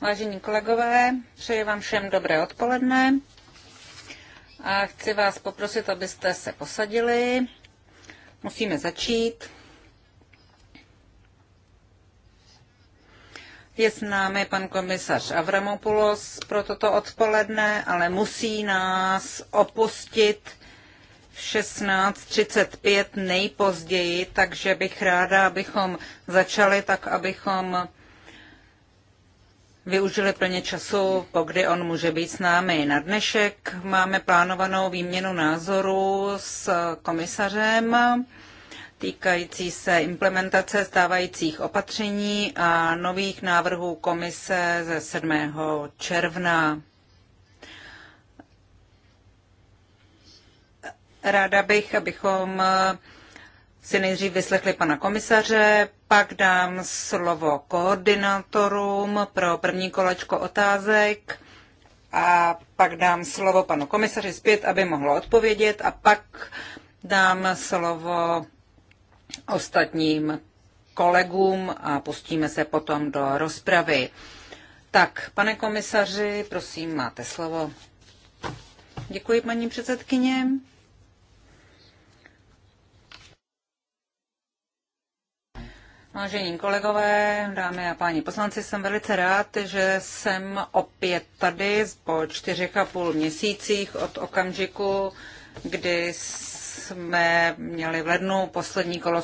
Vážení kolegové, přeji vám všem dobré odpoledne a chci vás poprosit, abyste se posadili. Musíme začít. Je s námi pan komisař Avramopoulos pro toto odpoledne, ale musí nás opustit 16.35 nejpozději, takže bych ráda, abychom začali tak, abychom využili plně času, pokdy on může být s námi. Na dnešek máme plánovanou výměnu názoru s komisařem týkající se implementace stávajících opatření a nových návrhů komise ze 7. června. Ráda bych, abychom eh, si nejdřív vyslechli pana komisaře, pak dám slovo koordinátorům pro první kolečko otázek a pak dám slovo panu komisaři zpět, aby mohl odpovědět a pak dám slovo ostatním kolegům a pustíme se potom do rozpravy. Tak, pane komisaři, prosím, máte slovo. Děkuji, paní předsedkyně. Vážení kolegové, dámy a páni poslanci, jsem velice rád, že jsem opět tady po čtyřech a půl měsících od okamžiku, kdy jsme měli v lednu poslední kolo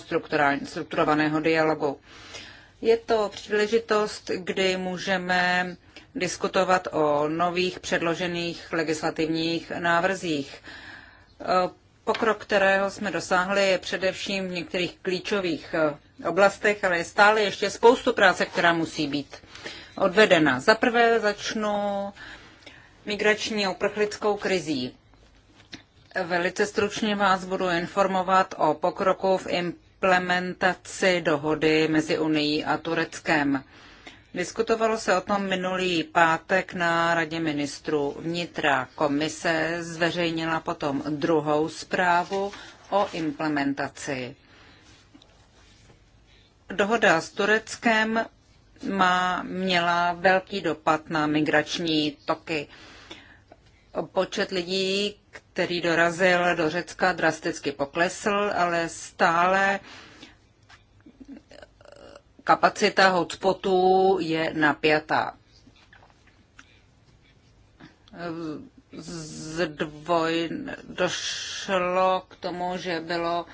strukturovaného dialogu. Je to příležitost, kdy můžeme diskutovat o nových předložených legislativních návrzích. Pokrok, kterého jsme dosáhli, je především v některých klíčových oblastech, ale je stále ještě spoustu práce, která musí být odvedena. Za prvé začnu migrační a uprchlickou krizí. Velice stručně vás budu informovat o pokroku v implementaci dohody mezi Unii a Tureckem. Diskutovalo se o tom minulý pátek na Radě ministrů vnitra. Komise zveřejnila potom druhou zprávu o implementaci. Dohoda s Tureckem má, měla velký dopad na migrační toky. Počet lidí, který dorazil do Řecka, drasticky poklesl, ale stále kapacita hotspotů je napjatá. Zdvoj došlo k tomu, že bylo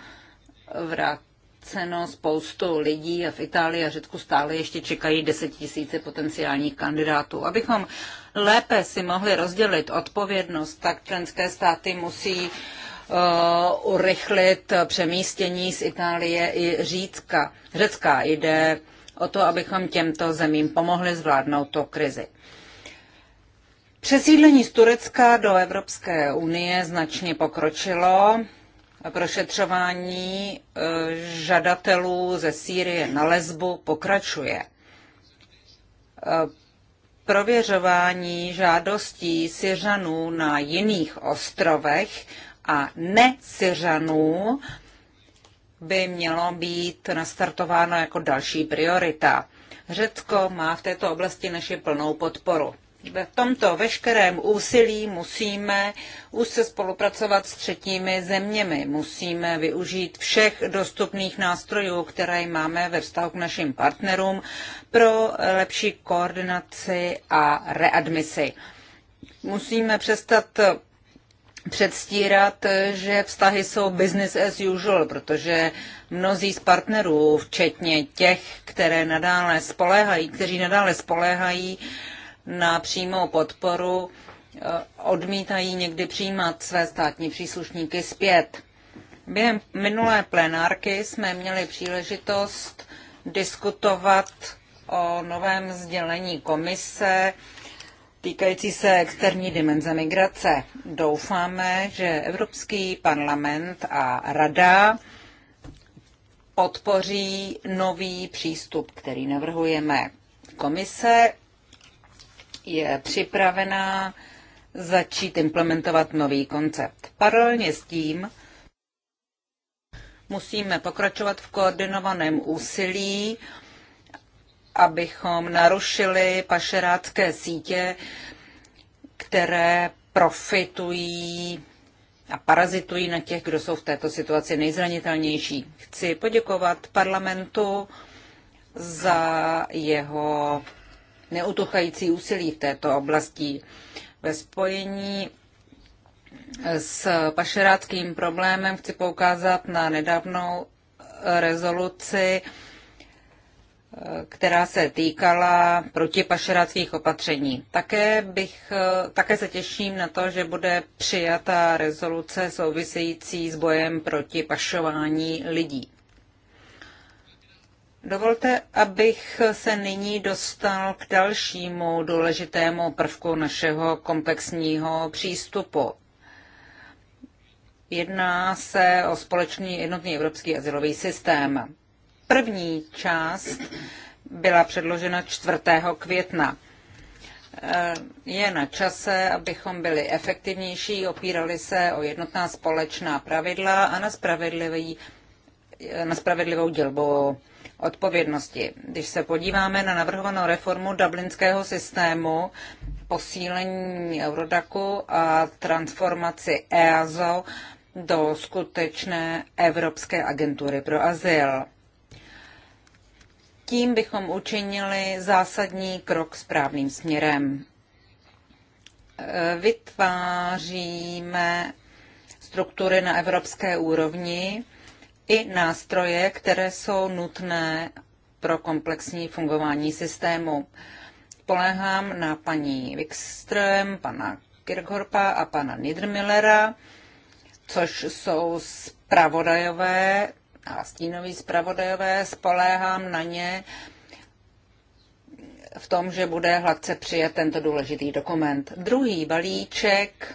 vrat vráceno spoustu lidí a v Itálii a Řecku stále ještě čekají desetitisíce potenciálních kandidátů. Abychom lépe si mohli rozdělit odpovědnost, tak členské státy musí uh, urychlit přemístění z Itálie i Řícka. Řecká jde o to, abychom těmto zemím pomohli zvládnout to krizi. Přesídlení z Turecka do Evropské unie značně pokročilo prošetřování e, žadatelů ze Sýrie na lesbu pokračuje. E, prověřování žádostí Syřanů na jiných ostrovech a ne-Syřanů by mělo být nastartováno jako další priorita. Řecko má v této oblasti naši plnou podporu v tomto veškerém úsilí musíme už se spolupracovat s třetími zeměmi. Musíme využít všech dostupných nástrojů, které máme ve vztahu k našim partnerům pro lepší koordinaci a readmisi. Musíme přestat předstírat, že vztahy jsou business as usual, protože mnozí z partnerů, včetně těch, které nadále spoléhají, kteří nadále spoléhají, na přímou podporu, eh, odmítají někdy přijímat své státní příslušníky zpět. Během minulé plenárky jsme měli příležitost diskutovat o novém sdělení komise týkající se externí dimenze migrace. Doufáme, že Evropský parlament a Rada podpoří nový přístup, který navrhujeme. Komise je připravená začít implementovat nový koncept. Paralelně s tím musíme pokračovat v koordinovaném úsilí, abychom narušili pašerácké sítě, které profitují a parazitují na těch, kdo jsou v této situaci nejzranitelnější. Chci poděkovat parlamentu za jeho neutuchající úsilí v této oblasti. Ve spojení s pašeráckým problémem chci poukázat na nedávnou rezoluci, která se týkala protipašeráckých opatření. Také, bych, také se těším na to, že bude přijata rezoluce související s bojem proti pašování lidí. Dovolte, abych se nyní dostal k dalšímu důležitému prvku našeho komplexního přístupu. Jedná se o společný jednotný evropský asilový systém. První část byla předložena 4. května. Eh, je na čase, abychom byli efektivnější, opírali se o jednotná společná pravidla a na, spravedlivý, eh, na spravedlivou dělbu odpovědnosti. Když se podíváme na navrhovanou reformu dublinského systému, posílení Eurodaku a transformaci EASO do skutečné Evropské agentury pro azyl. Tím bychom učinili zásadní krok správným směrem. Vytváříme struktury na evropské úrovni, i nástroje, které jsou nutné pro komplexní fungování systému. Poléhám na paní Wikström, pana Kirchhorpa a pana Niedermillera, což jsou zpravodajové a stínoví zpravodajové, spoléhám na ně v tom, že bude hladce přijat tento důležitý dokument. Druhý balíček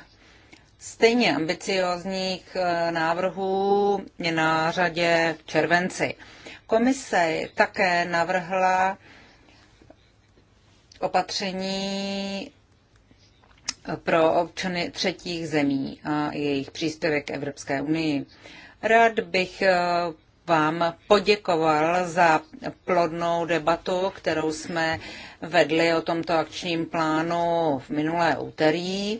stejně ambiciózních eh, návrhů je na řadě v červenci. Komise také navrhla opatření eh, pro občany třetích zemí a jejich příspěvek k Evropské unii. Rád bych eh, vám poděkoval za plodnou debatu, kterou jsme vedli o tomto akčním plánu v minulé úterý.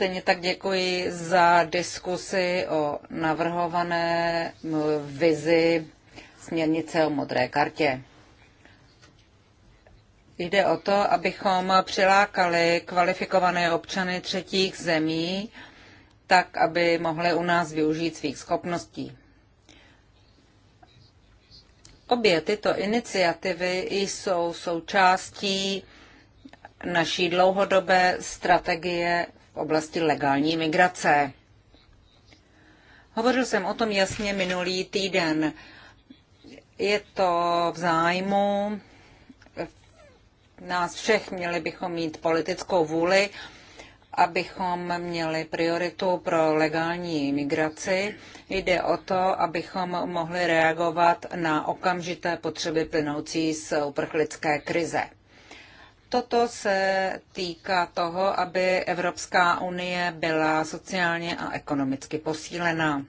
Stejně tak děkuji za diskusi o navrhované vizi směrnice o modré kartě. Jde o to, abychom přilákali kvalifikované občany třetích zemí, tak aby mohli u nás využít svých schopností. Obě tyto iniciativy jsou součástí naší dlouhodobé strategie v oblasti legální migrace. Hovořil jsem o tom jasně minulý týden. Je to v zájmu nás všech, měli bychom mít politickou vůli, abychom měli prioritu pro legální migraci. Jde o to, abychom mohli reagovat na okamžité potřeby plynoucí z uprchlické krize. Toto se týká toho, aby Evropská unie byla sociálně a ekonomicky posílená.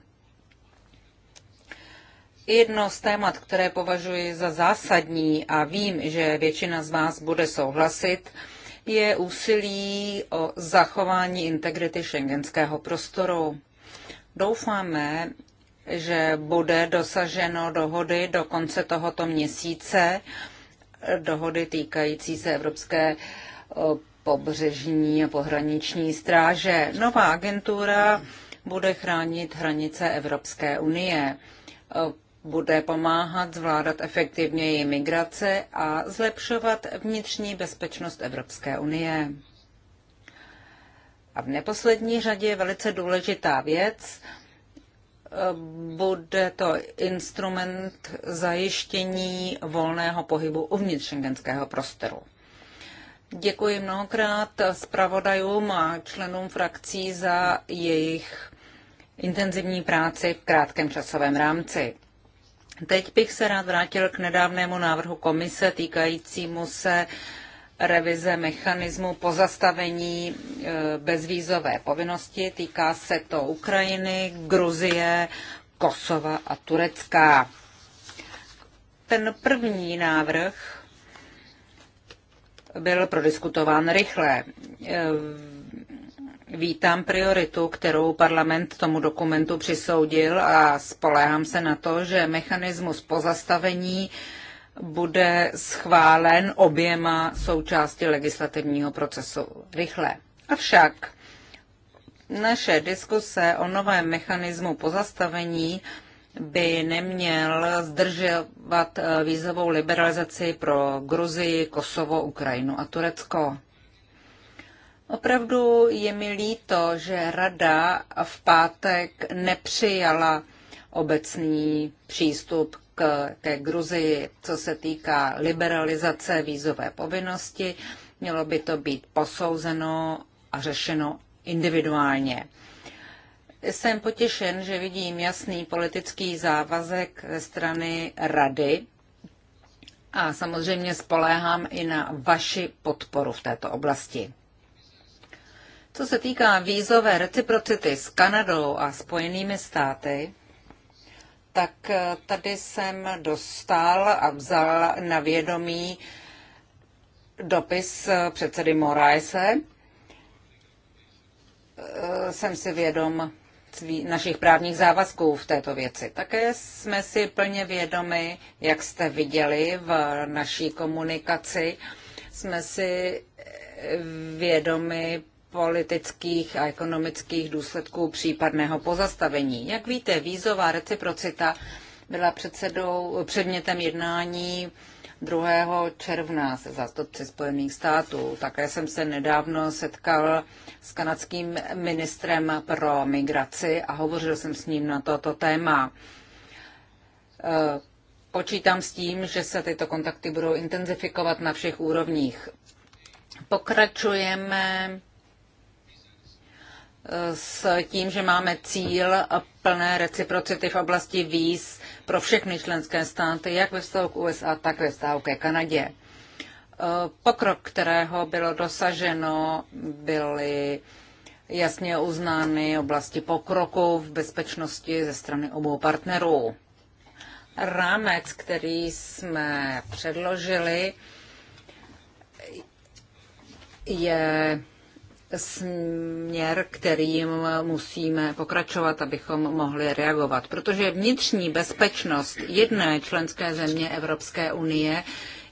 Jedno z témat, které považuji za zásadní a vím, že většina z vás bude souhlasit, je úsilí o zachování integrity šengenského prostoru. Doufáme, že bude dosaženo dohody do konce tohoto měsíce dohody týkající se Evropské pobřežní a pohraniční stráže. Nová agentura bude chránit hranice Evropské unie, bude pomáhat zvládat efektivněji migrace a zlepšovat vnitřní bezpečnost Evropské unie. A v neposlední řadě je velice důležitá věc, bude to instrument zajištění volného pohybu uvnitř šengenského prostoru. Děkuji mnohokrát zpravodajům a členům frakcí za jejich intenzivní práci v krátkém časovém rámci. Teď bych se rád vrátil k nedávnému návrhu komise týkajícímu se uh, revize mechanismu pozastavení e, bezvízové povinnosti. Týká se to Ukrajiny, Gruzie, Kosova a Turecka. Ten první návrh byl prodiskutován rychle. E, vítám prioritu, kterou parlament tomu dokumentu přisoudil a spolehám se na to, že mechanismus pozastavení uh, bude schválen oběma součásti legislativního procesu rychle. Avšak naše diskuse o novém mechanismu pozastavení by neměl zdržovat eh, vízovou liberalizaci pro Gruzii, Kosovo, Ukrajinu a Turecko. Opravdu je mi líto, že Rada v pátek nepřijala obecný přístup ke Gruzii, co se týká liberalizace vízové povinnosti. Mělo by to být posouzeno a řešeno individuálně. Jsem potěšen, že vidím jasný politický závazek ze strany Rady a samozřejmě spoléhám i na vaši podporu v této oblasti. Co se týká vízové reciprocity s Kanadou a Spojenými státy, tak eh, tady jsem dostal a vzal na vědomí dopis eh, předsedy Moraise. Eh, jsem si vědom našich právních závazků v této věci. Také jsme si plně vědomi, jak jste viděli v naší komunikaci, jsme si vědomi politických a ekonomických důsledků případného pozastavení. Jak víte, vízová reciprocita byla předsedou, předmětem jednání 2. června se zástupci Spojených států. Také jsem se nedávno setkal s kanadským ministrem pro migraci a hovořil jsem s ním na toto téma. E, počítám s tím, že se tyto kontakty budou intenzifikovat na všech úrovních. Pokračujeme s tím, že máme cíl plné reciprocity v oblasti víz pro všechny členské státy, jak ve vztahu k USA, tak ve vztahu ke Kanadě. E, pokrok, kterého bylo dosaženo, byly jasně uznány oblasti pokroku v bezpečnosti ze strany obou partnerů. Rámec, který jsme předložili, je směr, kterým musíme pokračovat, abychom mohli reagovat. Protože vnitřní bezpečnost jedné členské země Evropské unie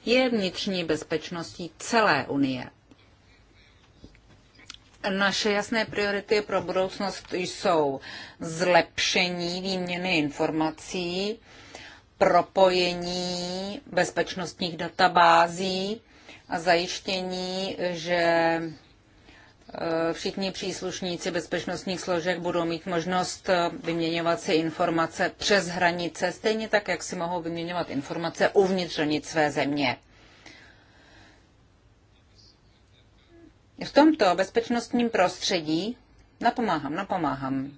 je vnitřní bezpečností celé unie. Naše jasné priority pro budoucnost jsou zlepšení výměny informací, propojení bezpečnostních databází a zajištění, že Eh, všichni příslušníci bezpečnostních složek budou mít možnost eh, vyměňovat si informace přes hranice, stejně tak, jak si mohou vyměňovat informace uvnitř hranic své země. V tomto bezpečnostním prostředí napomáhám, napomáhám.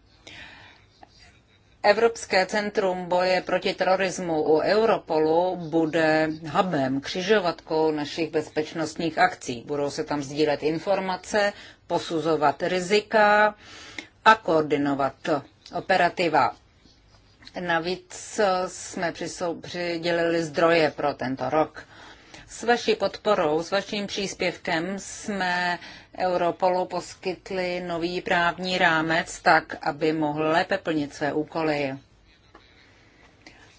Evropské centrum boje proti terorismu u Europolu bude hubem, křižovatkou našich bezpečnostních akcí. Budou se tam sdílet informace, posuzovat rizika a koordinovat operativa. Navíc jsme přidělili zdroje pro tento rok. S vaší podporou, s vaším příspěvkem jsme Europolu poskytli nový právní rámec tak, aby mohl lépe plnit své úkoly.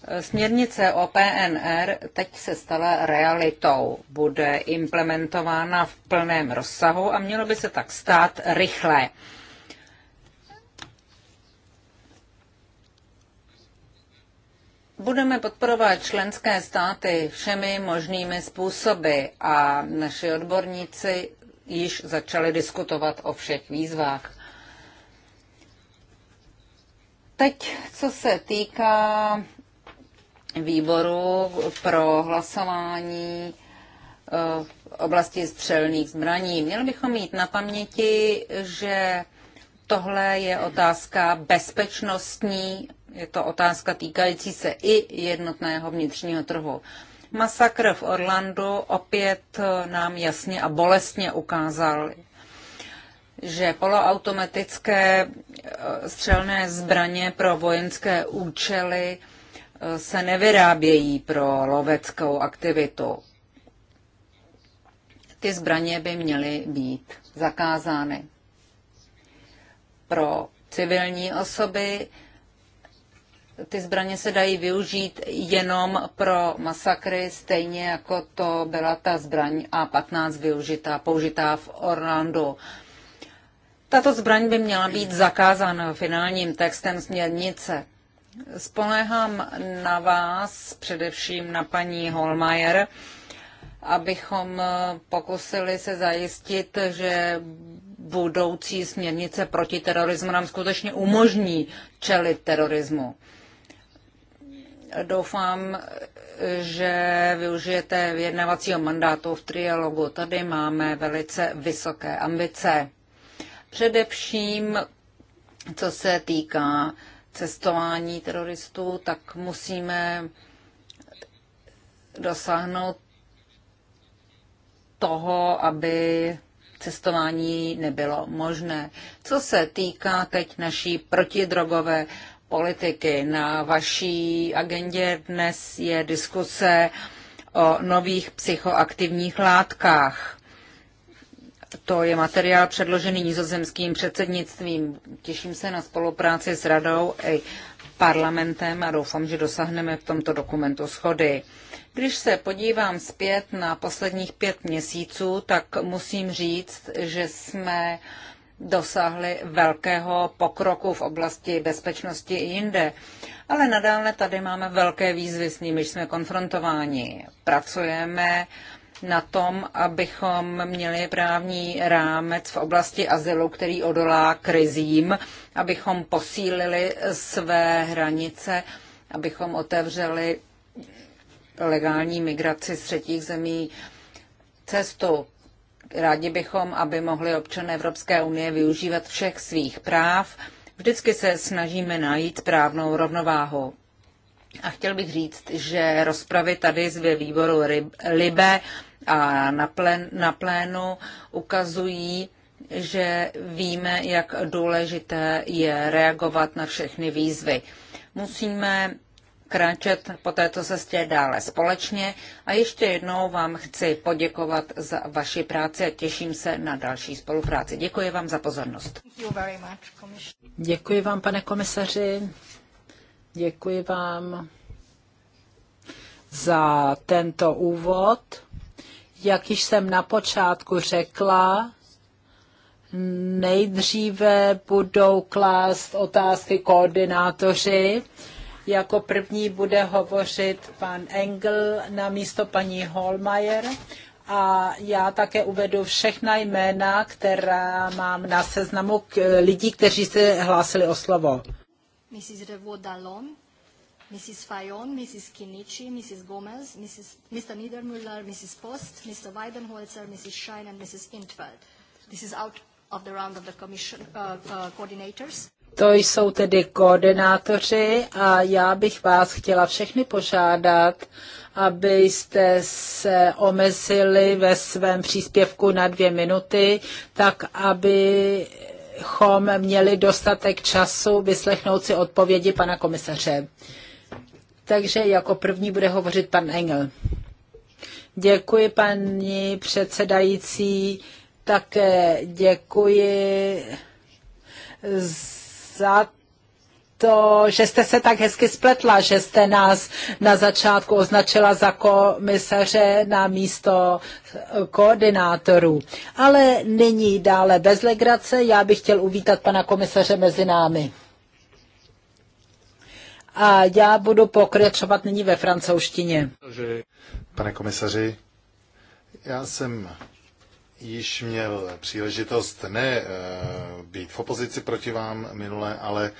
Eh, směrnice o PNR teď se stala realitou. Bude implementována v plném rozsahu a mělo by se tak stát rychle. Budeme podporovat členské státy všemi možnými způsoby a naši odborníci již začali diskutovat o všech výzvách. Teď, co se týká výboru pro hlasování eh, v oblasti střelných zbraní. Měli bychom mít na paměti, že tohle je otázka bezpečnostní, je to otázka týkající se i jednotného vnitřního trhu. Masakr v Orlandu opět eh, nám jasně a bolestně ukázal, že poloautomatické eh, střelné zbraně pro vojenské účely – se nevyrábějí pro loveckou aktivitu. Ty zbraně by měly být zakázány. Pro civilní osoby ty zbraně se dají využít jenom pro masakry, stejně jako to byla ta zbraň A15 využitá, použitá v Orlandu. Tato zbraň by měla být zakázána finálním textem směrnice. Spoléhám na vás, především na paní Holmajer, abychom eh, pokusili se zajistit, že budoucí směrnice proti terorismu nám skutečně umožní čelit terorismu. Doufám, že využijete vyjednavacího mandátu v trialogu. Tady máme velice vysoké ambice. Především, co se týká cestování teroristů, tak musíme dosáhnout toho, aby cestování nebylo možné. Co se týká teď naší protidrogové politiky, na vaší agendě dnes je diskuse o nových psychoaktivních látkách. To je materiál předložený nizozemským předsednictvím. Těším se na spolupráci s radou i parlamentem a doufám, že dosáhneme v tomto dokumentu schody. Když se podívám zpět na posledních pět měsíců, tak musím říct, že jsme dosáhli velkého pokroku v oblasti bezpečnosti i jinde. Ale nadále tady máme velké výzvy, s nimiž jsme konfrontováni. Pracujeme na tom, abychom měli právní rámec v oblasti azylu, který odolá krizím, abychom posílili své hranice, abychom otevřeli legální migraci z třetích zemí cestu. Rádi bychom, aby mohli občané Evropské unie využívat všech svých práv. Vždycky se snažíme najít správnou rovnováhu. A chtěl bych říct, že rozpravy tady ve výboru Libe a na, plén, na plénu ukazují, že víme, jak důležité je reagovat na všechny výzvy. Musíme kráčet po této cestě dále společně a ještě jednou vám chci poděkovat za vaši práci a těším se na další spolupráci. Děkuji vám za pozornost. Děkuji vám, pane komisaři. Děkuji vám za tento úvod. Jak již jsem na počátku řekla, nejdříve budou klást otázky koordinátoři. Jako první bude hovořit pan Engel na místo paní Holmeier a já také uvedu všechna jména, která mám na seznamu lidí, kteří se hlásili o slovo. Mrs. Revo Dallon, Mrs. Fayon, Mrs. Kinichi, Mrs. Gomez, Mrs. Mr. Niedermüller, Mrs. Post, Mr. Weidenholzer, Mrs. Schein, and Mrs. Intveld. This is out of the round of the commission uh, uh, coordinators. To jsou tedy koordinátoři a já bych vás chtěla všechny požádat, abyste se omezili ve svém příspěvku na dvě minuty, tak aby abychom měli dostatek času vyslechnout si odpovědi pana komisaře. Takže jako první bude hovořit pan Engel. Děkuji, paní předsedající. Také děkuji za to, že jste se tak hezky spletla, že jste nás na začátku označila za komisaře na místo eh, koordinátorů. Ale nyní dále bez legrace. Já bych chtěl uvítat pana komisaře mezi námi. A já budu pokračovat nyní ve francouzštině. Pane komisaři, já jsem již měl příležitost ne eh, být v opozici proti vám minule, ale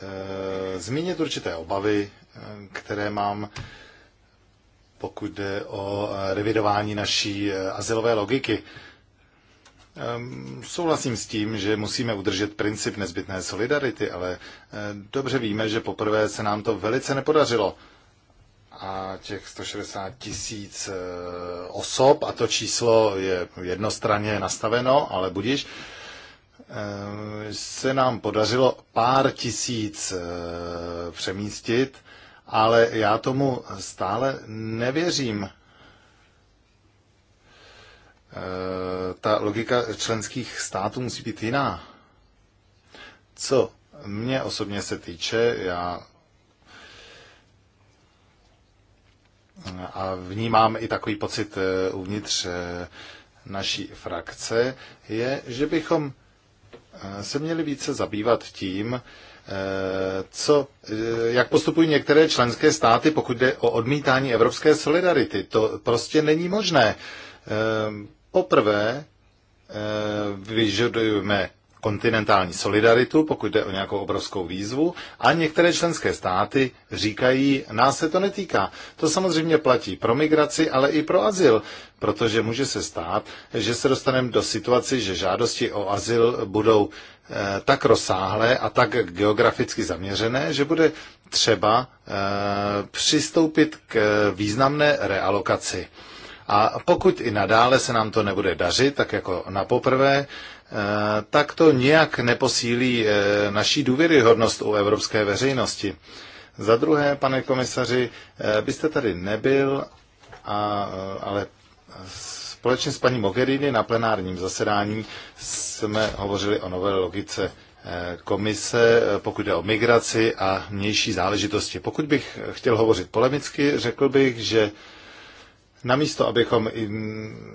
Eh, zmínit určité obavy, eh, které mám, pokud jde o eh, revidování naší asilové logiky. Ehm, souhlasím s tím, že musíme udržet princip nezbytné solidarity, ale dobře víme, že poprvé se nám to velice nepodařilo. A těch 160 tisíc osob, a to číslo je jednostranně nastaveno, ale budíš, Eh, se nám podařilo pár tisíc eh, přemístit, ale já tomu stále nevěřím. Eh, ta logika členských států musí být jiná. Co mě osobně se týče, já a vnímám i takový pocit uvnitř naší frakce, je, že bychom se měli více zabývat tím, eh, co, eh, jak postupují některé členské státy, pokud jde o odmítání evropské solidarity. To prostě není možné. Eh, poprvé vyžadujeme kontinentální solidaritu, pokud jde o nějakou obrovskou výzvu, a některé členské státy říkají, nás se to netýká. To samozřejmě platí pro migraci, ale i pro azyl, protože může se stát, že se dostaneme do situaci, že žádosti o azyl budou eh, tak rozsáhlé a tak geograficky zaměřené, že bude třeba eh, přistoupit k významné realokaci. A pokud i nadále se nám to nebude dařit, tak jako na poprvé, Eh, tak to nějak neposílí eh, naší důvěryhodnost u evropské veřejnosti. Za druhé, pane komisaři, eh, byste tady nebyl, a, ale společně s paní Mogherini na plenárním zasedání jsme hovořili o nové logice komise, pokud jde o migraci a mější záležitosti. Pokud bych chtěl hovořit polemicky, řekl bych, že Namísto, abychom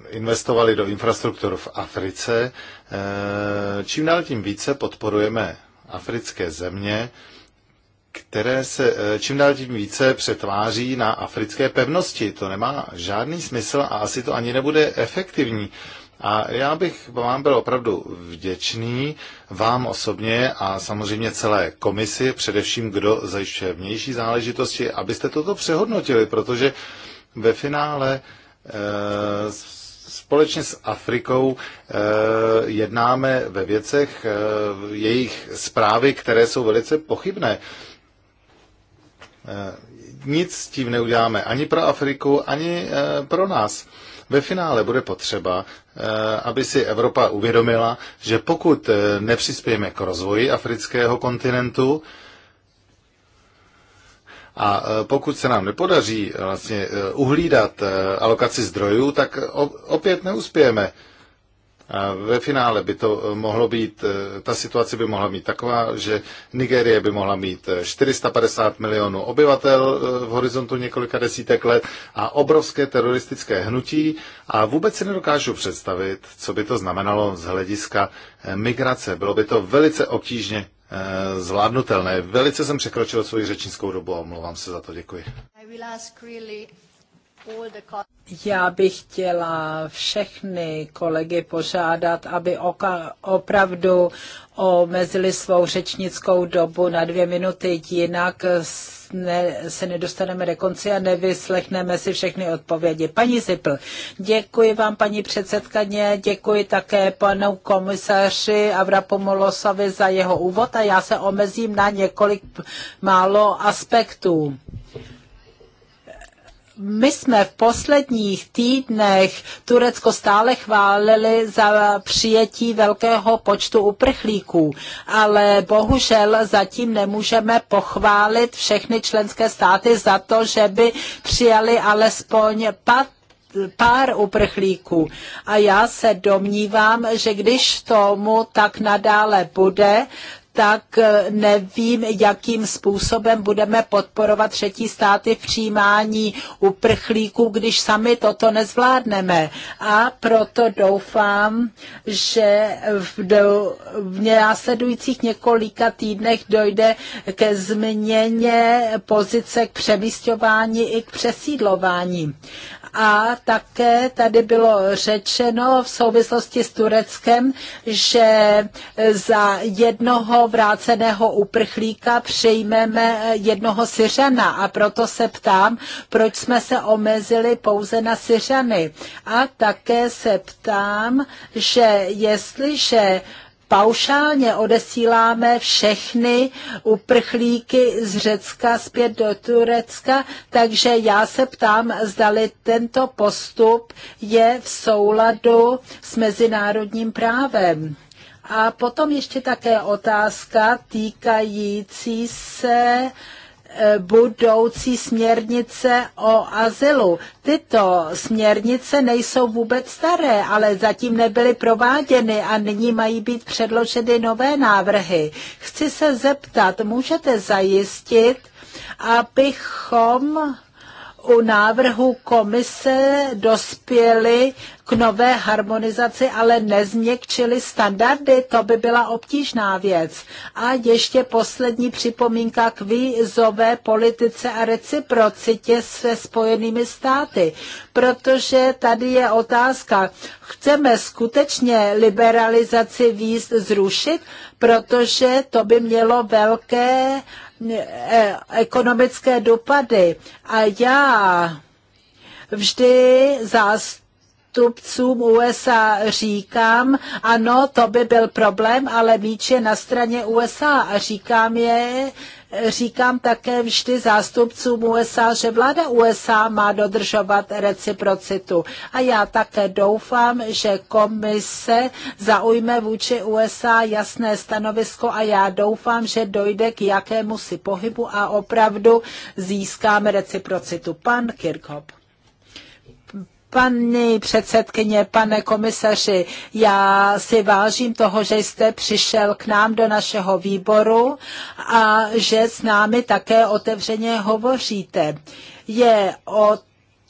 investovali do infrastruktur v Africe, eh, čím dál tím více podporujeme africké země, které se eh, čím dál tím více přetváří na africké pevnosti. To nemá žádný smysl a asi to ani nebude efektivní. A já bych vám byl opravdu vděčný, vám osobně a samozřejmě celé komisi, především kdo zajišťuje vnější záležitosti, abyste toto přehodnotili, protože eh, ve finále eh, společně s Afrikou eh, jednáme ve věcech eh, jejich zprávy, které jsou velice pochybné. Nic s tím neuděláme ani pro Afriku, ani pro nás. Ve finále bude potřeba, aby si Evropa uvědomila, že pokud nepřispějeme k rozvoji afrického kontinentu, a e, pokud se nám nepodaří e, vlastně e, uhlídat alokaci zdrojů, tak opět neuspějeme. A ve finále by to mohlo být, ta situace by mohla být taková, že Nigérie by mohla mít 450 milionů obyvatel v horizontu několika desítek let a obrovské teroristické hnutí a vůbec si nedokážu představit, co by to znamenalo z hlediska migrace. Bylo by to velice obtížně Eh, zvládnutelné. Velice jsem překročil svoji řečnickou dobu a omlouvám se za to. Děkuji. Já bych chtěla všechny kolegy požádat, aby oka, opravdu omezili svou řečnickou dobu na dvě minuty, jinak ne, se nedostaneme do konce a nevyslechneme si všechny odpovědi. Paní Zipl, děkuji vám, paní předsedkaně, děkuji také panu komisaři Avrapomolosovi za jeho úvod a já se omezím na několik málo aspektů my jsme v posledních týdnech Turecko stále chválili za přijetí velkého počtu uprchlíků, ale bohužel zatím nemůžeme pochválit všechny členské státy za to, že by přijali alespoň pat pár uprchlíků. A já se domnívám, že když tomu tak nadále bude, tak eh, nevím, jakým způsobem budeme podporovat třetí státy v přijímání uprchlíků, když sami toto nezvládneme. A proto doufám, že v, do, v následujících několika týdnech dojde ke změně pozice k přemysťování i k přesídlování. A také tady bylo řečeno v souvislosti s Tureckem, že za jednoho vráceného uprchlíka přejmeme jednoho Syřana. A proto se ptám, proč jsme se omezili pouze na Syřany. A také se ptám, že jestliže paušálně odesíláme všechny uprchlíky z Řecka zpět do Turecka, takže já se ptám, zdali tento postup je v souladu s mezinárodním právem. A potom ještě také otázka týkající se uh, budoucí směrnice o azylu. Tyto směrnice nejsou vůbec staré, ale zatím nebyly prováděny a nyní mají být předloženy nové návrhy. Chci se zeptat, můžete zajistit, abychom u návrhu komise dospěli k nové harmonizaci, ale nezměkčili standardy, to by byla obtížná věc. A ještě poslední připomínka k výzové politice a reciprocitě se spojenými státy, protože tady je otázka, chceme skutečně liberalizaci výz zrušit, protože to by mělo velké E, ekonomické dopady. A já vždy zástupcům USA říkám, ano, to by byl problém, ale míč je na straně USA a říkám je, říkám také vždy zástupcům USA, že vláda USA má dodržovat reciprocitu. A já také doufám, že komise zaujme vůči USA jasné stanovisko a já doufám, že dojde k jakému si pohybu a opravdu získáme reciprocitu. Pan Kirchhoff. Paní předsedkyně, pane komisaři, já si vážím toho, že jste přišel k nám do našeho výboru a že s námi také otevřeně hovoříte. Je od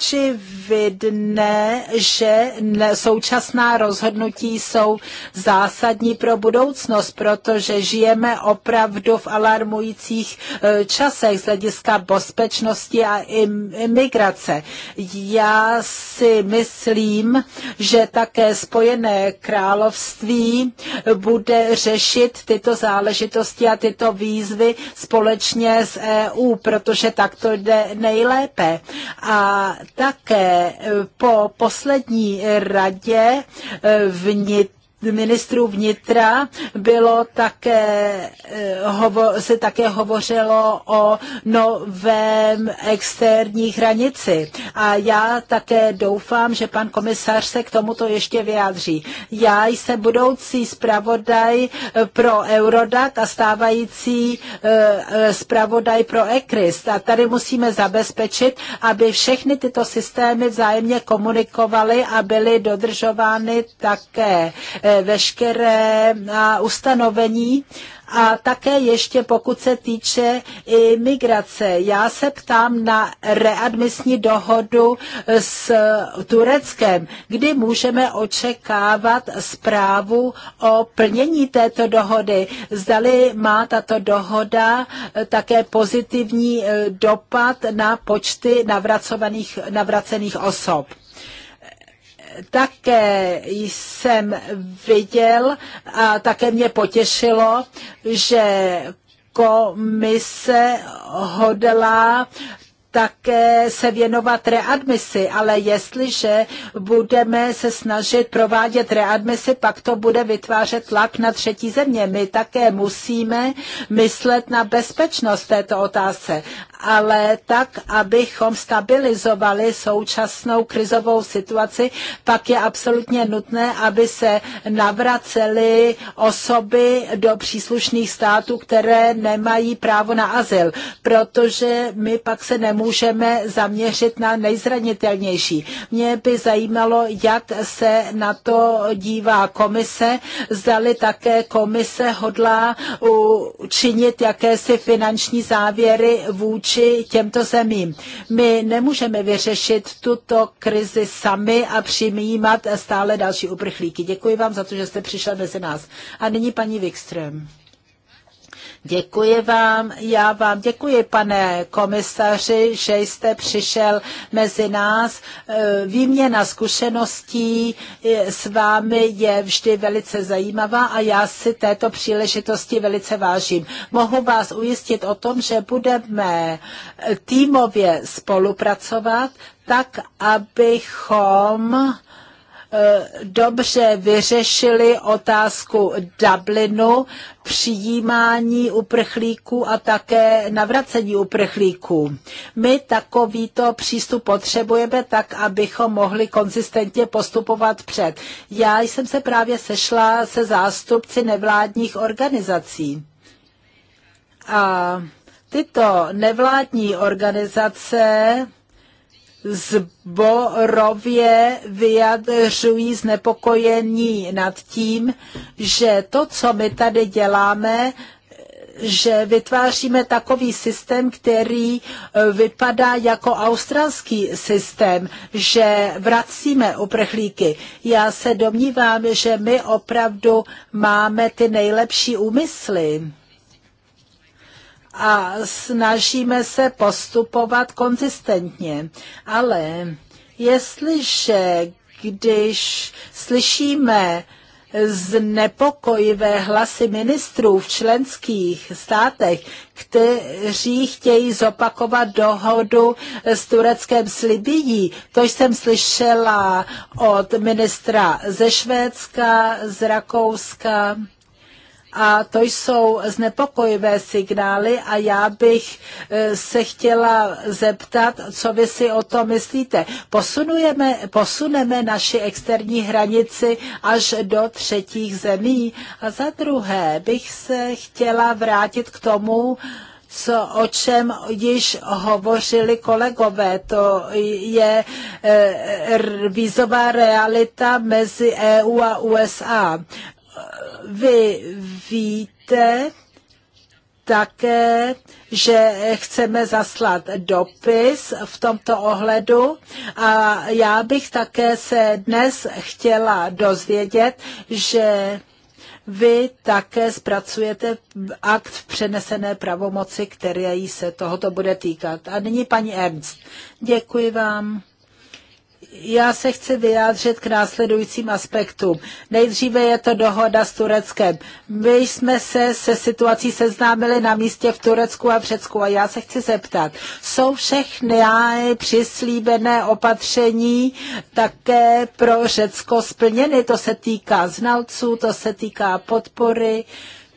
očividné, že současná rozhodnutí jsou zásadní pro budoucnost, protože žijeme opravdu v alarmujících e, časech z hlediska bezpečnosti a imigrace. Já si myslím, že také Spojené království bude řešit tyto záležitosti a tyto výzvy společně s EU, protože tak to jde nejlépe. A také eh, po poslední radě eh, vnitř ministrů vnitra bylo také, eh, hovo, se také hovořilo o novém externí hranici. A já také doufám, že pan komisař se k tomuto ještě vyjádří. Já jsem budoucí zpravodaj eh, pro Eurodac a stávající eh, zpravodaj pro ECRIS. A tady musíme zabezpečit, aby všechny tyto systémy vzájemně komunikovaly a byly dodržovány také veškeré eh, ustanovení a také ještě pokud se týče imigrace. Já se ptám na readmisní dohodu s Tureckem, kdy můžeme očekávat zprávu o plnění této dohody. Zdali má tato dohoda eh, také pozitivní eh, dopad na počty navracovaných, navracených osob také jsem viděl a také mě potěšilo, že komise hodlá také se věnovat readmisi, ale jestliže budeme se snažit provádět readmisi, pak to bude vytvářet tlak na třetí země. My také musíme myslet na bezpečnost této otázce ale tak, abychom stabilizovali současnou krizovou situaci, pak je absolutně nutné, aby se navracely osoby do příslušných států, které nemají právo na azyl, protože my pak se nemůžeme zaměřit na nejzranitelnější. Mě by zajímalo, jak se na to dívá komise, zdali také komise hodlá učinit jakési finanční závěry vůči vůči těmto zemím. My nemůžeme vyřešit tuto krizi sami a přijímat stále další uprchlíky. Děkuji vám za to, že jste přišla mezi nás. A nyní paní Wikström. Děkuji vám, já vám děkuji, pane komisaři, že jste přišel mezi nás. Eh, výměna zkušeností eh, s vámi je vždy velice zajímavá a já si této příležitosti velice vážím. Mohu vás ujistit o tom, že budeme eh, týmově spolupracovat tak, abychom dobře vyřešili otázku Dublinu, přijímání uprchlíků a také navracení uprchlíků. My takovýto přístup potřebujeme tak, abychom mohli konzistentně postupovat před. Já jsem se právě sešla se zástupci nevládních organizací. A tyto nevládní organizace zborově vyjadřují znepokojení nad tím, že to, co my tady děláme, že vytváříme takový systém, který eh, vypadá jako australský systém, že vracíme uprchlíky. Já se domnívám, že my opravdu máme ty nejlepší úmysly a snažíme se postupovat konzistentně. Ale jestliže, když slyšíme znepokojivé hlasy ministrů v členských státech, kteří chtějí zopakovat dohodu s tureckém slibidí. To jsem slyšela od ministra ze Švédska, z Rakouska a to jsou znepokojivé signály a já bych e, se chtěla zeptat, co vy si o tom myslíte. Posunujeme, posuneme naši externí hranici až do třetích zemí. A za druhé bych se chtěla vrátit k tomu, co, o čem již hovořili kolegové. To je e, vízová realita mezi EU a USA vy víte také, že chceme zaslat dopis v tomto ohledu a já bych také se dnes chtěla dozvědět, že vy také zpracujete akt v přenesené pravomoci, který se tohoto bude týkat. A nyní paní Ernst. Děkuji vám já se chci vyjádřit k následujícím aspektům. Nejdříve je to dohoda s Tureckem. My jsme se se situací seznámili na místě v Turecku a v Řecku a já se chci zeptat, jsou všechny přislíbené opatření také pro Řecko splněny? To se týká znalců, to se týká podpory. Uh,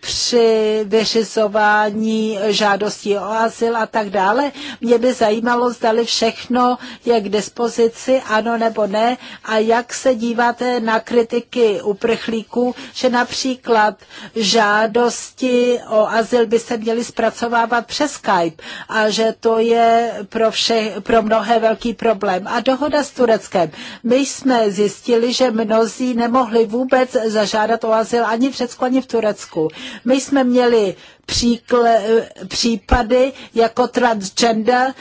při vyřizování žádostí o azyl a tak dále. Mě by zajímalo, zdali všechno je k dispozici, ano nebo ne, a jak se díváte na kritiky uprchlíků, že například žádosti o azyl by se měly zpracovávat přes Skype a že to je pro, vše, pro mnohé velký problém. A dohoda s Tureckem. My jsme zjistili, že mnozí nemohli vůbec zažádat o azyl ani v Řecku, ani v Turecku. My jsme měli příkle, případy jako transgender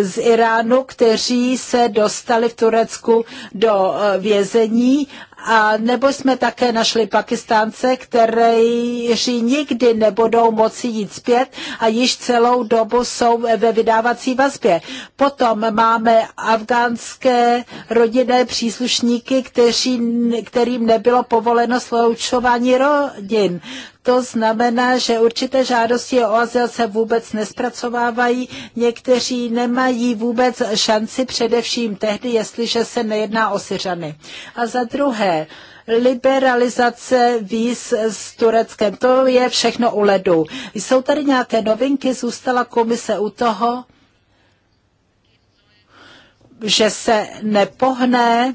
z Iránu, kteří se dostali v Turecku do eh, vězení a nebo jsme také našli Pakistánce, kteří nikdy nebudou moci jít zpět a již celou dobu jsou ve vydávací vazbě. Potom máme afgánské rodinné příslušníky, kteří, kterým nebylo povoleno sloučování rodin. To znamená, že určité té žádosti o azyl se vůbec nespracovávají, někteří nemají vůbec šanci, především tehdy, jestliže se nejedná o Syřany. A za druhé, liberalizace víz s Tureckem. To je všechno u ledu. Jsou tady nějaké novinky? Zůstala komise u toho, že se nepohne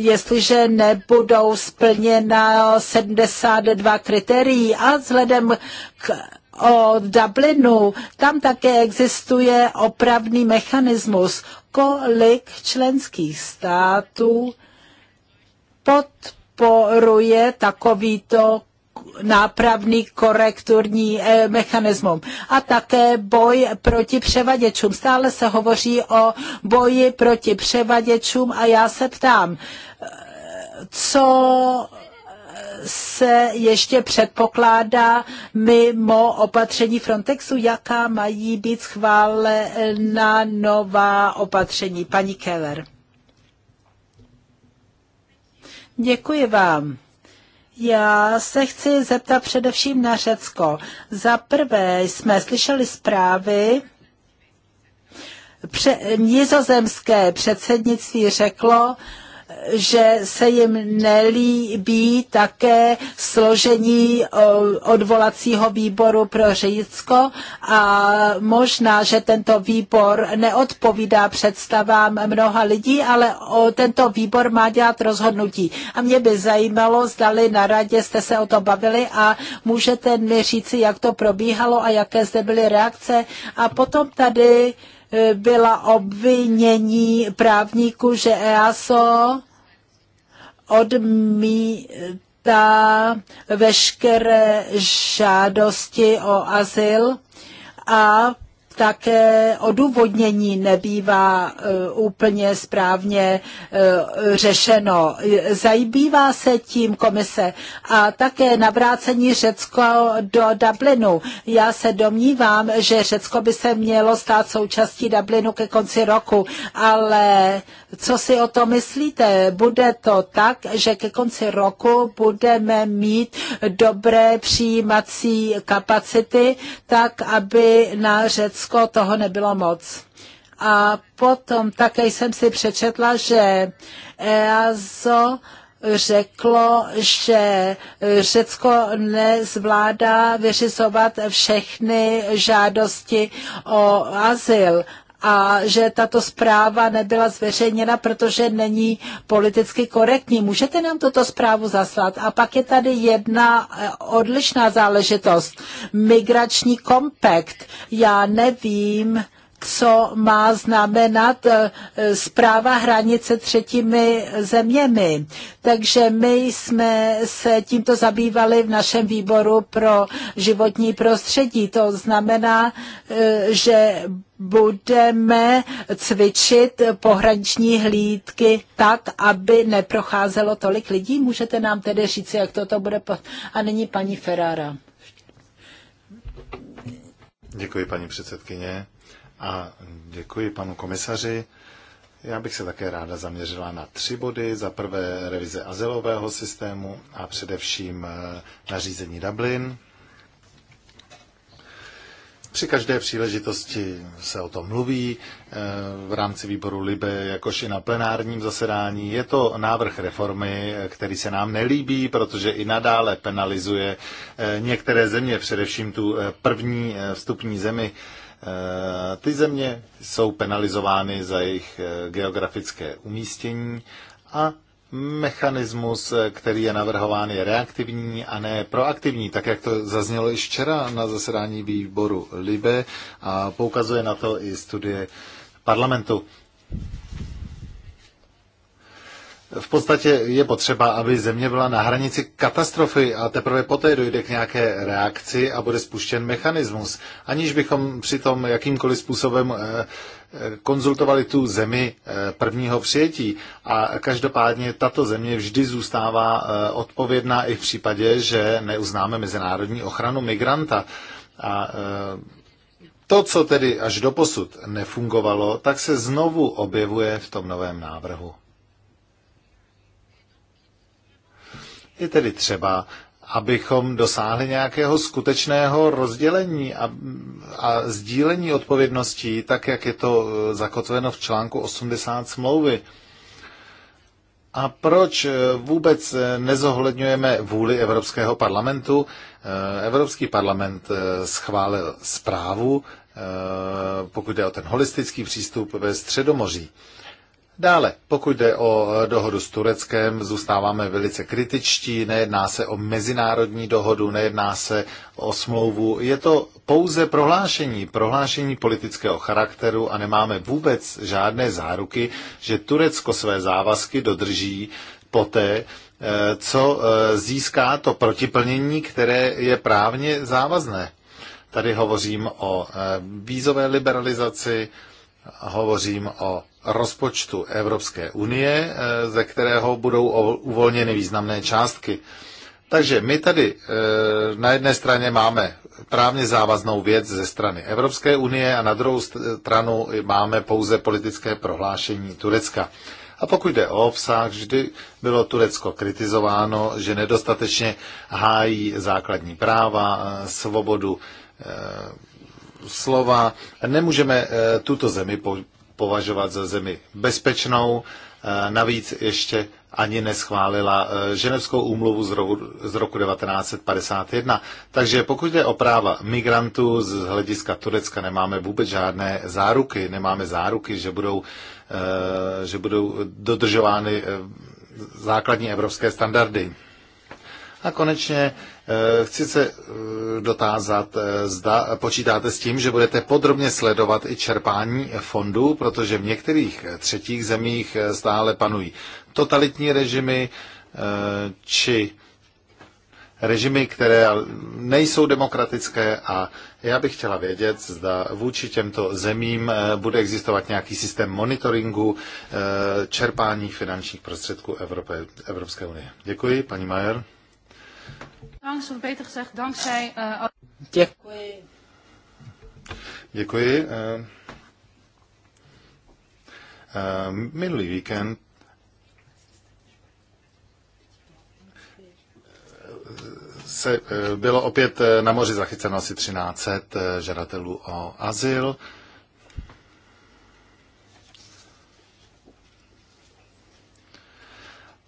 jestliže nebudou splněna 72 kritérií a vzhledem k o Dublinu, tam také existuje opravný mechanismus, kolik členských států podporuje takovýto nápravný korekturní eh, mechanismům a také boj proti převaděčům. Stále se hovoří o boji proti převaděčům a já se ptám, co se ještě předpokládá mimo opatření Frontexu, jaká mají být schválena nová opatření. Paní Keller. Děkuji vám. Já se chci zeptat především na Řecko. Za prvé jsme slyšeli zprávy, pře- nizozemské předsednictví řeklo, že se jim nelíbí také složení odvolacího výboru pro Řecko a možná, že tento výbor neodpovídá představám mnoha lidí, ale tento výbor má dělat rozhodnutí. A mě by zajímalo, zdali na radě jste se o to bavili a můžete mi říci, jak to probíhalo a jaké zde byly reakce. A potom tady byla obvinění právníků, že EASO odmítá veškeré žádosti o azyl a také odůvodnění nebývá eh, úplně správně eh, řešeno. Zajíbývá se tím komise a také navrácení Řecko do Dublinu. Já se domnívám, že Řecko by se mělo stát součástí Dublinu ke konci roku, ale co si o to myslíte? Bude to tak, že ke konci roku budeme mít dobré přijímací kapacity, tak aby na Řecko Rusko toho nebylo moc. A potom také jsem si přečetla, že EASO řeklo, že Řecko nezvládá vyřizovat všechny žádosti o azyl a že tato zpráva nebyla zveřejněna, protože není politicky korektní. Můžete nám tuto zprávu zaslat? A pak je tady jedna eh, odlišná záležitost. Migrační kompakt. Já nevím, co má znamenat zpráva eh, hranice třetími zeměmi. Takže my jsme se tímto zabývali v našem výboru pro životní prostředí. To znamená, eh, že budeme cvičit pohraniční hlídky tak, aby neprocházelo tolik lidí. Můžete nám tedy říct, jak toto bude. Po... A nyní paní Ferrara. Děkuji, paní předsedkyně a děkuji panu komisaři. Já bych se také ráda zaměřila na tři body. Za prvé revize azylového systému a především eh, nařízení Dublin. Při každé příležitosti se o tom mluví eh, v rámci výboru Libe, jakož i na plenárním zasedání. Je to návrh reformy, eh, který se nám nelíbí, protože i nadále penalizuje některé země, především tu první vstupní zemi Eh, ty země jsou penalizovány za jejich eh, geografické umístění a mechanismus, eh, který je navrhován, je reaktivní a ne proaktivní, tak jak to zaznělo i včera na zasedání výboru LIBE a poukazuje na to i studie parlamentu v podstatě je potřeba, aby země byla na hranici katastrofy a teprve poté dojde k nějaké reakci a bude spuštěn mechanismus, aniž bychom přitom jakýmkoliv způsobem eh, eh, konzultovali tu zemi eh, prvního přijetí. A každopádně tato země vždy zůstává odpovědná i v případě, že neuznáme mezinárodní ochranu migranta. A to, co tedy až doposud nefungovalo, tak se znovu objevuje v tom novém návrhu. Je tedy třeba, abychom dosáhli nějakého skutečného rozdělení a, a sdílení odpovědností, tak jak je to eh, zakotveno v článku 80 smlouvy. A proč eh, vůbec eh, nezohledňujeme vůli Evropského parlamentu? Evropský parlament schválil zprávu, pokud jde o ten holistický přístup ve Středomoří. Dále, pokud jde o eh, dohodu s Tureckem, zůstáváme velice kritičtí, nejedná se o mezinárodní dohodu, nejedná se o smlouvu. Je to pouze prohlášení, prohlášení politického charakteru a nemáme vůbec žádné záruky, že Turecko své závazky dodrží poté, eh, co eh, získá to protiplnění, které je právně závazné. Tady hovořím o vízové liberalizaci, hovořím o rozpočtu Evropské unie, eh, ze kterého budou uvolněny významné částky. Takže my tady eh, na jedné straně máme právně závaznou věc ze strany Evropské unie a na druhou stranu máme pouze politické prohlášení Turecka. A pokud jde o obsah, vždy bylo Turecko kritizováno, že nedostatečně hájí základní práva, eh, svobodu slova. Nemůžeme tuto zemi považovat za zemi bezpečnou. Eh, navíc ještě ani neschválila eh, Ženevskou úmluvu z roku 1951. Takže pokud jde o práva migrantů z hlediska Turecka, nemáme vůbec žádné záruky, nemáme záruky, že budou, eh, že budou dodržovány základní evropské standardy. A konečně Eh, chci se eh, dotázat, eh, zda počítáte s tím, že budete podrobně sledovat i čerpání fondů, protože v některých třetích zemích stále panují totalitní režimy či režimy, které nejsou demokratické a já bych chtěla vědět, zda vůči těmto zemím bude existovat nějaký systém monitoringu čerpání finančních prostředků Evropy, Evropské unie. Děkuji, paní Majer. Eh, Děkuji. Děkuji. Eh, eh, minulý víkend se, bylo opět na moři zachyceno asi 1300 žadatelů o azyl.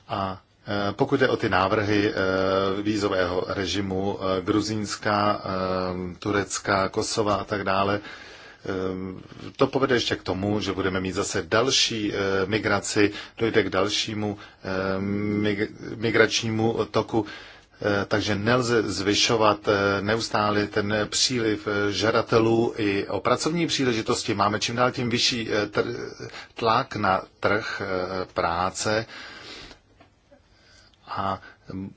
A Eh, pokud je o ty návrhy eh, vízového režimu eh, Gruzínska, Turecka, Kosova a tak dále, to povede ještě k tomu, že budeme mít zase další migraci, dojde k dalšímu migračnímu toku, takže nelze zvyšovat neustále ten příliv žadatelů i o pracovní příležitosti. Máme čím dál tím vyšší tlak na trh práce a mm,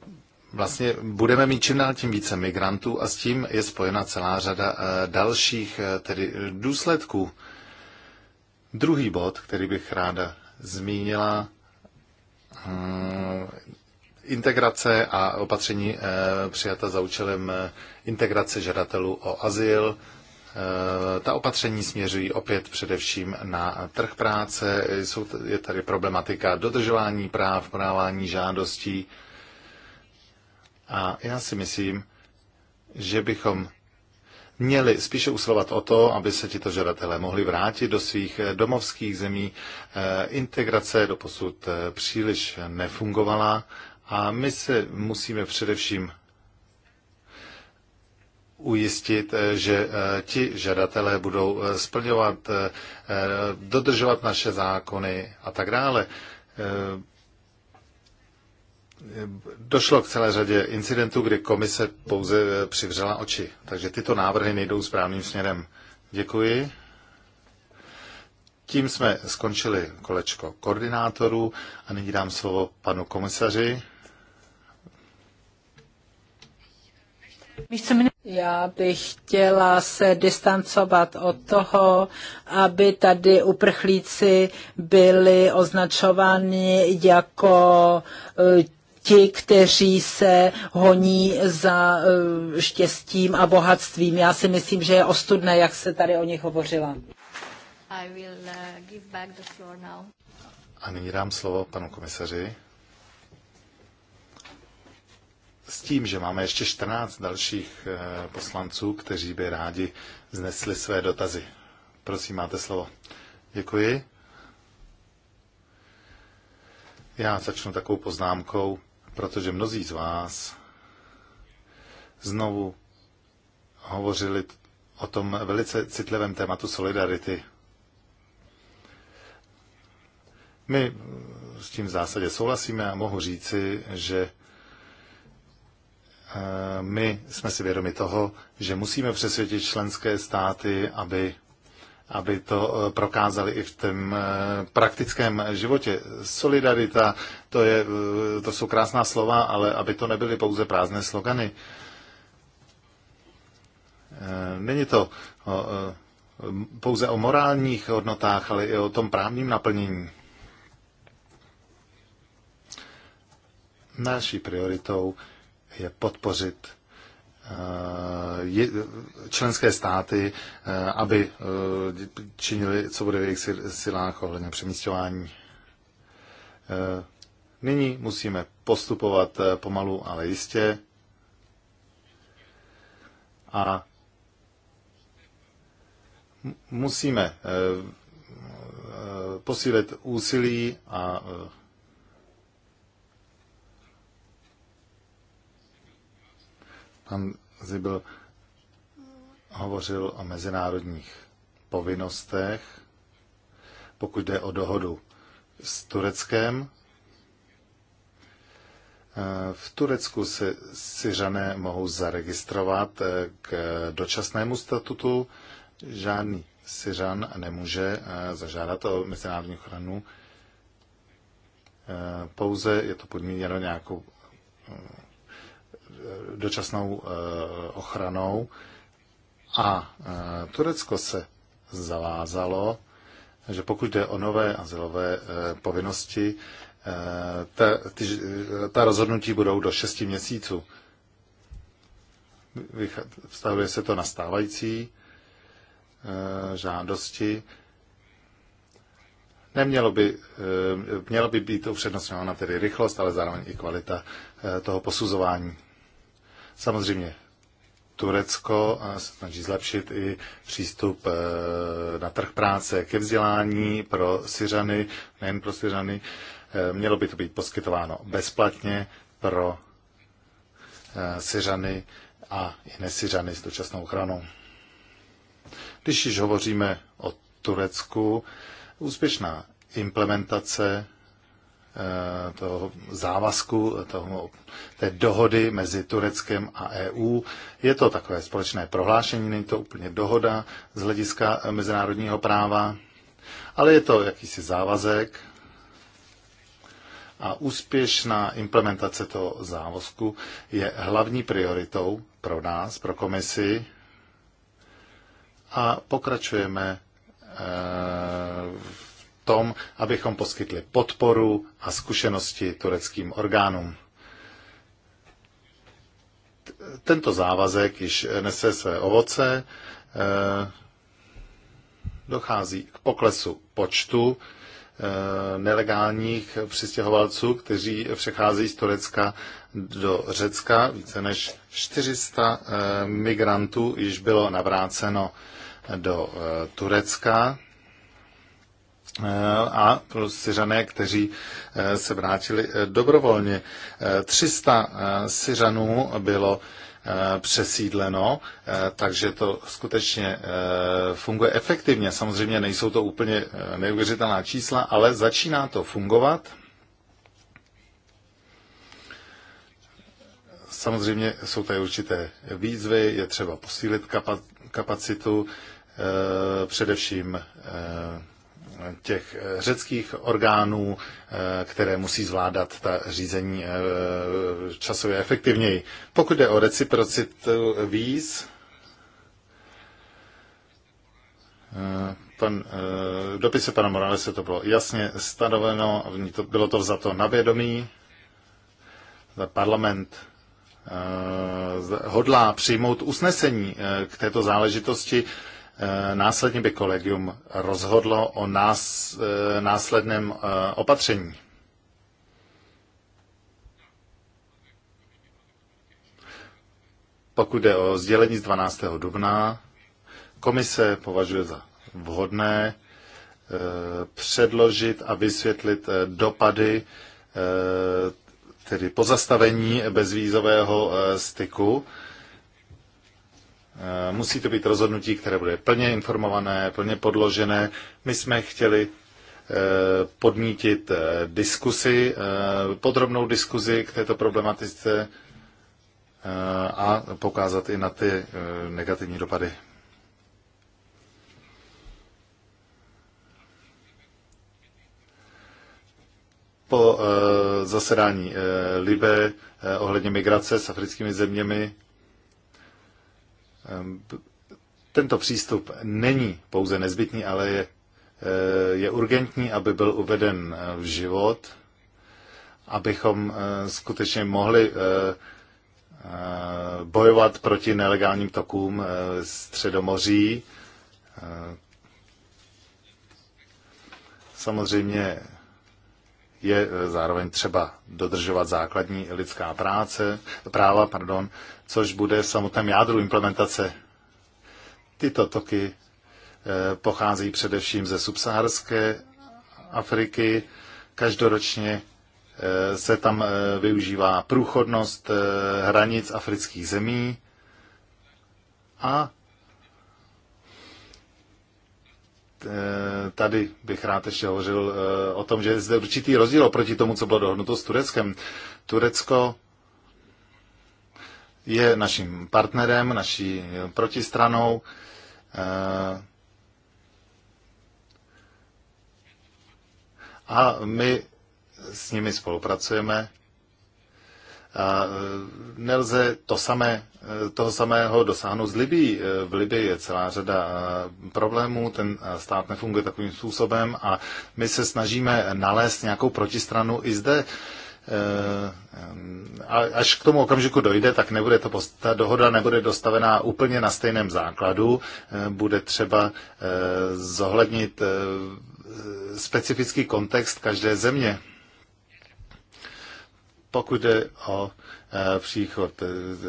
vlastně budeme mít čím dál tím více migrantů a s tím je spojena celá řada eh, dalších eh, tedy důsledků. Druhý bod, který bych ráda zmínila, mm, integrace a opatření eh, přijata za účelem integrace žadatelů o azyl, Eh, ta opatření směřují opět především na trh práce. Jsou, je tady problematika dodržování práv, podávání žádostí. A já si myslím, že bychom měli spíše usilovat o to, aby se tito žadatelé mohli vrátit do svých eh, domovských zemí. Eh, integrace do posud příliš nefungovala a my se musíme především ujistit, eh, že eh, ti žadatelé budou eh, splňovat, dodržovat naše zákony a tak dále. Došlo k celé řadě incidentů, kdy komise pouze přivřela oči. Takže tyto návrhy nejdou správným směrem. Děkuji. Tím jsme skončili kolečko koordinátorů a nyní dám slovo panu komisaři. Já bych chtěla se distancovat od toho, aby tady uprchlíci byli označováni jako eh, ti, kteří se honí za eh, štěstím a bohatstvím. Já si myslím, že je ostudné, jak se tady o nich hovořila. Uh, a nyní dám slovo panu komisaři s tím, že máme ještě 14 dalších eh, poslanců, kteří by rádi znesli své dotazy. Prosím, máte slovo. Děkuji. Já začnu takovou poznámkou, protože mnozí z vás znovu hovořili o tom velice citlivém tématu solidarity. My s tím v zásadě souhlasíme a mohu říci, že Eh, my jsme si vědomi toho, že musíme přesvědčit členské státy, aby, aby to eh, prokázali i v tom eh, praktickém životě. Solidarita, to, je, to jsou krásná slova, ale aby to nebyly pouze prázdné slogany. Není to pouze o morálních hodnotách, ale i o tom právním naplnění. Naší prioritou je podpořit eh, členské státy, eh, aby eh, činili, co bude v jejich silách ohledně přemístování. Nyní musíme postupovat pomalu, ale jistě. A musíme posílit úsilí a Pan Zibel hovořil o mezinárodních povinnostech, pokud jde o dohodu s Tureckem. V Turecku se Syřané mohou zaregistrovat k dočasnému statutu. Žádný Syřan nemůže zažádat o mezinárodní ochranu. Pouze je to podmíněno nějakou Eh, dočasnou eh, ochranou a eh, Turecko se zavázalo, že pokud jde o nové azylové povinnosti, ta, ty, ta rozhodnutí budou do 6 měsíců. Vztahuje se to na stávající žádosti. Nemělo by, mělo by být upřednostňována tedy rychlost, ale zároveň i kvalita toho posuzování. Samozřejmě Turecko se snaží zlepšit i přístup eh, na trh práce ke vzdělání pro Syřany, nejen pro Syřany. Eh, mělo by to být poskytováno bezplatně pro eh, Syřany a i nesyřany s dočasnou ochranou. Když již hovoříme o Turecku, úspěšná implementace Eh, toho závazku, toho, té dohody mezi Tureckem a EU. Je to takové společné prohlášení, není to úplně dohoda z hlediska mezinárodního práva, ale je to jakýsi závazek a úspěšná implementace toho závazku je hlavní prioritou pro nás, pro komisi a pokračujeme eh, tom, abychom poskytli podporu a zkušenosti tureckým orgánům. Tento závazek již nese své ovoce. Eh, dochází k poklesu počtu eh, nelegálních přistěhovalců, kteří přecházejí z Turecka do Řecka. Více než 400 eh, migrantů již bylo navráceno do Turecka. Eh, a Syřané, kteří eh, se vrátili eh, dobrovolně. 300 Syřanů bylo přesídleno, takže to skutečně funguje efektivně. Samozřejmě nejsou to úplně neuvěřitelná čísla, ale začíná to fungovat. Samozřejmě jsou tady určité výzvy, je třeba posílit kapacitu, především těch eh, řeckých orgánů, eh, které musí zvládat ta řízení eh, časově efektivněji. Pokud jde o reciprocitu víz, pan, v dopise pana Moralese to bylo jasně stanoveno, bylo to vzato na vědomí, parlament hodlá přijmout usnesení k této záležitosti Eh, následně by kolegium rozhodlo o nás, eh, následném eh, opatření. Pokud jde o sdělení z 12. dubna, komise považuje za vhodné předložit a vysvětlit dopady tedy pozastavení bezvízového styku Eh, musí to být rozhodnutí, které bude plně informované, plně podložené. My jsme chtěli eh, podnítit eh, diskusi, podrobnou diskuzi k této problematice a poukázat i na ty negativní dopady. Po zasedání Libe ohledně migrace s africkými zeměmi Ehm, tento přístup není pouze nezbytný, ale je, eh, je urgentní, aby byl uveden eh, v život, abychom eh, skutečně mohli bojovat proti nelegálním tokům středomoří. Samozřejmě je eh, zároveň třeba dodržovat základní lidská práce, práva, pardon, což bude v samotném jádru implementace. Tyto toky eh, pochází především ze subsaharské Afriky. Každoročně eh, se tam využívá průchodnost hranic afrických zemí a Eh, tady bych rád ještě hovořil eh, o tom, že je zde určitý rozdíl oproti tomu, co bylo dohodnuto s Tureckem. Turecko je naším partnerem, naší protistranou. Eh, a my s nimi spolupracujeme. E, nelze to samé, e, toho samého dosáhnout z Libii. E, v Libii je celá řada problémů, ten stát nefunguje takovým způsobem a my se snažíme nalézt nějakou protistranu i zde. A až k tomu okamžiku dojde, tak nebude to ta dohoda nebude dostavená úplně na stejném základu. Bude třeba zohlednit specifický kontext každé země pokud jde o e, příchod e,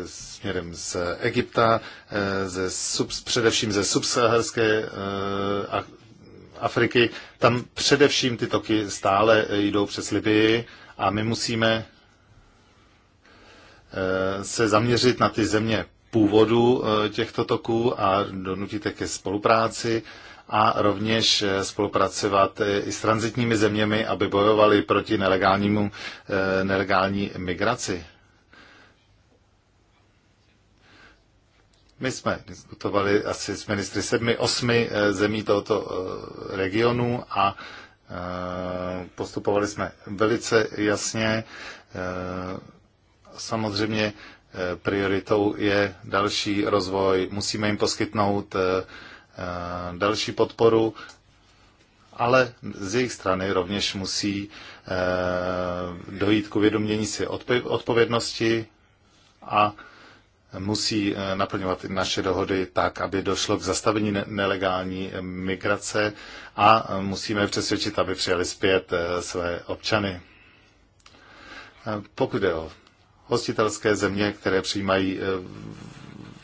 směrem z Egypta, e, ze sub, především ze subsaharské Afriky, tam především ty toky stále jdou přes Libii a my musíme se zaměřit na ty země původu těchto toků a donutit je ke spolupráci a rovněž eh, spolupracovat eh, i s transitními zeměmi, aby bojovali proti nelegálnímu, eh, nelegální migraci. My jsme diskutovali asi s ministry sedmi, osmi zemí tohoto regionu a postupovali jsme velice jasně. Samozřejmě prioritou je další rozvoj. Musíme jim poskytnout Eh, další podporu, ale z jejich strany rovněž musí eh, dojít k uvědomění si odpovědnosti a musí eh, naplňovat naše dohody tak, aby došlo k zastavení nelegální migrace a musíme přesvědčit, aby přijali zpět své občany. Pokud je o hostitelské země, které přijímají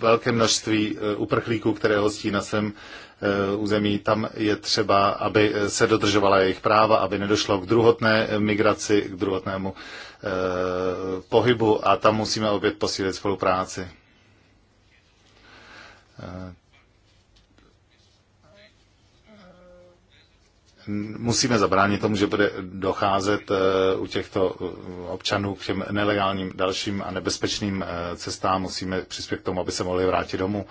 velké množství eh, uprchlíků, které hostí na svém eh, území. Tam je třeba, aby se dodržovala jejich práva, aby nedošlo k druhotné eh, migraci, k druhotnému pohybu a tam musíme opět posílit spolupráci. musíme zabránit tomu, že bude docházet eh, u těchto eh, občanů k těm nelegálním dalším a nebezpečným eh, cestám. Musíme přispět k tomu, aby se mohli vrátit domů.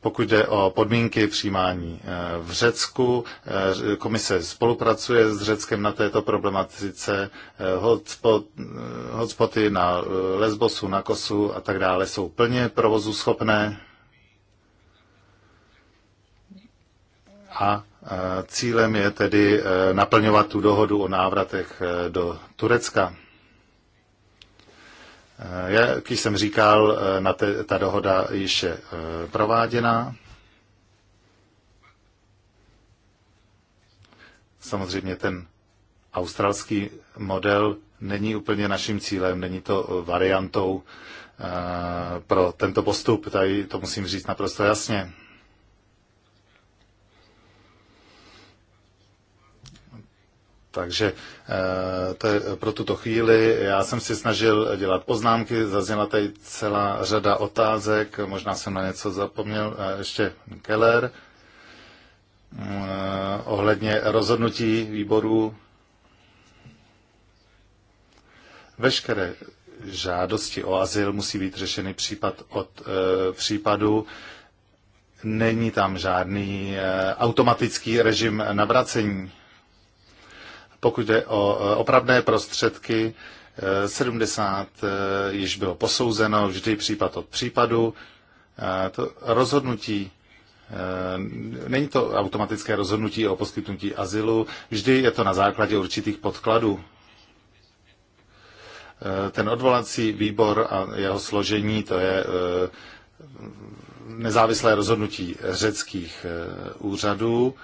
Pokud jde o podmínky přijímání v Řecku, komise spolupracuje s Řeckem na této problematice. hotspoty na Lesbosu, na Kosu a tak dále jsou plně provozu schopné. A e, cílem je tedy e, naplňovat tu dohodu o návratech e, do Turecka. Jak jsem říkal, na te, ta dohoda již je prováděná. Samozřejmě ten australský model není úplně naším cílem, není to variantou pro tento postup, tady to musím říct naprosto jasně. Takže eh, to je pro tuto chvíli. Já jsem si snažil dělat poznámky, zazněla tady celá řada otázek, možná jsem na něco zapomněl, eh, ještě Keller, eh, ohledně rozhodnutí výboru. Veškeré žádosti o azyl musí být řešeny případ od případu není tam žádný automatický režim navracení. Pokud jde o e, opravné prostředky, 70 e, e, již bylo posouzeno, vždy případ od případu. To rozhodnutí Není to automatické rozhodnutí o poskytnutí azylu, vždy je to na základě určitých podkladů. Ten odvolací výbor a jeho složení, to je nezávislé rozhodnutí řeckých úřadů.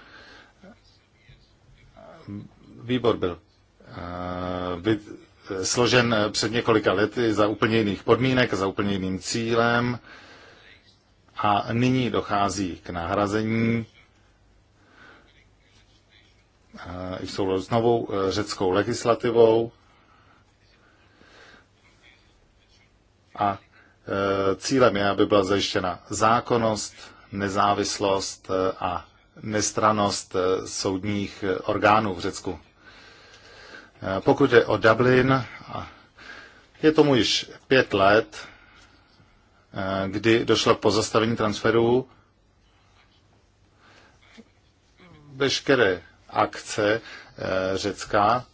Výbor byl eh, eh, složen eh, před několika lety za úplně jiných podmínek, za úplně jiným cílem a nyní dochází k nahrazení i v souladu s novou řeckou legislativou a cílem je, aby byla zajištěna zákonnost, nezávislost a nestranost soudních orgánů v Řecku. Eh, pokud je o Dublin, je tomu již pět let, eh, kdy došlo k pozastavení transferů. Veškeré akce eh, Řecka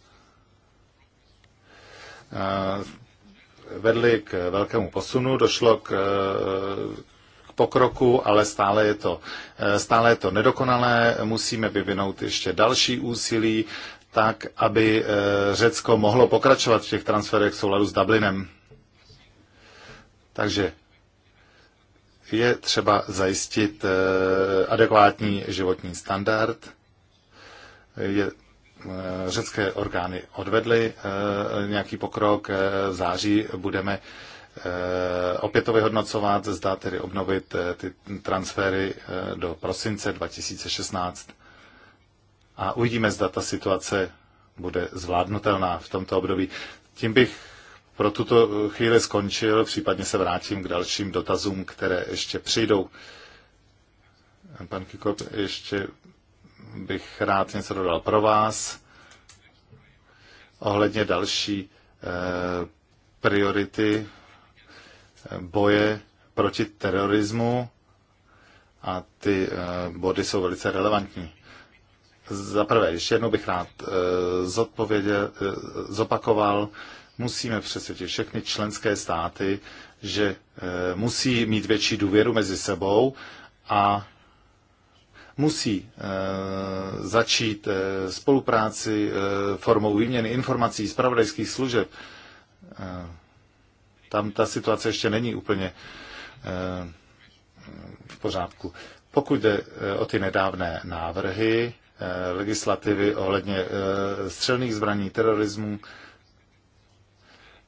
vedly k velkému posunu, došlo k, k pokroku, ale stále je, to, stále je to nedokonalé. Musíme vyvinout ještě další úsilí tak, aby eh, Řecko mohlo pokračovat v těch transferech v souladu s Dublinem. Takže je třeba zajistit eh, adekvátní životní standard. Je, eh, řecké orgány odvedly nějaký pokrok. V září budeme opět to vyhodnocovat, zda tedy obnovit ty transfery do prosince 2016 a uvidíme, zda ta situace bude zvládnutelná v tomto období. Tím bych pro tuto chvíli skončil, případně se vrátím k dalším dotazům, které ještě přijdou. Pan Kikop, ještě bych rád něco dodal pro vás ohledně další eh, priority eh, boje proti terorismu a ty eh, body jsou velice relevantní. Za prvé, ještě jednou bych rád eh, zodpověděl, eh, zopakoval, musíme přesvědčit všechny členské státy, že eh, musí mít větší důvěru mezi sebou a musí začít spolupráci formou výměny informací z pravodajských služeb. Tam ta situace ještě není úplně v pořádku. Pokud jde o ty nedávné návrhy, Eh, legislativy ohledně eh, střelných zbraní, terorismu.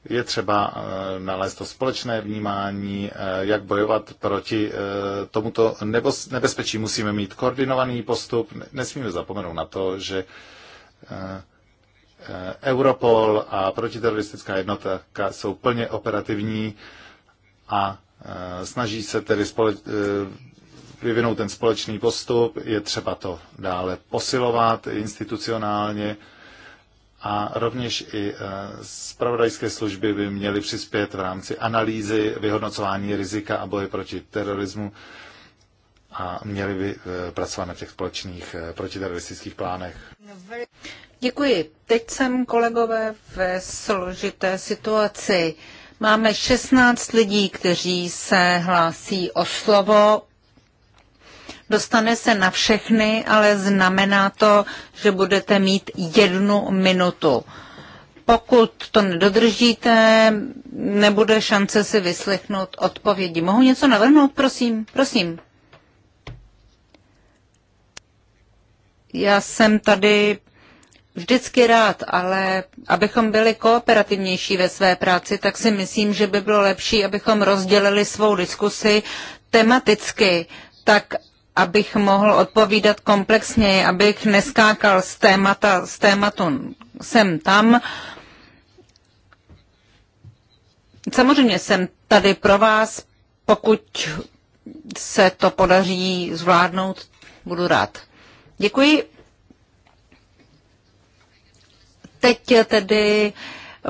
Je třeba eh, nalézt to společné vnímání, jak bojovat proti tomuto nebezpečí. Musíme mít koordinovaný postup. Nesmíme zapomenout na to, že Europol a protiteroristická jednotka jsou plně operativní a snaží se tedy vyvinout ten společný postup, je třeba to dále posilovat institucionálně a rovněž i eh, zpravodajské služby by měly přispět v rámci analýzy, vyhodnocování rizika a boje proti terorismu a měly by eh, pracovat na těch společných eh, protiteroristických plánech. Děkuji. Teď jsem, kolegové, ve složité situaci. Máme 16 lidí, kteří se hlásí o slovo. Dostane se na všechny, ale znamená to, že budete mít jednu minutu. Pokud to nedodržíte, nebude šance si vyslechnout odpovědi. Mohu něco navrhnout, prosím? Prosím. Já jsem tady vždycky rád, ale abychom byli kooperativnější ve své práci, tak si myslím, že by bylo lepší, abychom rozdělili svou diskusi tematicky, tak abych mohl odpovídat komplexněji, abych neskákal z, témata, z tématu sem tam. Samozřejmě jsem tady pro vás, pokud se to podaří zvládnout, budu rád. Děkuji. Teď tedy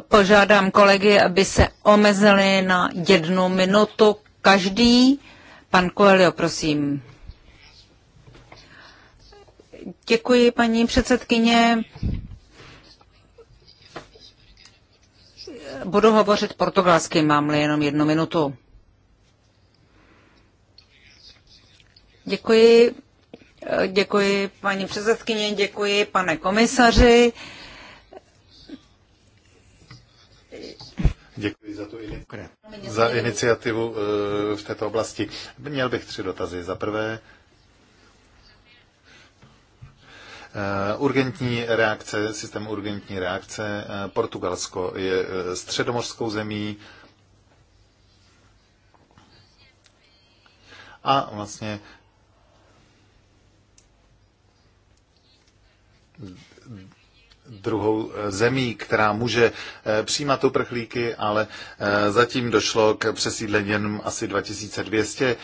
požádám kolegy, aby se omezili na jednu minutu každý. Pan Coelho, prosím. Děkuji, paní předsedkyně. Budu hovořit portugalsky, mám-li jenom jednu minutu. Děkuji, děkuji paní předsedkyně, děkuji pane komisaři. Děkuji za tu za iniciativu eh, v této oblasti. Měl bych tři dotazy. Za prvé, Eh, urgentní reakce, systém urgentní reakce. Eh, Portugalsko je eh, středomořskou zemí. A vlastně druhou eh, zemí, která může eh, přijímat uprchlíky, ale eh, zatím došlo k přesídlení jen asi 2200,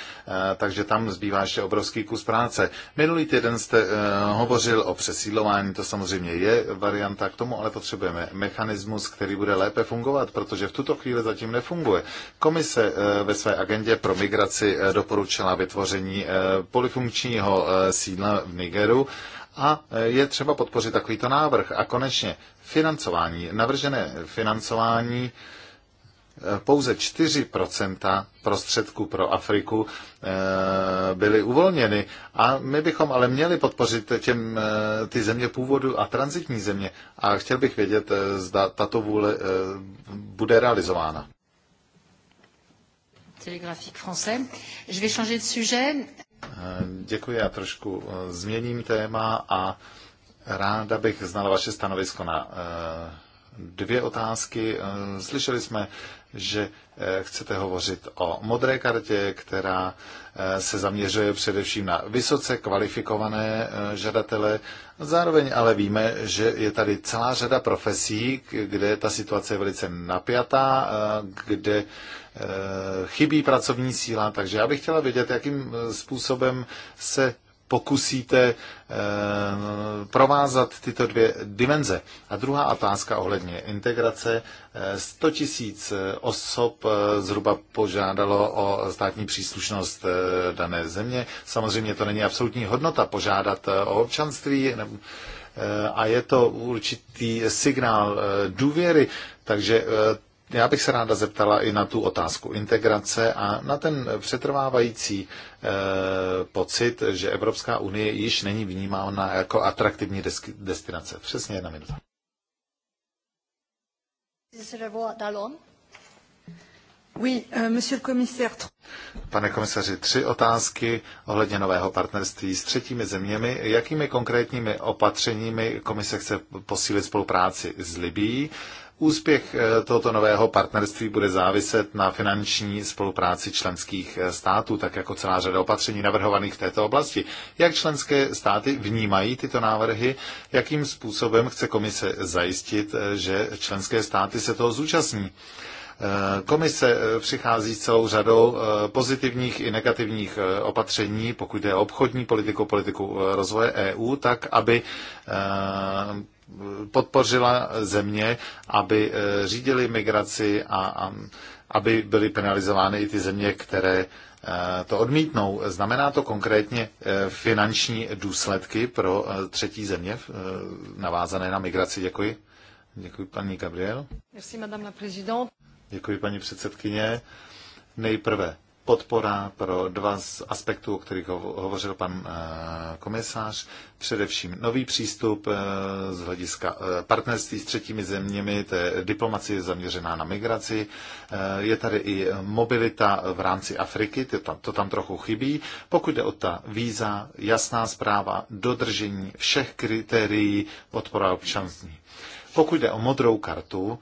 takže tam zbývá ještě obrovský kus práce. Minulý týden jste hovořil o přesídlování, to samozřejmě je varianta k tomu, ale potřebujeme mechanismus, který bude lépe fungovat, protože v tuto chvíli zatím nefunguje. Komise ve své agendě pro migraci doporučila vytvoření polifunkčního sídla v Nigeru, a e, je třeba podpořit takovýto návrh. A konečně financování, navržené financování e, pouze 4% prostředků pro Afriku e, byly uvolněny. A my bychom ale měli podpořit těm, ty země původu a transitní země. A chtěl bych vědět, zda tato vůle bude realizována. Télégraphique français. Je vais changer de sujet. Děkuji, já trošku eh, změním téma a ráda bych znala vaše stanovisko na eh, dvě otázky. Eh, slyšeli jsme, že eh, chcete hovořit o modré kartě, která eh, se zaměřuje především na vysoce kvalifikované žadatele. Zároveň ale víme, že je tady celá řada profesí, kde ta situace je velice napjatá, kde chybí pracovní síla, takže já bych chtěla vědět, jakým způsobem se pokusíte eh, provázat tyto dvě dimenze. A druhá otázka ohledně integrace. 100 eh, tisíc eh, osob zhruba požádalo o státní příslušnost dané země. Samozřejmě to není absolutní hodnota požádat o občanství a je to určitý signál důvěry, takže já bych se ráda zeptala i na tu otázku integrace a na ten přetrvávající eh, pocit, že Evropská unie již není vnímána jako atraktivní destinace. Přesně jedna minuta. Euh, Pane komisaři, tři otázky ohledně nového partnerství s třetími zeměmi. Jakými konkrétními opatřeními komise chce posílit spolupráci s Libií? Úspěch eh, tohoto nového partnerství bude záviset na finanční spolupráci členských eh, států, tak jako celá řada opatření navrhovaných v této oblasti. Jak členské státy vnímají tyto návrhy, jakým způsobem chce komise zajistit, eh, že členské státy se toho zúčastní? Komise přichází s celou řadou pozitivních i negativních opatření, pokud jde o obchodní politiku, politiku rozvoje EU, tak aby podpořila země, aby eh, řídili migraci a, a aby byly penalizovány i ty země, které eh, to odmítnou. Znamená to konkrétně eh, finanční důsledky pro třetí země navázané na migraci? Děkuji. Děkuji paní Gabriel. Děkuji paní předsedkyně. Nejprve podpora pro dva z aspektů, o kterých hovořil pan eh, komisář, především nový přístup eh, z hlediska eh, partnerství s třetími zeměmi, je diplomacie zaměřená na migraci. Je tady i mobilita v rámci Afriky, to tam, to tam trochu chybí. Pokud jde o ta víza, jasná zpráva, dodržení všech kritérií podpora občanství. Pokud jde o modrou kartu,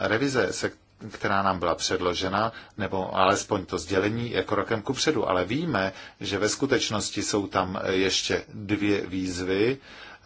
revize, se která nám byla předložena, nebo alespoň to sdělení je krokem ku předu, ale víme, že ve skutečnosti jsou tam ještě dvě výzvy,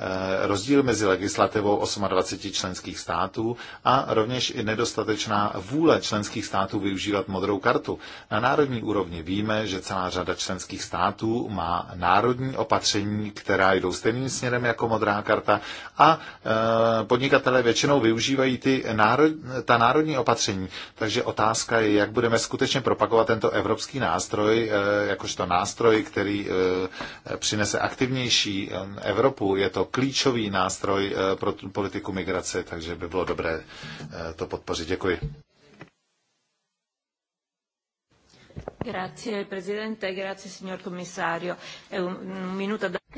Eh, rozdíl mezi legislativou 28 členských států a rovněž i nedostatečná vůle členských států využívat modrou kartu. Na národní úrovni víme, že celá řada členských států má národní opatření, která jdou stejným směrem jako modrá karta a eh, podnikatelé většinou využívají ty národ, ta národní opatření. Takže otázka je, jak budeme skutečně propagovat tento evropský nástroj, eh, jakožto nástroj, který přinese aktivnější Evropu. Je to klíčový nástroj eh, pro politiku migrace, takže by bylo dobré eh, to podpořit. Děkuji.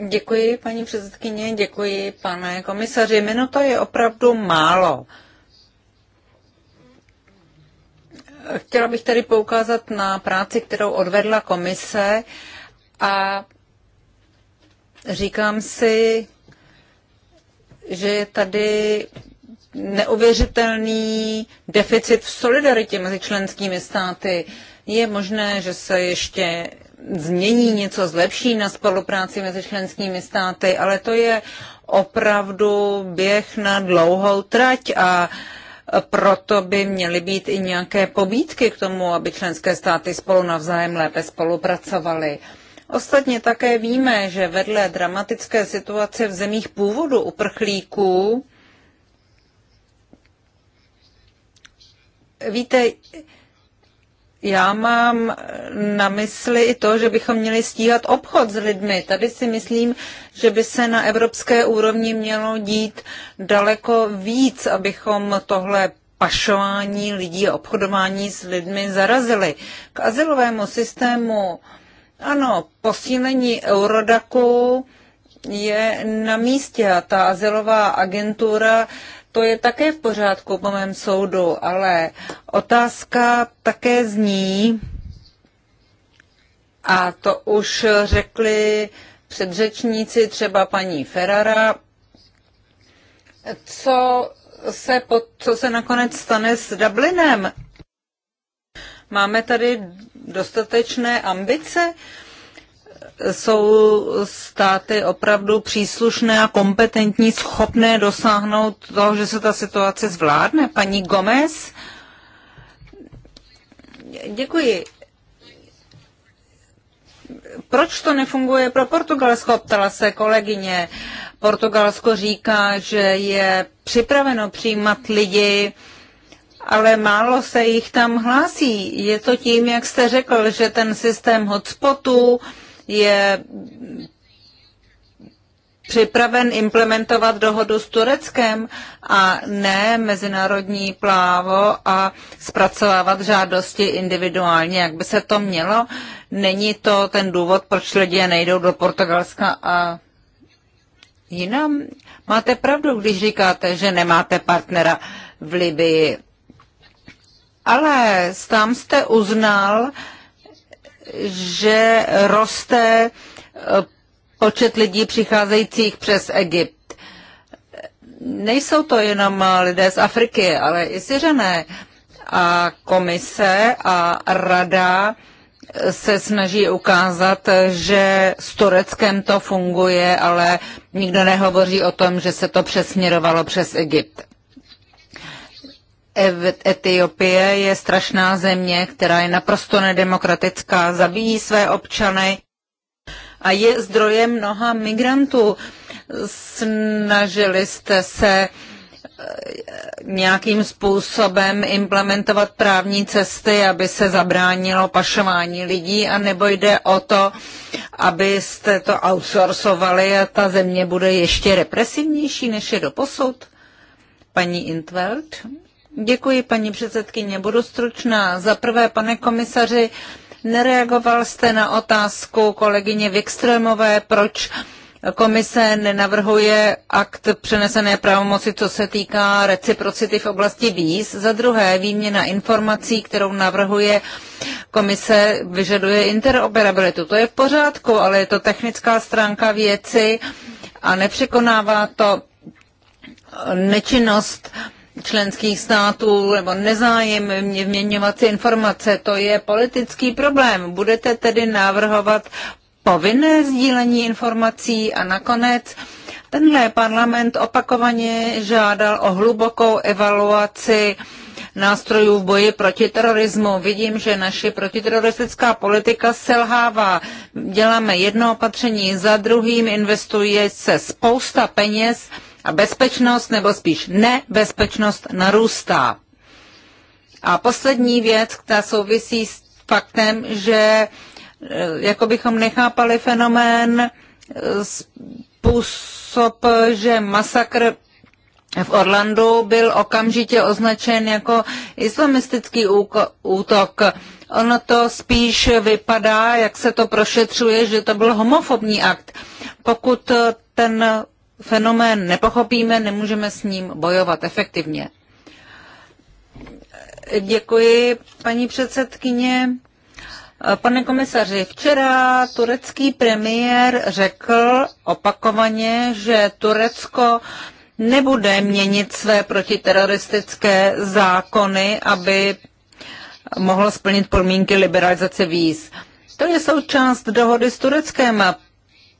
Děkuji, paní předsedkyně, děkuji, pane komisaři. Minuta je opravdu málo. Chtěla bych tady poukázat na práci, kterou odvedla komise a říkám si, že je tady neuvěřitelný deficit v solidaritě mezi členskými státy. Je možné, že se ještě změní něco, zlepší na spolupráci mezi členskými státy, ale to je opravdu běh na dlouhou trať a proto by měly být i nějaké pobídky k tomu, aby členské státy spolu navzájem lépe spolupracovaly. Ostatně také víme, že vedle dramatické situace v zemích původu uprchlíků, víte, já mám na mysli i to, že bychom měli stíhat obchod s lidmi. Tady si myslím, že by se na evropské úrovni mělo dít daleko víc, abychom tohle pašování lidí a obchodování s lidmi zarazili. K azylovému systému ano, posílení Eurodaku je na místě a ta azylová agentura to je také v pořádku po mém soudu, ale otázka také zní, a to už řekli předřečníci, třeba paní Ferrara, co se, pod, co se nakonec stane s Dublinem? Máme tady dostatečné ambice? Jsou státy opravdu příslušné a kompetentní, schopné dosáhnout toho, že se ta situace zvládne? Paní Gomez? Děkuji. Proč to nefunguje pro Portugalsko? Ptala se kolegyně. Portugalsko říká, že je připraveno přijímat lidi, ale málo se jich tam hlásí. Je to tím, jak jste řekl, že ten systém hotspotů je připraven implementovat dohodu s Tureckem a ne mezinárodní plávo a zpracovávat žádosti individuálně, jak by se to mělo. Není to ten důvod, proč lidé nejdou do Portugalska a jinam. Máte pravdu, když říkáte, že nemáte partnera v Libii ale sám jste uznal, že roste eh, počet lidí přicházejících přes Egypt. Nejsou to jenom lidé z Afriky, ale i Syřané. A komise a rada eh, se snaží ukázat, že s Tureckem to funguje, ale nikdo nehovoří o tom, že se to přesměrovalo přes Egypt. Etiopie je strašná země, která je naprosto nedemokratická, zabíjí své občany a je zdrojem mnoha migrantů. Snažili jste se eh, nějakým způsobem implementovat právní cesty, aby se zabránilo pašování lidí, a nebo jde o to, abyste to outsourcovali a ta země bude ještě represivnější, než je do posud. Paní Intveld? Děkuji, paní předsedkyně. Budu stručná. Za prvé, pane komisaři, nereagoval jste na otázku kolegyně Vikströmové, proč komise nenavrhuje akt přenesené pravomoci, co se týká reciprocity v oblasti víz. Za druhé, výměna informací, kterou navrhuje komise, vyžaduje interoperabilitu. To je v pořádku, ale je to technická stránka věci a nepřekonává to nečinnost uh, členských států nebo nezájem vměňovat si informace. To je politický problém. Budete tedy návrhovat povinné sdílení informací a nakonec tenhle parlament opakovaně žádal o hlubokou evaluaci nástrojů v boji proti terorismu. Vidím, že naše protiteroristická politika selhává. Děláme jedno opatření za druhým, investuje se spousta peněz a bezpečnost, nebo spíš nebezpečnost, narůstá. A poslední věc, která souvisí s faktem, že e, jako bychom nechápali fenomén e, způsob, že masakr v Orlandu byl okamžitě označen jako islamistický útok. Ono to spíš vypadá, jak se to prošetřuje, že to byl homofobní akt. Pokud ten fenomén nepochopíme, nemůžeme s ním bojovat efektivně. Děkuji, paní předsedkyně. Pane komisaři, včera turecký premiér řekl opakovaně, že Turecko nebude měnit své protiteroristické zákony, aby mohl splnit podmínky liberalizace víz. To je součást dohody s Tureckem.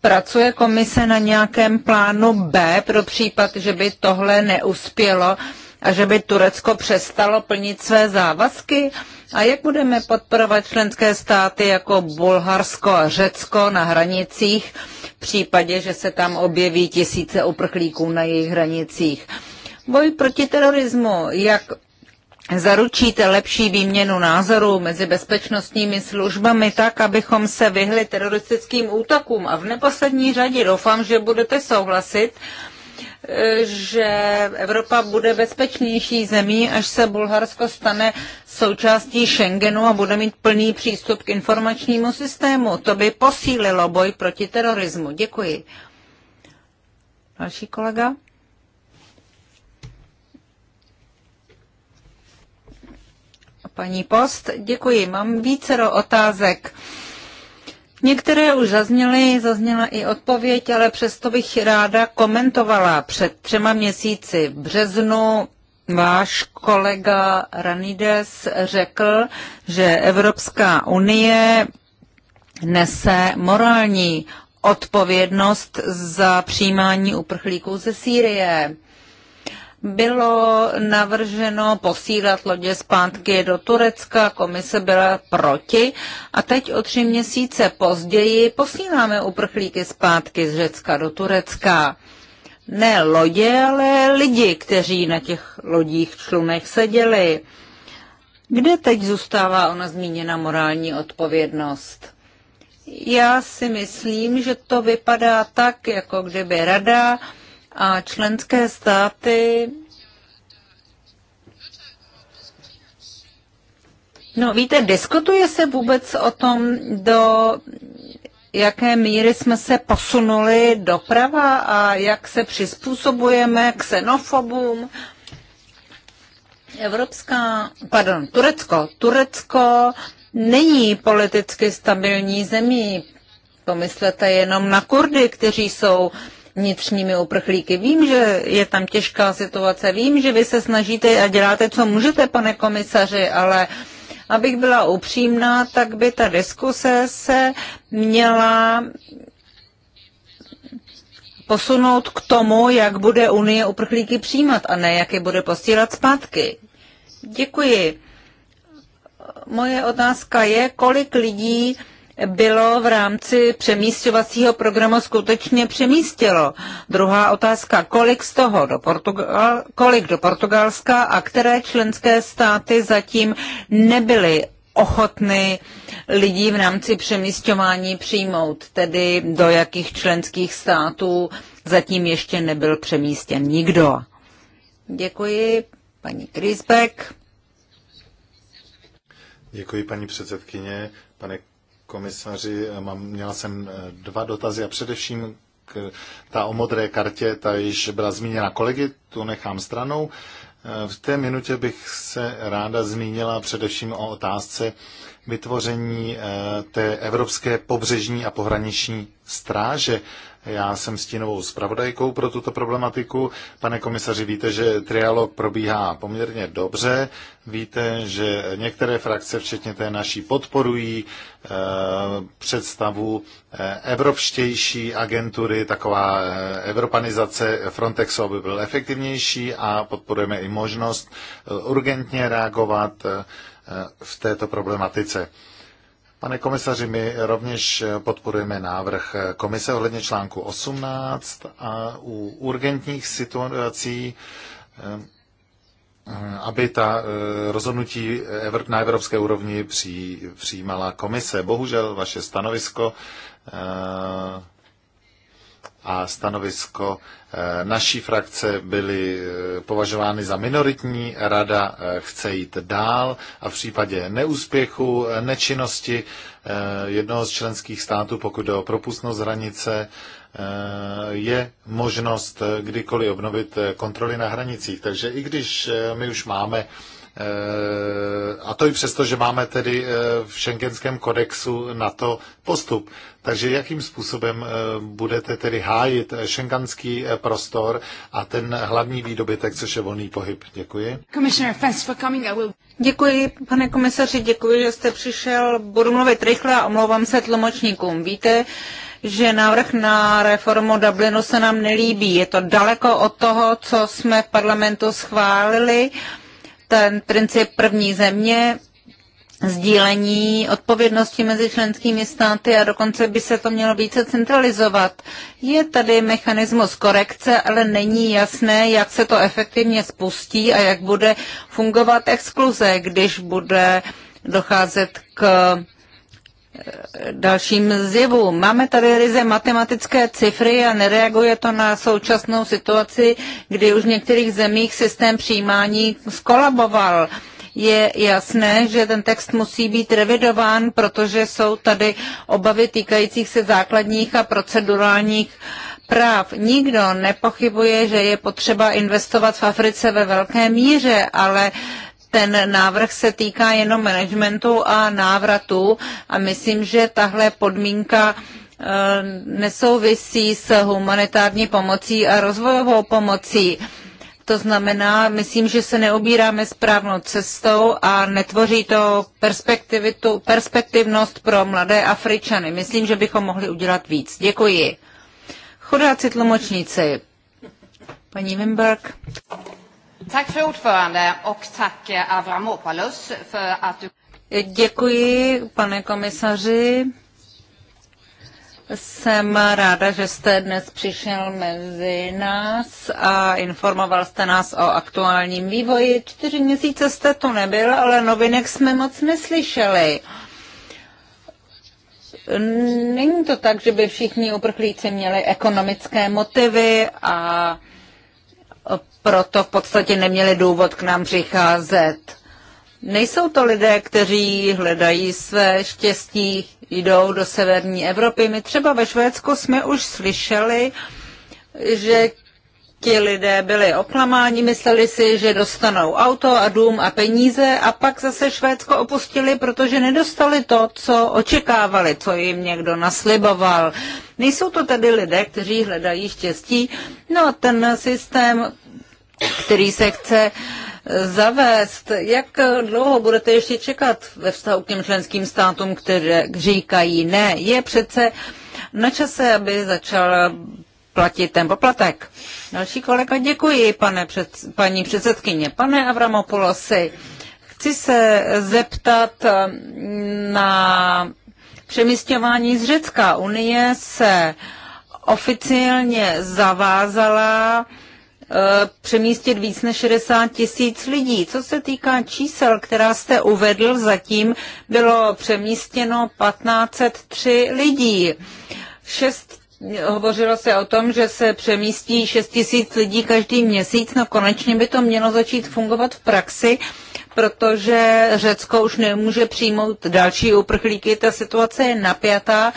Pracuje komise na nějakém plánu B pro případ, že by tohle neuspělo a že by Turecko přestalo plnit své závazky? A jak budeme podporovat členské státy jako Bulharsko a Řecko na hranicích v případě, že se tam objeví tisíce uprchlíků na jejich hranicích? Boj proti terorismu, jak zaručíte lepší výměnu názorů mezi bezpečnostními službami tak, abychom se vyhli teroristickým útokům. A v neposlední řadě doufám, že budete souhlasit, že Evropa bude bezpečnější zemí, až se Bulharsko stane součástí Schengenu a bude mít plný přístup k informačnímu systému. To by posílilo boj proti terorismu. Děkuji. Další kolega? Paní Post, děkuji. Mám vícero otázek. Některé už zazněly, zazněla i odpověď, ale přesto bych ráda komentovala. Před třema měsíci v březnu váš kolega Ranides řekl, že Evropská unie nese morální odpovědnost za přijímání uprchlíků ze Sýrie. Bylo navrženo posílat lodě zpátky do Turecka, komise byla proti a teď o tři měsíce později posíláme uprchlíky zpátky z Řecka do Turecka. Ne lodě, ale lidi, kteří na těch lodích člunech seděli. Kde teď zůstává ona zmíněna morální odpovědnost? Já si myslím, že to vypadá tak, jako kdyby rada a členské státy No víte, diskutuje se vůbec o tom, do jaké míry jsme se posunuli doprava a jak se přizpůsobujeme xenofobům. Evropská, pardon, Turecko. Turecko není politicky stabilní zemí. Pomyslete jenom na Kurdy, kteří jsou vnitřními uprchlíky. Vím, že je tam těžká situace, vím, že vy se snažíte a děláte, co můžete, pane komisaři, ale abych byla upřímná, tak by ta diskuse se měla posunout k tomu, jak bude Unie uprchlíky přijímat a ne jak je bude posílat zpátky. Děkuji. Moje otázka je, kolik lidí bylo v rámci přemístovacího programu skutečně přemístilo. Druhá otázka, kolik z toho do, Portugal, kolik do Portugalska a které členské státy zatím nebyly ochotny lidí v rámci přemístování přijmout, tedy do jakých členských států zatím ještě nebyl přemístěn nikdo. Děkuji, paní Krisbeck. Děkuji, paní předsedkyně. Pane komisaři. Eh, mám, měla jsem eh, dva dotazy a především k, ta o modré kartě, ta již byla zmíněna kolegy, tu nechám stranou. Eh, v té minutě bych se ráda zmínila především o otázce vytvoření té Evropské pobřežní a pohraniční stráže. Já jsem stínovou zpravodajkou pro tuto problematiku. Pane komisaři, víte, že trialog probíhá poměrně dobře. Víte, že některé frakce, včetně té naší, podporují eh, představu eh, evropštější agentury, taková eh, evropanizace Frontexu, aby byl efektivnější a podporujeme i možnost eh, urgentně reagovat eh, v této problematice. Eh, Pane komisaři, my rovněž podporujeme návrh komise ohledně článku 18 a u urgentních situací eh, aby ta eh, rozhodnutí na evropské úrovni přijímala komise. Bohužel vaše stanovisko eh, a stanovisko eh, naší frakce byly eh, považovány za minoritní. Rada eh, chce jít dál a v případě neúspěchu, nečinnosti jednoho z členských států, pokud jde o propustnost hranice, je možnost kdykoliv obnovit kontroly na hranicích. Takže i když my už máme Eh, a to i přesto, že máme tedy eh, v šengenském kodexu na to postup. Takže jakým způsobem eh, budete tedy hájit šengenský prostor a ten hlavní výdobytek, což je volný pohyb? Děkuji. Děkuji, pane komisaři, děkuji, že jste přišel. Budu mluvit rychle a omlouvám se tlumočníkům. Víte, že návrh na reformu Dublinu se nám nelíbí. Je to daleko od toho, co jsme v parlamentu schválili ten princip první země, sdílení odpovědnosti mezi členskými státy a dokonce by se to mělo více centralizovat. Je tady mechanismus korekce, ale není jasné, jak se to efektivně spustí a jak bude fungovat exkluze, když bude docházet k dalším zjevu. Máme tady ryze matematické cifry a nereaguje to na současnou situaci, kdy už v některých zemích systém přijímání skolaboval. Je jasné, že ten text musí být revidován, protože jsou tady obavy týkajících se základních a procedurálních práv. Nikdo nepochybuje, že je potřeba investovat v Africe ve velké míře, ale ten návrh se týká jenom managementu a návratu a myslím, že tahle podmínka eh, nesouvisí s humanitární pomocí a rozvojovou pomocí. To znamená, myslím, že se neobíráme správnou cestou a netvoří to perspektivitu, perspektivnost pro mladé Afričany. Myslím, že bychom mohli udělat víc. Děkuji. Chudáci tlumočníci. Paní Wimberg. Eh, Avramopoulos Děkuji, pane komisaři. Jsem ráda, že jste dnes přišel mezi nás a informoval jste nás o aktuálním vývoji. Čtyři měsíce jste tu nebyl, ale novinek jsme moc neslyšeli. Není to tak, že by všichni uprchlíci měli ekonomické motivy a proto v podstatě neměli důvod k nám přicházet. Nejsou to lidé, kteří hledají své štěstí, jdou do severní Evropy. My třeba ve Švédsku jsme už slyšeli, že ti lidé byli oklamáni, mysleli si, že dostanou auto a dům a peníze a pak zase Švédsko opustili, protože nedostali to, co očekávali, co jim někdo nasliboval. Nejsou to tedy lidé, kteří hledají štěstí. No a ten systém který se chce eh, zavést. Jak dlouho budete ještě čekat ve vztahu k těm členským státům, které říkají ne? Je přece na čase, aby začal platit ten poplatek. Další kolega, děkuji, pane před, paní předsedkyně. Pane Avramopoulosi, chci se zeptat eh, na přemístěvání z Řecka. Unie se oficiálně zavázala, Eh, přemístit víc než 60 tisíc lidí. Co se týká čísel, která jste uvedl, zatím bylo přemístěno 1503 lidí. Šest. Hovořilo se o tom, že se přemístí 6 tisíc lidí každý měsíc, no konečně by to mělo začít fungovat v praxi protože Řecko už nemůže přijmout další uprchlíky. Ta situace je napjatá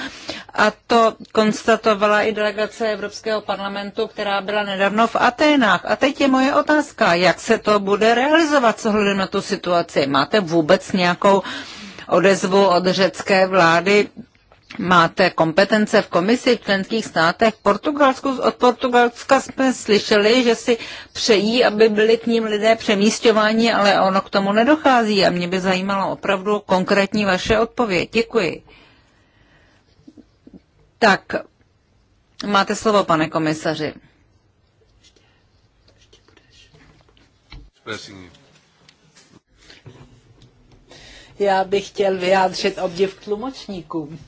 a to konstatovala i delegace Evropského parlamentu, která byla nedávno v Aténách. A teď je moje otázka, jak se to bude realizovat s ohledem na tu situaci. Máte vůbec nějakou odezvu od řecké vlády? Máte kompetence v komisi v členských státech. Portugalsku, od Portugalska jsme slyšeli, že si přejí, aby byli k ním lidé přemístěváni, ale ono k tomu nedochází a mě by zajímalo opravdu konkrétní vaše odpověď. Děkuji. Tak, máte slovo, pane komisaři. Já bych chtěl vyjádřit obdiv k tlumočníkům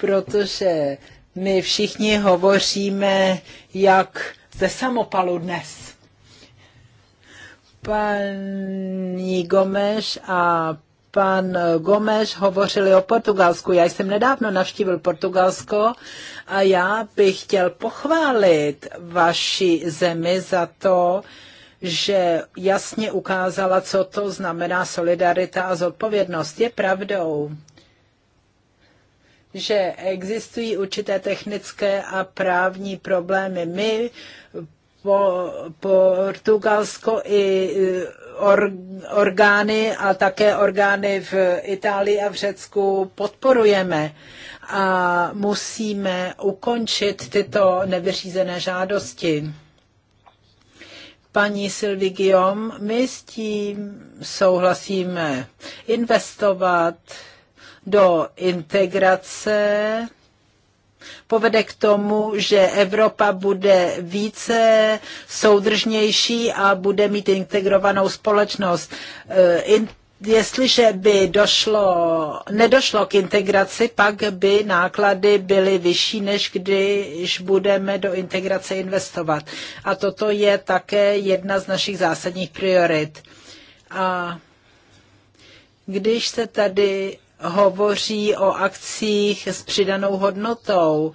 protože my všichni hovoříme jak ze samopalu dnes. Paní Gomeš a pan Gomes hovořili o Portugalsku. Já jsem nedávno navštívil Portugalsko a já bych chtěl pochválit vaši zemi za to, že jasně ukázala, co to znamená solidarita a zodpovědnost. Je pravdou, že existují určité technické a právní problémy. My po, Portugalsko i eh, or, orgány a také orgány v Itálii a v Řecku podporujeme a musíme ukončit tyto nevyřízené žádosti. Paní Sylvie Guillaume, my s tím souhlasíme investovat, do integrace povede k tomu, že Evropa bude více soudržnější a bude mít integrovanou společnost. Eh, jestliže by došlo, nedošlo k integraci, pak by náklady byly vyšší, než když budeme do integrace investovat. A toto je také jedna z našich zásadních priorit. A když se tady hovoří o akcích s přidanou hodnotou,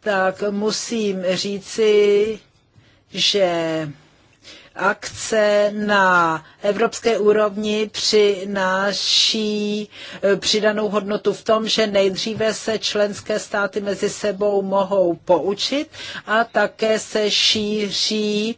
tak musím říci, že akce na evropské úrovni přináší eh, přidanou hodnotu v tom, že nejdříve se členské státy mezi sebou mohou poučit a také se šíří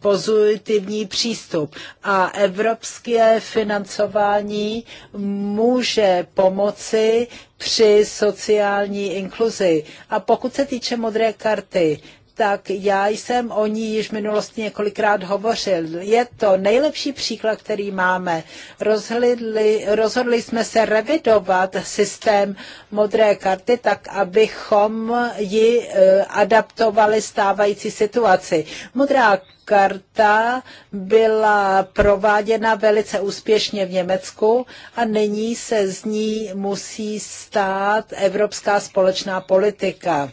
pozitivní přístup. A evropské financování může pomoci při sociální inkluzi. A pokud se týče modré karty, tak já jsem o ní již v minulosti několikrát hovořil. Je to nejlepší příklad, který máme. Rozhodli, rozhodli jsme se revidovat systém modré karty tak, abychom ji eh, adaptovali stávající situaci. Modrá karta byla prováděna velice úspěšně v Německu a nyní se z ní musí stát evropská společná politika.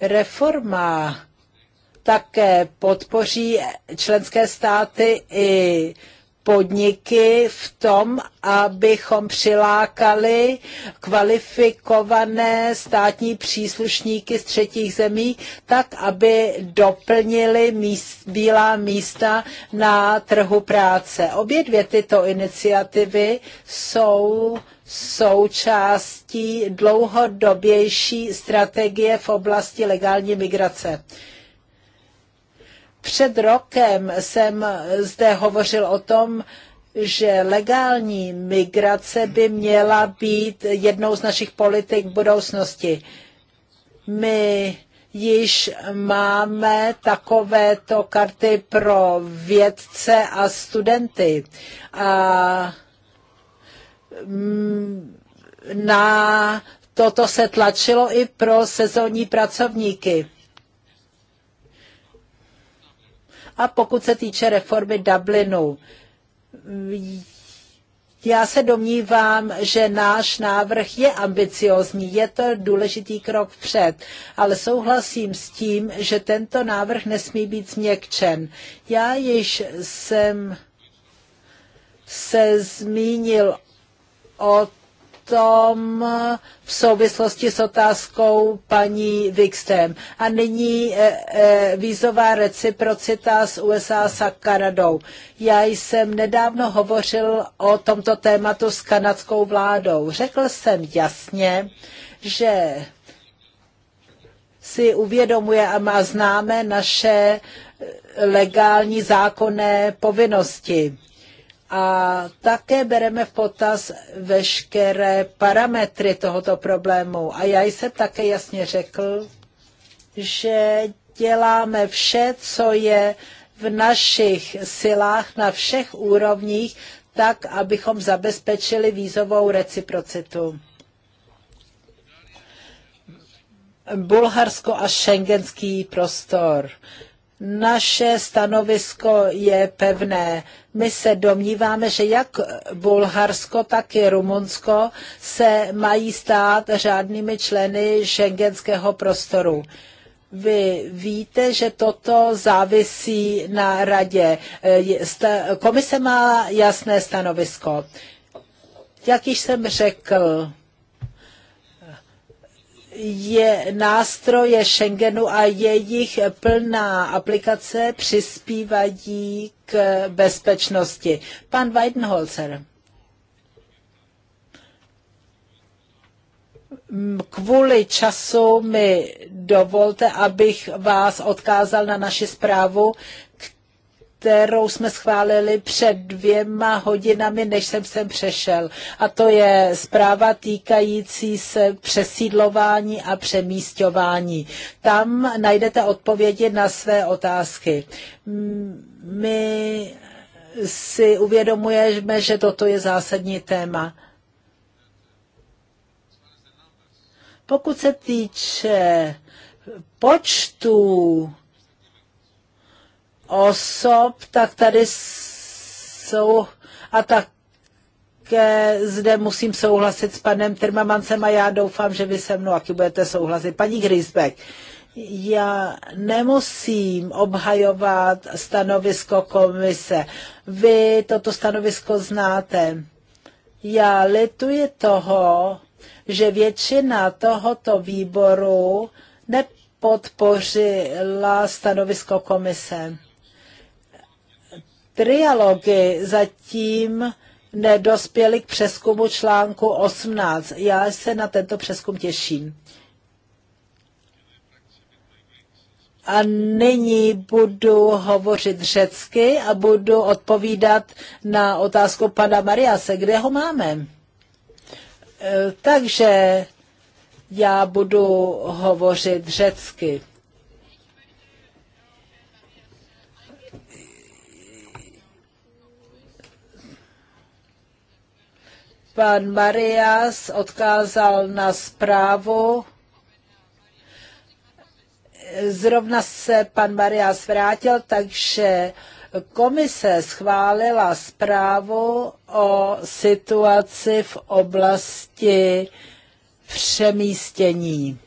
Reforma také podpoří členské státy i podniky v tom, abychom přilákali kvalifikované státní příslušníky z třetích zemí, tak aby doplnili míst, bílá místa na trhu práce. Obě dvě tyto iniciativy jsou součástí dlouhodobější strategie v oblasti legální migrace. Před rokem jsem zde hovořil o tom, že legální migrace by měla být jednou z našich politik v budoucnosti. My již máme takovéto karty pro vědce a studenty. A Mm, na toto se tlačilo i pro sezónní pracovníky. A pokud se týče reformy Dublinu, já se domnívám, že náš návrh je ambiciozní, je to důležitý krok vpřed, ale souhlasím s tím, že tento návrh nesmí být změkčen. Já již jsem se zmínil o tom v souvislosti s otázkou paní Wikström. A nyní eh, eh, vízová reciprocita s USA s Kanadou. Já jsem nedávno hovořil o tomto tématu s kanadskou vládou. Řekl jsem jasně, že si uvědomuje a má známe naše legální zákonné povinnosti a také bereme v potaz veškeré parametry tohoto problému. A já jsem také jasně řekl, že děláme vše, co je v našich silách na všech úrovních, tak, abychom zabezpečili vízovou reciprocitu. Bulharsko a šengenský prostor. Naše stanovisko je pevné. My se domníváme, že jak Bulharsko, tak i Rumunsko se mají stát řádnými členy šengenského prostoru. Vy víte, že toto závisí na radě. Komise má jasné stanovisko. Jak již jsem řekl, je nástroje Schengenu a jejich plná aplikace přispívají k bezpečnosti. Pan Weidenholzer. Kvůli času mi dovolte, abych vás odkázal na naši zprávu, kterou jsme schválili před dvěma hodinami, než jsem sem přešel. A to je zpráva týkající se přesídlování a přemístování. Tam najdete odpovědi na své otázky. My si uvědomujeme, že toto je zásadní téma. Pokud se týče počtu osob, tak tady jsou a tak zde musím souhlasit s panem Trmamancem a já doufám, že vy se mnou taky budete souhlasit. Paní Grisbeck, já nemusím obhajovat stanovisko komise. Vy toto stanovisko znáte. Já lituji toho, že většina tohoto výboru nepodpořila stanovisko komise trialogy zatím nedospěly k přeskumu článku 18. Já se na tento přeskum těším. A nyní budu hovořit řecky a budu odpovídat na otázku pana Mariase, kde ho máme. E, takže já budu hovořit řecky. Pan Marias odkázal na zprávu. Zrovna se pan Marias vrátil, takže komise schválila zprávu o situaci v oblasti přemístění.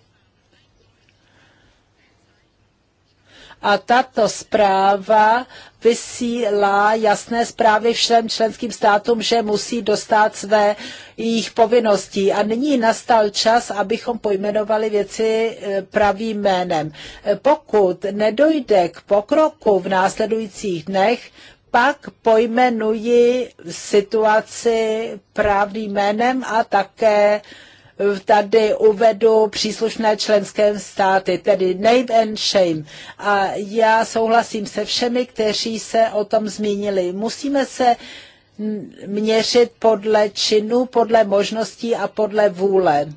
A tato zpráva vysílá jasné zprávy všem členským státům, že musí dostat své jejich povinností. A nyní nastal čas, abychom pojmenovali věci eh, pravým jménem. Eh, pokud nedojde k pokroku v následujících dnech, pak pojmenuji situaci pravým jménem a také tady uvedu příslušné členské státy, tedy name and shame. A já souhlasím se všemi, kteří se o tom zmínili. Musíme se měřit podle činu, podle možností a podle vůle.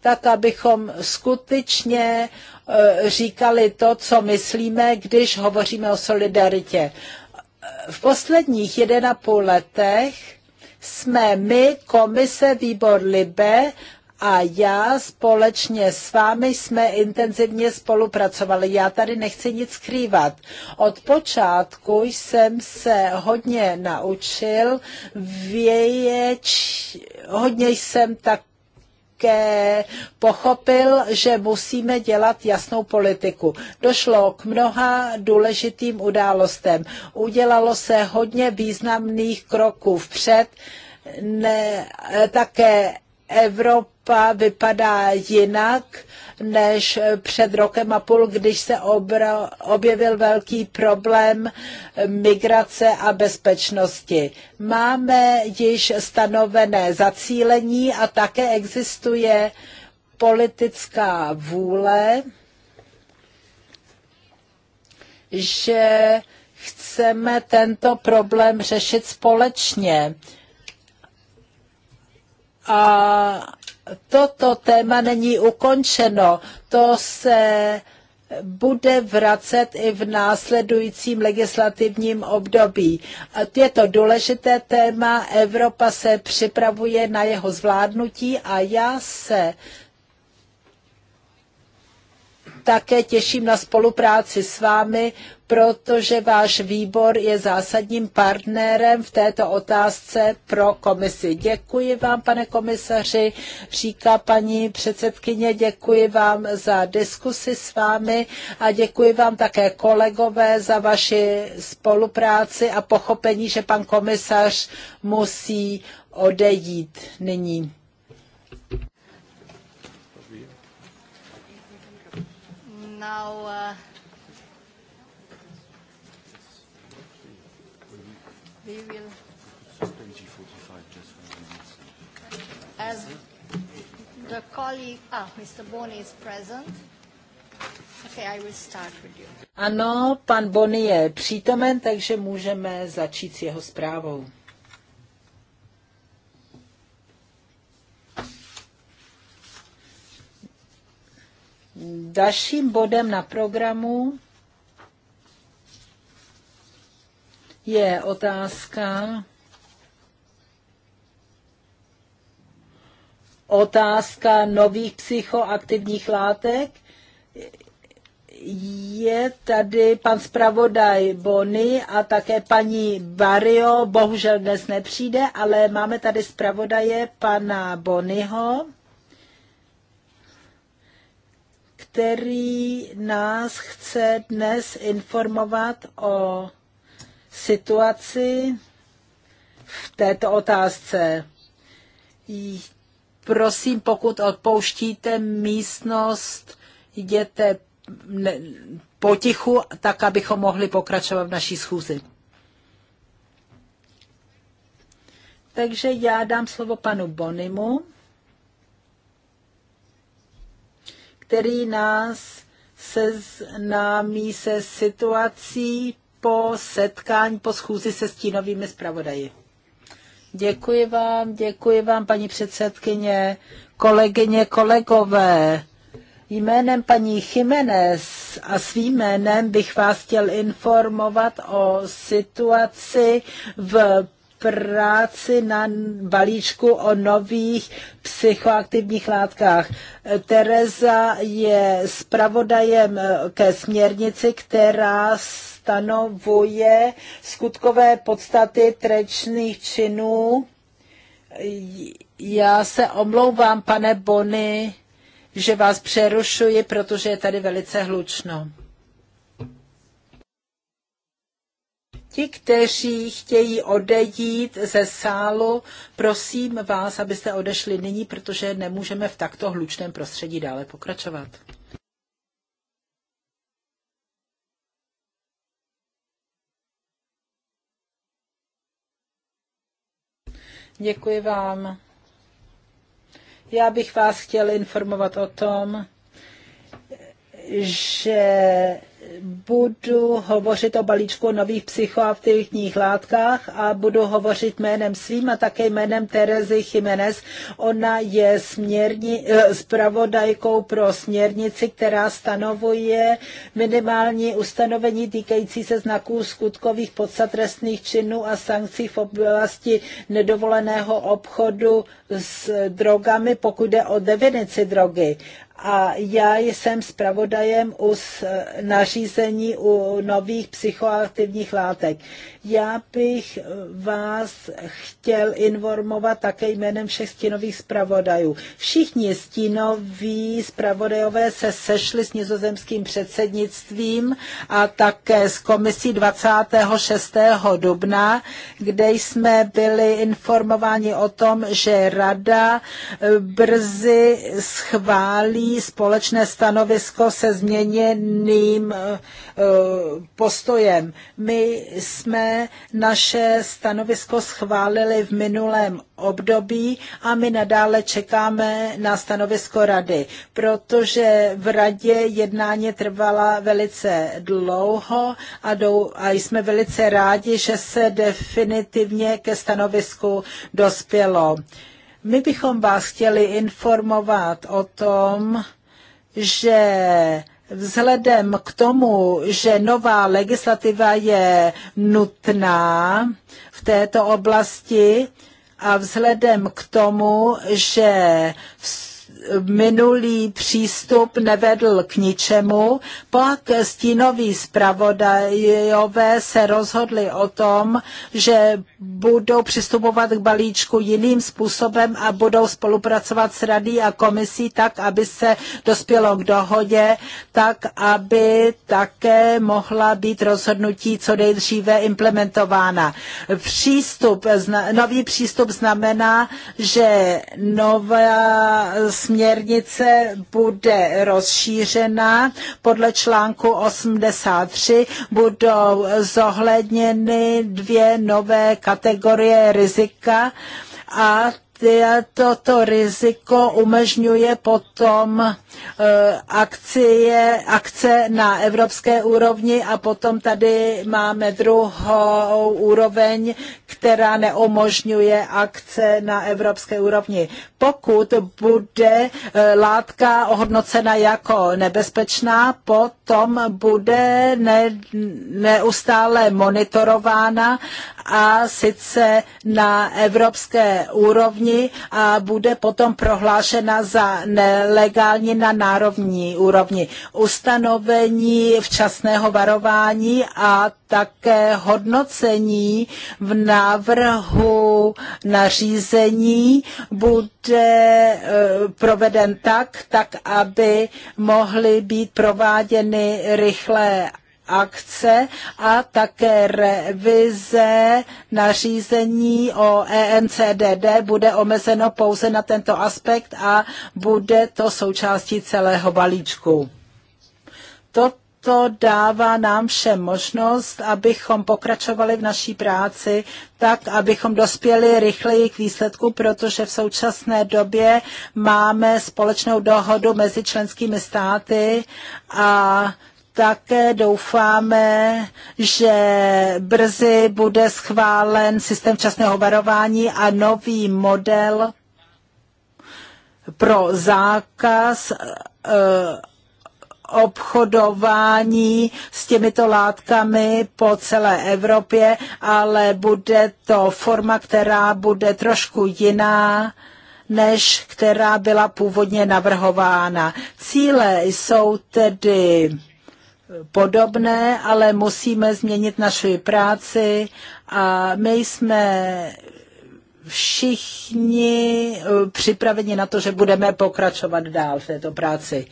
Tak, abychom skutečně eh, říkali to, co myslíme, když hovoříme o solidaritě. V posledních 1,5 letech jsme my, komise, výbor Libe a já společně s vámi jsme intenzivně spolupracovali. Já tady nechci nic skrývat. Od počátku jsem se hodně naučil, věječ, hodně jsem tak také pochopil, že musíme dělat jasnou politiku. Došlo k mnoha důležitým událostem. Udělalo se hodně významných kroků vpřed. Ne, také Evropa vypadá jinak než před rokem a půl, když se obra, objevil velký problém migrace a bezpečnosti. Máme již stanovené zacílení a také existuje politická vůle, že chceme tento problém řešit společně. A toto téma není ukončeno. To se bude vracet i v následujícím legislativním období. Je to důležité téma, Evropa se připravuje na jeho zvládnutí a já se také těším na spolupráci s vámi protože váš výbor je zásadním partnerem v této otázce pro komisi. Děkuji vám, pane komisaři, říká paní předsedkyně, děkuji vám za diskusi s vámi a děkuji vám také kolegové za vaši spolupráci a pochopení, že pan komisař musí odejít nyní. Now, uh... will... As the colleague... Ah, Mr. Boni is present. Okay, I will start with you. Ano, pan Boni je přítomen, takže můžeme začít s jeho zprávou. Dalším bodem na programu je otázka, otázka nových psychoaktivních látek. Je tady pan zpravodaj Bony a také paní Vario, bohužel dnes nepřijde, ale máme tady zpravodaje pana Bonyho, který nás chce dnes informovat o situaci v této otázce. Prosím, pokud odpouštíte místnost, jděte potichu, tak abychom mohli pokračovat v naší schůzi. Takže já dám slovo panu Bonimu, který nás seznámí se situací po setkání, po schůzi se stínovými zpravodaji. Děkuji vám, děkuji vám, paní předsedkyně, kolegyně, kolegové. Jménem paní Jiménez a svým jménem bych vás chtěl informovat o situaci v práci na balíčku o nových psychoaktivních látkách. Tereza je zpravodajem ke směrnici, která stanovuje skutkové podstaty trečných činů. Já se omlouvám, pane Bony, že vás přerušuji, protože je tady velice hlučno. Ti, kteří chtějí odejít ze sálu, prosím vás, abyste odešli nyní, protože nemůžeme v takto hlučném prostředí dále pokračovat. Děkuji vám. Já bych vás chtěl informovat o tom, že budu hovořit o balíčku nových psychoaktivních látkách a budu hovořit jménem svým a také jménem Terezy Jiménez. Ona je směrni, spravodajkou eh, pro směrnici, která stanovuje minimální ustanovení týkající se znaků skutkových podstat činů a sankcí v oblasti nedovoleného obchodu s drogami, pokud jde o definici drogy a já jsem zpravodajem u e, nařízení u nových psychoaktivních látek. Já bych e, vás chtěl informovat také jménem všech stínových zpravodajů. Všichni stínoví zpravodajové se sešli s nizozemským předsednictvím a také s komisí 26. dubna, kde jsme byli informováni o tom, že rada e, brzy schválí společné stanovisko se změněným eh, eh, postojem. My jsme naše stanovisko schválili v minulém období a my nadále čekáme na stanovisko rady, protože v radě jednání trvala velice dlouho a, dou, a jsme velice rádi, že se definitivně ke stanovisku dospělo. My bychom vás chtěli informovat o tom, že vzhledem k tomu, že nová legislativa je nutná v této oblasti a vzhledem k tomu, že v minulý přístup nevedl k ničemu. Pak stínoví zpravodajové se rozhodli o tom, že budou přistupovat k balíčku jiným způsobem a budou spolupracovat s radí a komisí tak, aby se dospělo k dohodě, tak, aby také mohla být rozhodnutí co nejdříve implementována. Přístup, nový přístup znamená, že nová směrnice bude rozšířena. Podle článku 83 budou zohledněny dvě nové kategorie rizika a toto riziko umožňuje potom eh, akcie, akce na evropské úrovni a potom tady máme druhou úroveň, která neumožňuje akce na evropské úrovni. Pokud bude eh, látka ohodnocena jako nebezpečná, potom bude ne, neustále monitorována a sice na evropské úrovni úrovni a bude potom prohlášena za nelegální na národní úrovni. Ustanovení včasného varování a také hodnocení v návrhu nařízení bude eh, proveden tak, tak aby mohly být prováděny rychlé akce a také revize nařízení o EMCDD bude omezeno pouze na tento aspekt a bude to součástí celého balíčku. To to dává nám všem možnost, abychom pokračovali v naší práci tak, abychom dospěli rychleji k výsledku, protože v současné době máme společnou dohodu mezi členskými státy a také doufáme, že brzy bude schválen systém včasného varování a nový model pro zákaz eh, obchodování s těmito látkami po celé Evropě, ale bude to forma, která bude trošku jiná než která byla původně navrhována. Cíle jsou tedy podobné, ale musíme změnit naši práci a my jsme všichni eh, připraveni na to, že budeme pokračovat dál v této práci.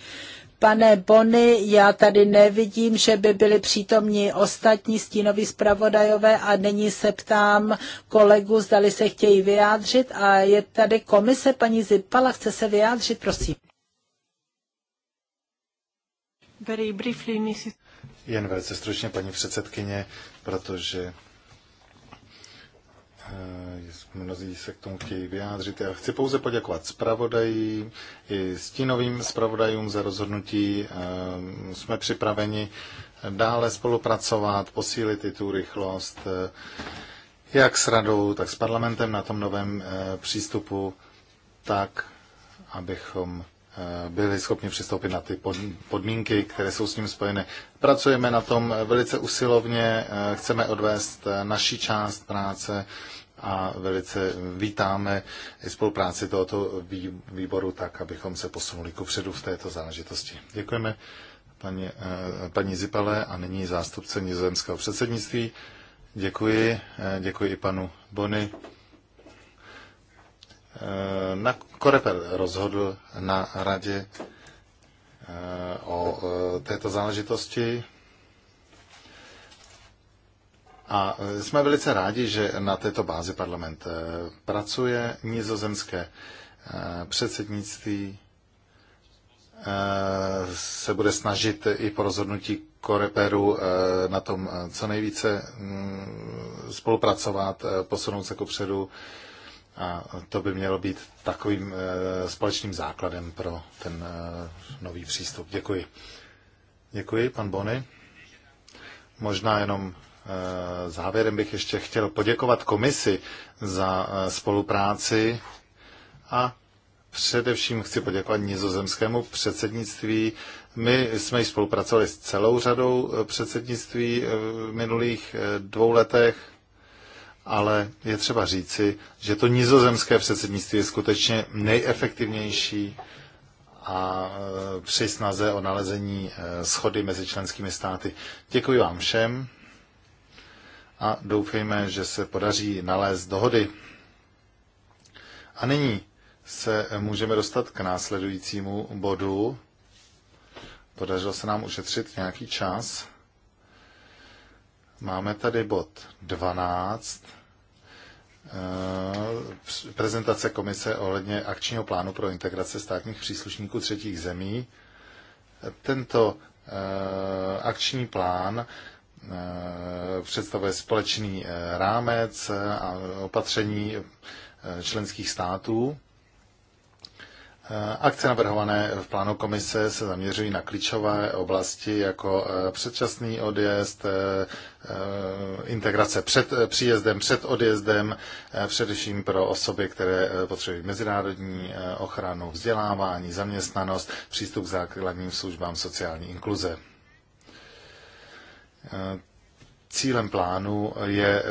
Pane Bony, já tady nevidím, že by byli přítomní ostatní stínoví zpravodajové a nyní se ptám kolegu, zdali se chtějí vyjádřit a je tady komise, paní Zipala, chce se vyjádřit, prosím. Jen velice stručně, paní předsedkyně, protože eh, mnozí se k tomu chtějí vyjádřit. Já chci pouze poděkovat zpravodají i stínovým zpravodajům za rozhodnutí. Eh, jsme připraveni dále spolupracovat, posílit i tu rychlost, eh, jak s radou, tak s parlamentem na tom novém přístupu, tak, abychom Eh, byli schopni přistoupit na ty podmínky, které jsou s ním spojeny. Pracujeme na tom velice usilovně, eh, chceme odvést eh, naši část práce a velice vítáme i spolupráci tohoto výboru tak, abychom se posunuli ku předu v této záležitosti. Děkujeme paní, paní Zipale a nyní zástupce nizozemského předsednictví. Děkuji, děkuji i panu Bony. Eh, na Koreper rozhodl na radě eh, o eh, této záležitosti. A jsme velice rádi, že na této bázi parlament pracuje nizozemské předsednictví se bude snažit i po rozhodnutí Koreperu na tom co nejvíce mm, spolupracovat, posunout se ku předu a to by mělo být takovým eh, společným základem pro ten eh, nový přístup. Děkuji. Děkuji, pan Bony. Možná jenom eh, závěrem bych ještě chtěl poděkovat komisi za spolupráci a především chci poděkovat nizozemskému předsednictví. My jsme spolupracovali s celou řadou předsednictví v minulých dvou letech ale je třeba říci, že to nizozemské předsednictví je skutečně nejefektivnější a e, při snaze o nalezení e, schody mezi členskými státy. Děkuji vám všem a doufejme, že se podaří nalézt dohody. A nyní se můžeme dostat k následujícímu bodu. Podařilo se nám ušetřit nějaký čas. Máme tady bod 12 Eh, prezentace komise ohledně akčního plánu pro integraci státních příslušníků třetích zemí. Tento eh, akční plán eh, představuje společný rámec a opatření členských států Eh, akce navrhované v plánu komise se zaměřují na klíčové oblasti jako eh, předčasný odjezd, eh, integrace před příjezdem, před odjezdem, především pro osoby, které potřebují mezinárodní ochranu, vzdělávání, zaměstnanost, přístup k základním službám sociální inkluze. Cílem plánu je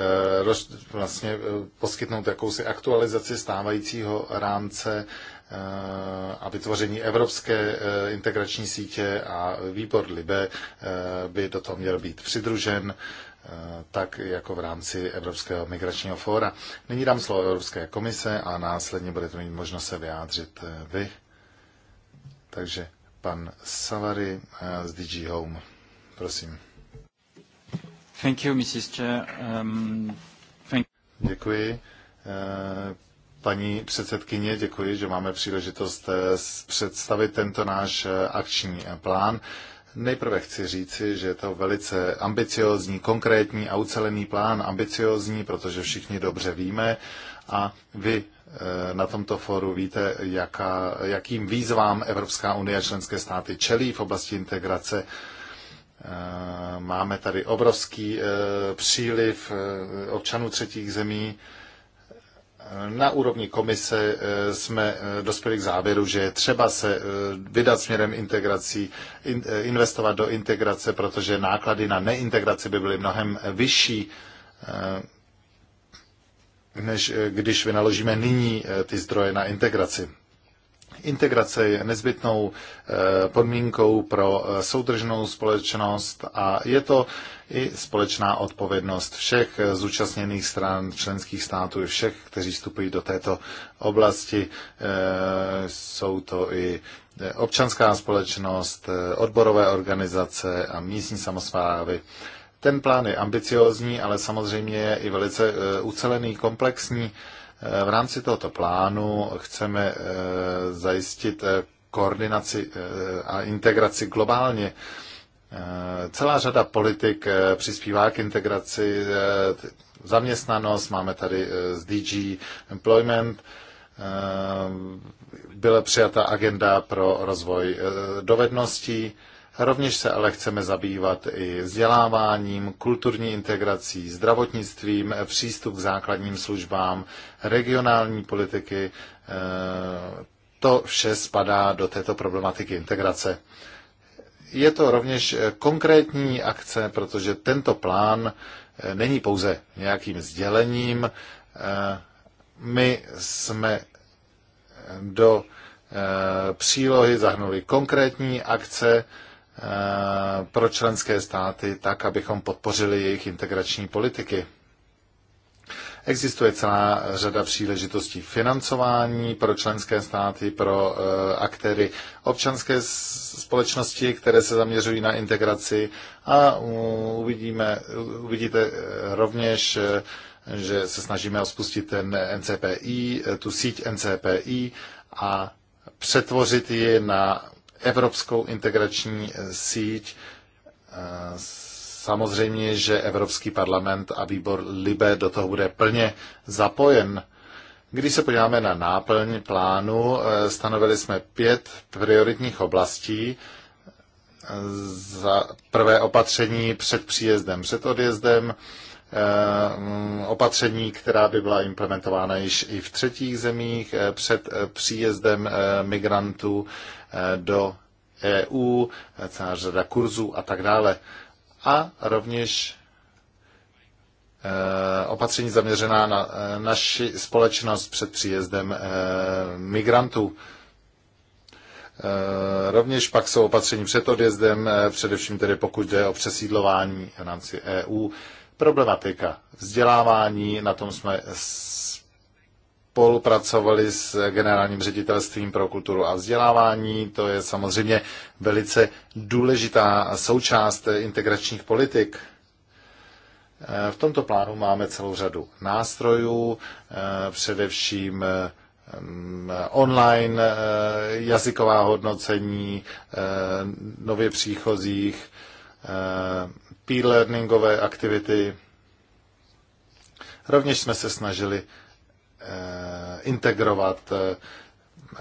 vlastně poskytnout jakousi aktualizaci stávajícího rámce a vytvoření evropské eh, integrační sítě a výbor Libe eh, by do toho měl být přidružen eh, tak jako v rámci Evropského migračního fóra. Nyní dám slovo Evropské komise a následně budete mít možnost se vyjádřit vy. Takže pan Savary z DG Home, prosím. Thank you, Mrs. Chair. Um, thank... Děkuji, Paní předsedkyně, děkuji, že máme příležitost eh, představit tento náš eh, akční eh, plán. Nejprve chci říci, že je to velice ambiciozní, konkrétní a ucelený plán, ambiciozní, protože všichni dobře víme a vy na tomto fóru víte, jaká, jakým výzvám Evropská unie a členské státy čelí v oblasti integrace. Máme tady obrovský příliv občanů třetích zemí, na úrovni komise eh, jsme eh, dospěli k závěru, že je třeba se eh, vydat směrem integrací, investovat do integrace, protože náklady na neintegraci by byly mnohem vyšší, než když vynaložíme nyní ty zdroje na integraci. Integrace je nezbytnou eh, podmínkou pro eh, soudržnou společnost a je to i společná odpovědnost všech eh, zúčastněných stran členských států i všech, kteří vstupují do této oblasti. Jsou to i občanská společnost, odborové organizace a místní samozprávy. Ten plán je ambiciozní, ale samozřejmě je i velice ucelený, komplexní v rámci tohoto plánu chceme eh, zajistit eh, koordinaci eh, a integraci globálně. Celá řada politik přispívá k integraci zaměstnanost, máme tady z DG Employment, byla přijata agenda pro rozvoj dovedností, Rovněž se ale chceme zabývat i vzděláváním, kulturní integrací, zdravotnictvím, přístup k základním službám, regionální politiky. Eh, to vše spadá do této problematiky integrace. Je to rovněž konkrétní akce, protože tento plán eh, není pouze nějakým sdělením. Eh, my jsme do přílohy zahrnuli konkrétní akce, Eh, pro členské státy tak, abychom podpořili jejich integrační politiky. Existuje celá řada příležitostí financování pro členské státy, pro eh, aktéry občanské společnosti, které se zaměřují na integraci a uvidíme, uvidíte eh, rovněž, že se snažíme ospustit ten NCPI, tu síť NCPI a přetvořit ji na evropskou integrační eh, síť. Eh, samozřejmě, že Evropský parlament a výbor Libe do toho bude plně zapojen. Když se podíváme na náplň plánu, eh, stanovili jsme pět prioritních oblastí. Za prvé opatření před příjezdem, před odjezdem, Eh, opatření, která by byla implementována již i v třetích zemích eh, před eh, příjezdem migrantů do EU, celá řada kurzů a tak dále. A rovněž opatření zaměřená na naši společnost před příjezdem migrantů. Rovněž pak jsou opatření před odjezdem, především tedy pokud jde o přesídlování v rámci EU. Problematika vzdělávání, na tom jsme spolupracovali s generálním ředitelstvím pro kulturu a vzdělávání. To je samozřejmě velice důležitá součást integračních politik. Eh, v tomto plánu máme celou řadu nástrojů, eh, především eh, online jazyková hodnocení nově příchozích, peer learningové aktivity. Rovněž jsme se snažili eh, integrovat eh,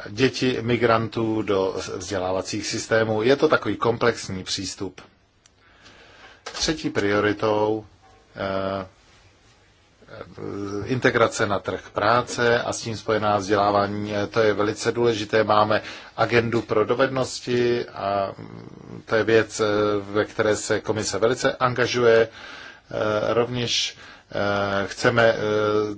děti migrantů do vzdělávacích systémů. Je to takový komplexní přístup. Třetí prioritou eh, integrace na trh práce a s tím spojená vzdělávání, to je velice důležité. Máme agendu pro dovednosti a to je věc, ve které se komise velice angažuje. Eh, rovněž eh, chceme eh,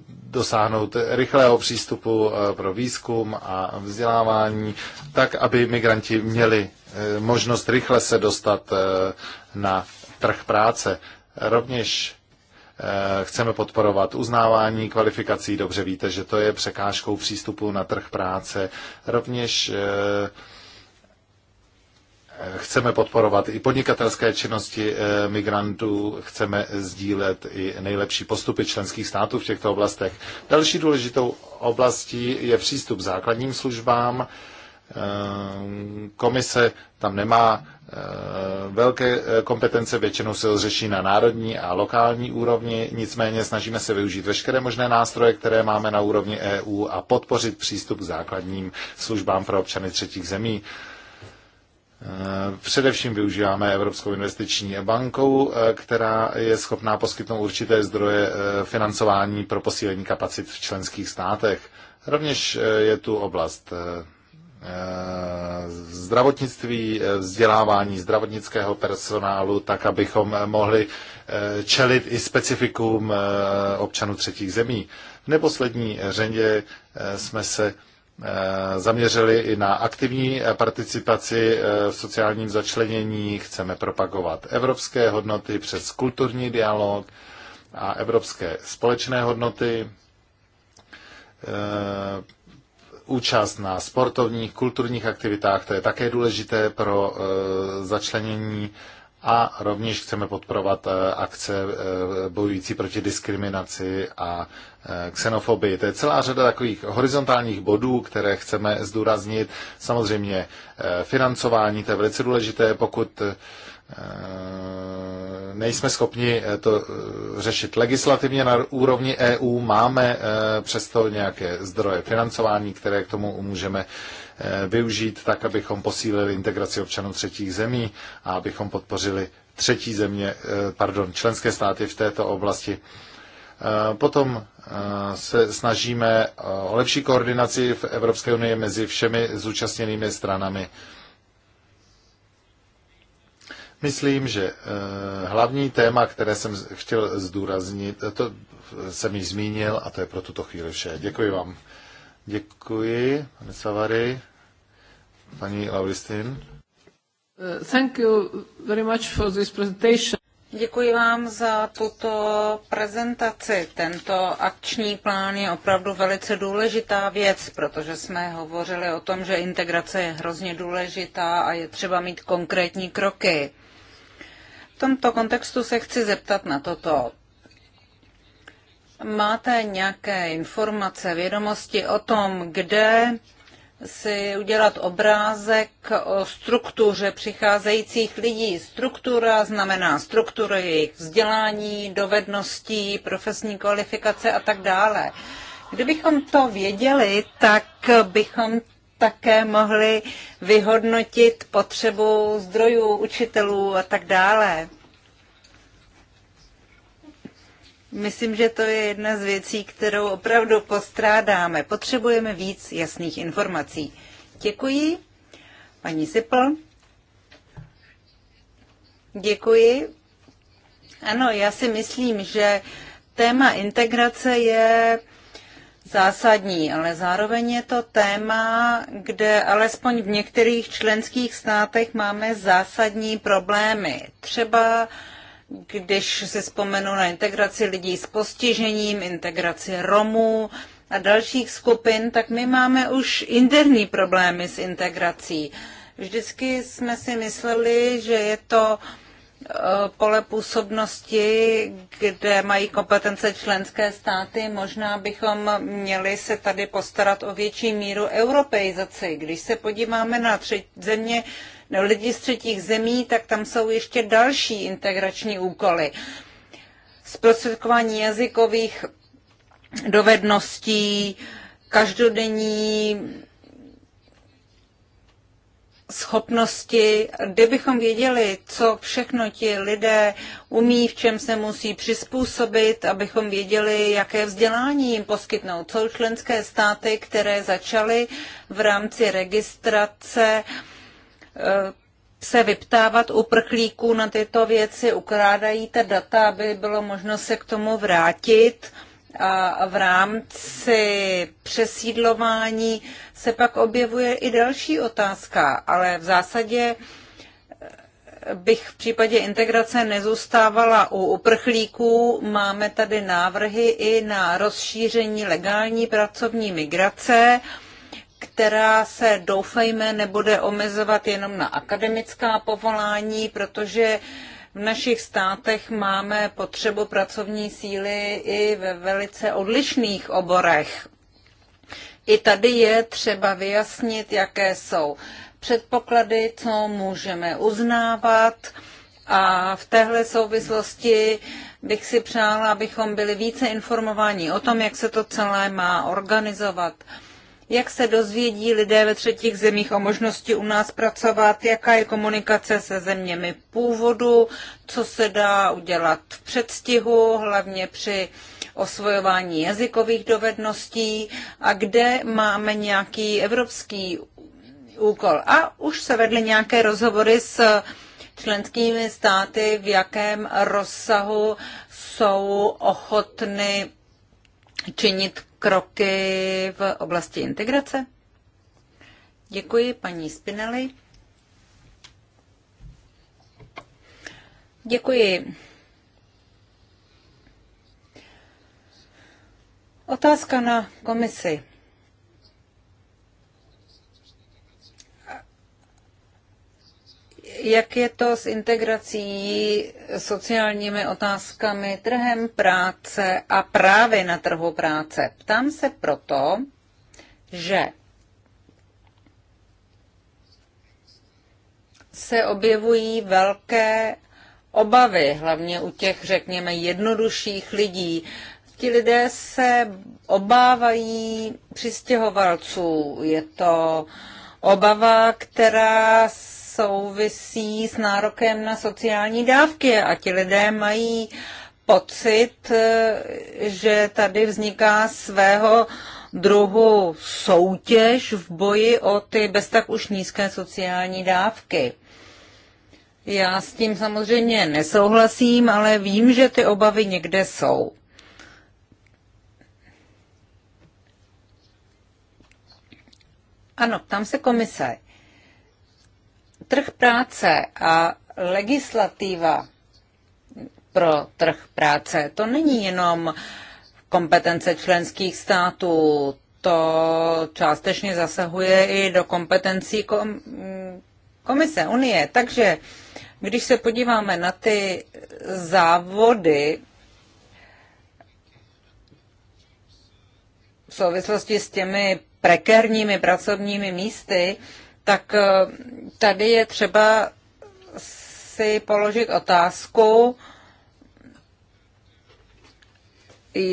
dosáhnout rychlého přístupu pro výzkum a vzdělávání, tak aby migranti měli možnost rychle se dostat na trh práce. Rovněž Eh, chceme podporovat uznávání kvalifikací. Dobře víte, že to je překážkou přístupu na trh práce. Rovněž eh, eh, chceme podporovat i podnikatelské činnosti migrantů, chceme sdílet i nejlepší postupy členských států v těchto oblastech. Další důležitou oblastí je přístup k základním službám. Komise tam nemá Eh, velké eh, kompetence většinou se řeší na národní a lokální úrovni, nicméně snažíme se využít veškeré možné nástroje, které máme na úrovni EU a podpořit přístup k základním službám pro občany třetích zemí. Eh, především využíváme Evropskou investiční bankou, která je schopná poskytnout určité zdroje financování pro posílení kapacit v členských státech. Rovněž je tu oblast Eh, zdravotnictví, eh, vzdělávání zdravotnického personálu, tak abychom mohli eh, čelit i specifikům občanů třetích zemí. V neposlední řadě jsme se zaměřili i na aktivní participaci v sociálním začlenění. Chceme propagovat evropské hodnoty přes kulturní dialog a evropské společné hodnoty účast na sportovních, kulturních aktivitách, to je také důležité pro eh, začlenění a rovněž chceme podporovat eh, akce eh, bojující proti diskriminaci a xenofobii. To je celá řada takových horizontálních bodů, které chceme zdůraznit. Samozřejmě financování, to je velice důležité, pokud Eh, nejsme schopni eh, to eh, řešit legislativně na úrovni EU, máme přesto nějaké zdroje financování, které k tomu můžeme využít tak, abychom posílili integraci občanů třetích zemí a abychom podpořili třetí země, pardon, členské státy v této oblasti. Potom se snažíme o lepší koordinaci v Evropské unii mezi všemi zúčastněnými stranami Myslím, že eh, hlavní téma, které jsem chtěl zdůraznit, to jsem již zmínil a to je pro tuto chvíli vše. Děkuji vám. Děkuji, pane Savary. Paní Lauristin. Eh, thank you very much for this presentation. Děkuji vám za tuto prezentaci. Tento akční plán je opravdu velice důležitá věc, protože jsme hovořili o tom, že integrace je hrozně důležitá a je třeba mít konkrétní kroky. V tomto kontextu se chci zeptat na toto. Máte nějaké informace, vědomosti o tom, kde si udělat obrázek o struktuře přicházejících lidí. Struktura znamená struktury jejich vzdělání, dovedností, profesní kvalifikace a tak dále. Kdybychom to věděli, tak bychom také mohli vyhodnotit potřebu zdrojů, učitelů a tak dále. Myslím, že to je jedna z věcí, kterou opravdu postrádáme. Potřebujeme víc jasných informací. Děkuji. Paní Sipl. Děkuji. Ano, já si myslím, že téma integrace je zásadní, ale zároveň je to téma, kde alespoň v některých členských státech máme zásadní problémy. Třeba když se vzpomenu na integraci lidí s postižením, integraci Romů a dalších skupin, tak my máme už interní problémy s integrací. Vždycky jsme si mysleli, že je to uh, Eh, pole působnosti, kde mají kompetence členské státy, možná bychom měli se tady postarat o větší míru europeizace. Když se podíváme na tři, země, no, lidi z třetích zemí, tak tam jsou ještě další integrační úkoly. Zprostředkování jazykových dovedností, každodenní schopnosti, kdybychom věděli, co všechno ti lidé umí, v čem se musí přizpůsobit, abychom věděli, jaké vzdělání jim poskytnout. Jsou členské státy, které začaly v rámci registrace eh, se vyptávat uprchlíků na tyto věci, ukrádají ta data, aby bylo možno se k tomu vrátit v rámci přesídlování se pak objevuje i další otázka, ale v zásadě eh, bych v případě integrace nezůstávala u uprchlíků. Máme tady návrhy i na rozšíření legální pracovní migrace, která se, doufejme, nebude omezovat jenom na akademická povolání, protože uh, v našich státech máme potřebu pracovní síly i ve velice odlišných oborech. I tady je třeba vyjasnit, jaké jsou předpoklady, co můžeme uznávat. A v téhle souvislosti bych si přála, abychom byli více informováni o tom, jak se to celé má organizovat jak se dozvědí lidé ve třetích zemích o možnosti u nás pracovat, jaká je komunikace se zeměmi původu, co se dá udělat v předstihu, hlavně při osvojování jazykových dovedností a kde máme nějaký evropský úkol. A už se vedly nějaké rozhovory s členskými státy, v jakém rozsahu jsou ochotny činit kroky v oblasti integrace? Děkuji paní Spinelli. Děkuji. Otázka na komisi. Jak je to s integrací sociálními otázkami, trhem práce a právě na trhu práce? Ptám se proto, že se objevují velké obavy, hlavně u těch, řekněme, jednodušších lidí. Ti lidé se obávají přistěhovalců. Je to obava, která souvisí s nárokem na sociální dávky a ti lidé mají pocit, eh, že tady vzniká svého druhu soutěž v boji o ty bez tak už nízké sociální dávky. Já s tím samozřejmě nesouhlasím, ale vím, že ty obavy někde jsou. Ano, tam se komise. Trh práce a legislativa pro trh práce, to není jenom kompetence členských států, to částečně zasahuje i do kompetencí kom, komise Unie. Takže když se podíváme na ty závody v souvislosti s těmi prekérními pracovními místy, tak eh, tady je třeba si položit otázku,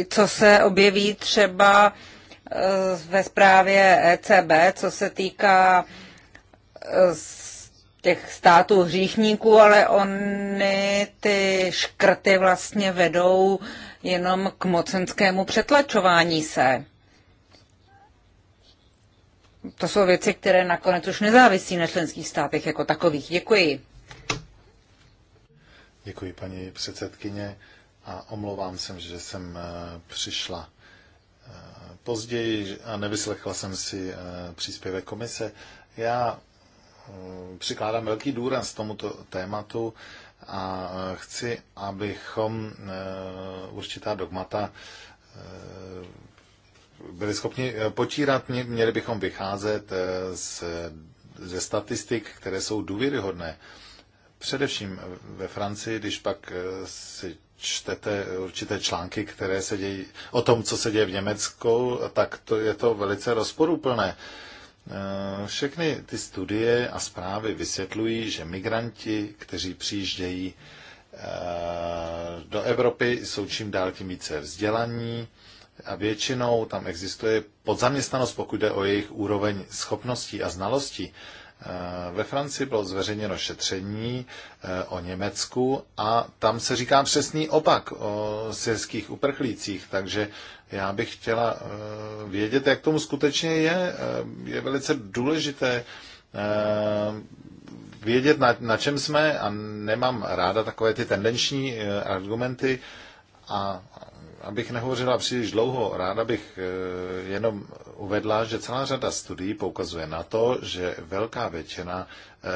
co se objeví třeba eh, ve zprávě ECB, co se týká eh, těch států hříšníků, ale oni ty škrty vlastně vedou jenom k mocenskému přetlačování se to jsou věci, které nakonec už nezávisí na členských státech jako takových. Děkuji. Děkuji, paní předsedkyně, a omlouvám se, že jsem eh, přišla eh, později a nevyslechla jsem si eh, příspěvek komise. Já přikládám velký důraz tomuto tématu a chci, abychom určitá dogmata byli schopni eh, potírat, měli bychom vycházet eh, z, ze statistik, které jsou důvěryhodné. Především eh, ve Francii, když pak si čtete určité články, které se dějí o tom, co se děje v Německu, tak to je to velice rozporuplné. Všechny ty studie a zprávy vysvětlují, že migranti, kteří přijíždějí do Evropy, jsou čím dál tím více vzdělaní, a většinou tam existuje podzaměstnanost, pokud jde o jejich úroveň schopností a znalostí. Eh, ve Francii bylo zveřejněno šetření eh, o Německu a tam se říká přesný opak o syrských uprchlících, takže já bych chtěla eh, vědět, jak tomu skutečně je. Je velice důležité vědět, na, na čem jsme a nemám ráda takové ty tendenční argumenty a abych nehovořila příliš dlouho, ráda bych eh, jenom uvedla, že celá řada studií poukazuje na to, že velká většina eh,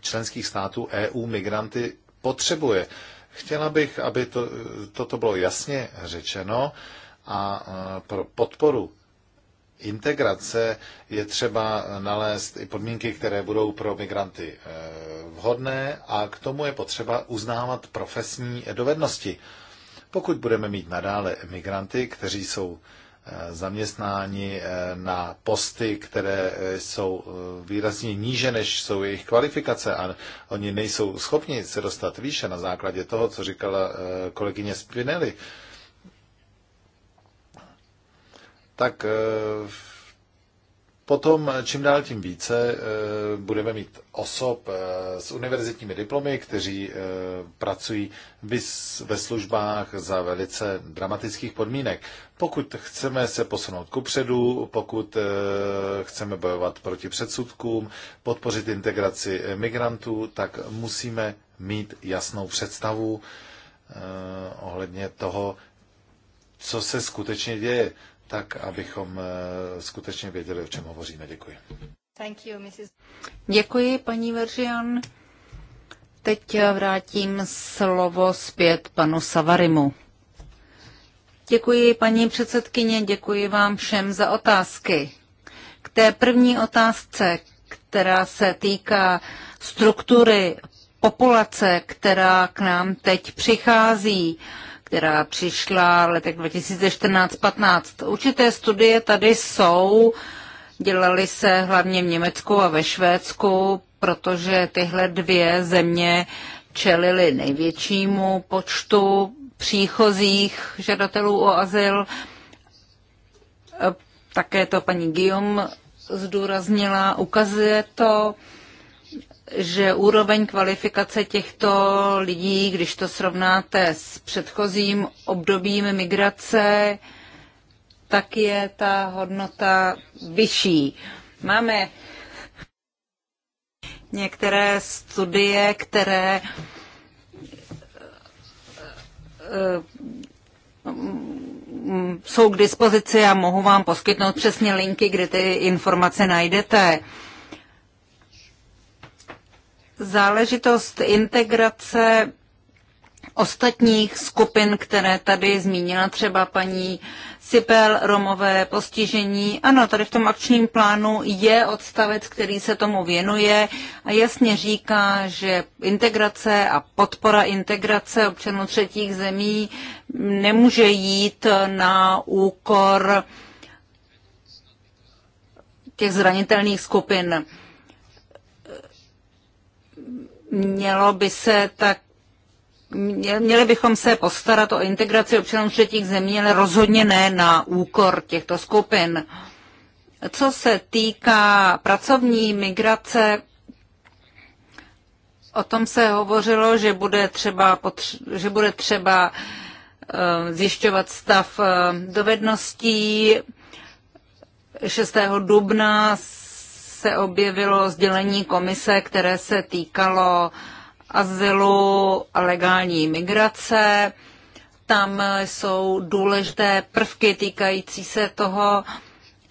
členských států EU migranty potřebuje. Chtěla bych, aby to, toto bylo jasně řečeno a eh, pro podporu integrace je třeba nalézt i podmínky, které budou pro migranty vhodné a k tomu je potřeba uznávat profesní dovednosti. Pokud budeme mít nadále emigranty, kteří jsou eh, zaměstnáni eh, na posty, které eh, jsou výrazně níže, než jsou jejich kvalifikace a oni nejsou schopni se dostat výše na základě toho, co říkala kolegyně Spinelli, tak v Potom eh, čím dál tím více eh, budeme mít osob eh, s univerzitními diplomy, kteří pracují ve službách za velice dramatických podmínek. Pokud chceme se posunout kupředu, pokud chceme bojovat proti předsudkům, podpořit integraci migrantů, tak musíme mít jasnou představu ohledně toho, co se skutečně děje tak abychom eh, skutečně věděli, o čem hovoříme. Děkuji. Thank you, Mrs. Děkuji, paní Veržian. Teď eh, vrátím slovo zpět panu Savarimu. Děkuji, paní předsedkyně, děkuji vám všem za otázky. K té první otázce, která se týká struktury populace, která k nám teď přichází, uh, která přišla letech 2014-15. Určité studie tady jsou, dělaly se hlavně v Německu a ve Švédsku, protože tyhle dvě země čelily největšímu počtu příchozích žadatelů o azyl. Také to paní Guillaume zdůraznila, ukazuje to, že úroveň kvalifikace těchto lidí, když to srovnáte s předchozím obdobím migrace, tak je ta hodnota vyšší. Máme některé studie, které eh, jsou k dispozici a mohu vám poskytnout přesně linky, kde ty informace najdete záležitost integrace ostatních skupin, které tady zmínila třeba paní Sipel, Romové, postižení. Ano, tady v tom akčním plánu je odstavec, který se tomu věnuje a jasně říká, že integrace a podpora integrace občanů třetích zemí nemůže jít na úkor těch zranitelných skupin. Mělo by se tak Měli bychom se postarat o integraci občanů třetích zemí, ale rozhodně ne na úkor těchto skupin. Co se týká pracovní migrace, o tom se hovořilo, že bude třeba, potře- že bude třeba eh, zjišťovat stav eh, dovedností. 6. dubna se objevilo sdělení komise, které se týkalo azylu a legální migrace. Tam jsou důležité prvky týkající se toho,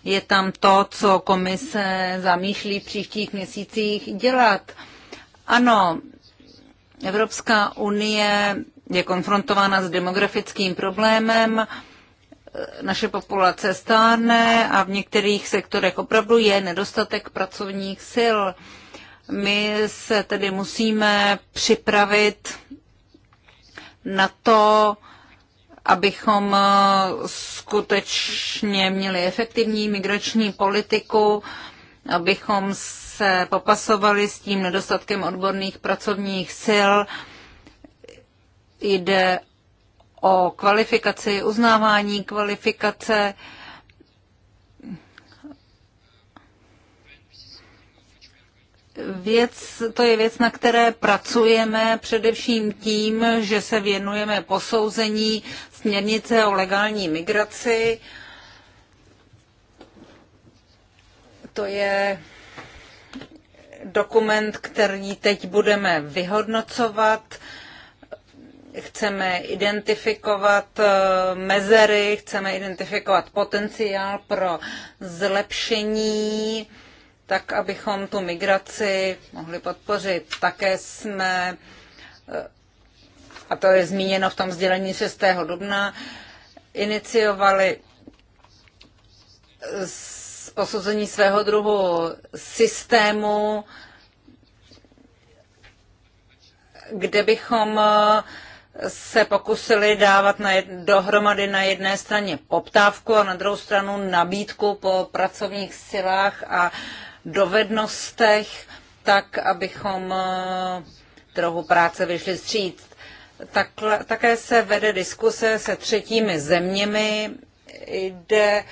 je tam to, co komise zamýšlí v příštích měsících dělat. Ano, Evropská unie je konfrontována s demografickým problémem, naše populace stárne a v některých sektorech opravdu je nedostatek pracovních sil. My se tedy musíme připravit na to, abychom eh, skutečně měli efektivní migrační politiku, abychom se popasovali s tím nedostatkem odborných pracovních sil. Jde o kvalifikaci, uznávání kvalifikace. Věc, to je věc, na které pracujeme především tím, že se věnujeme posouzení směrnice o legální migraci. To je dokument, který teď budeme vyhodnocovat. Uh, Chceme identifikovat eh, mezery, chceme identifikovat potenciál pro zlepšení, tak abychom tu migraci mohli podpořit. Také jsme, eh, a to je zmíněno v tom sdělení 6. dubna, iniciovali posuzení svého druhu systému, kde bychom eh, se pokusili dávat na jed, dohromady na jedné straně poptávku a na druhou stranu nabídku po pracovních silách a dovednostech, tak abychom eh, trochu práce vyšli stříct. Tak, také se vede diskuse se třetími zeměmi. Jde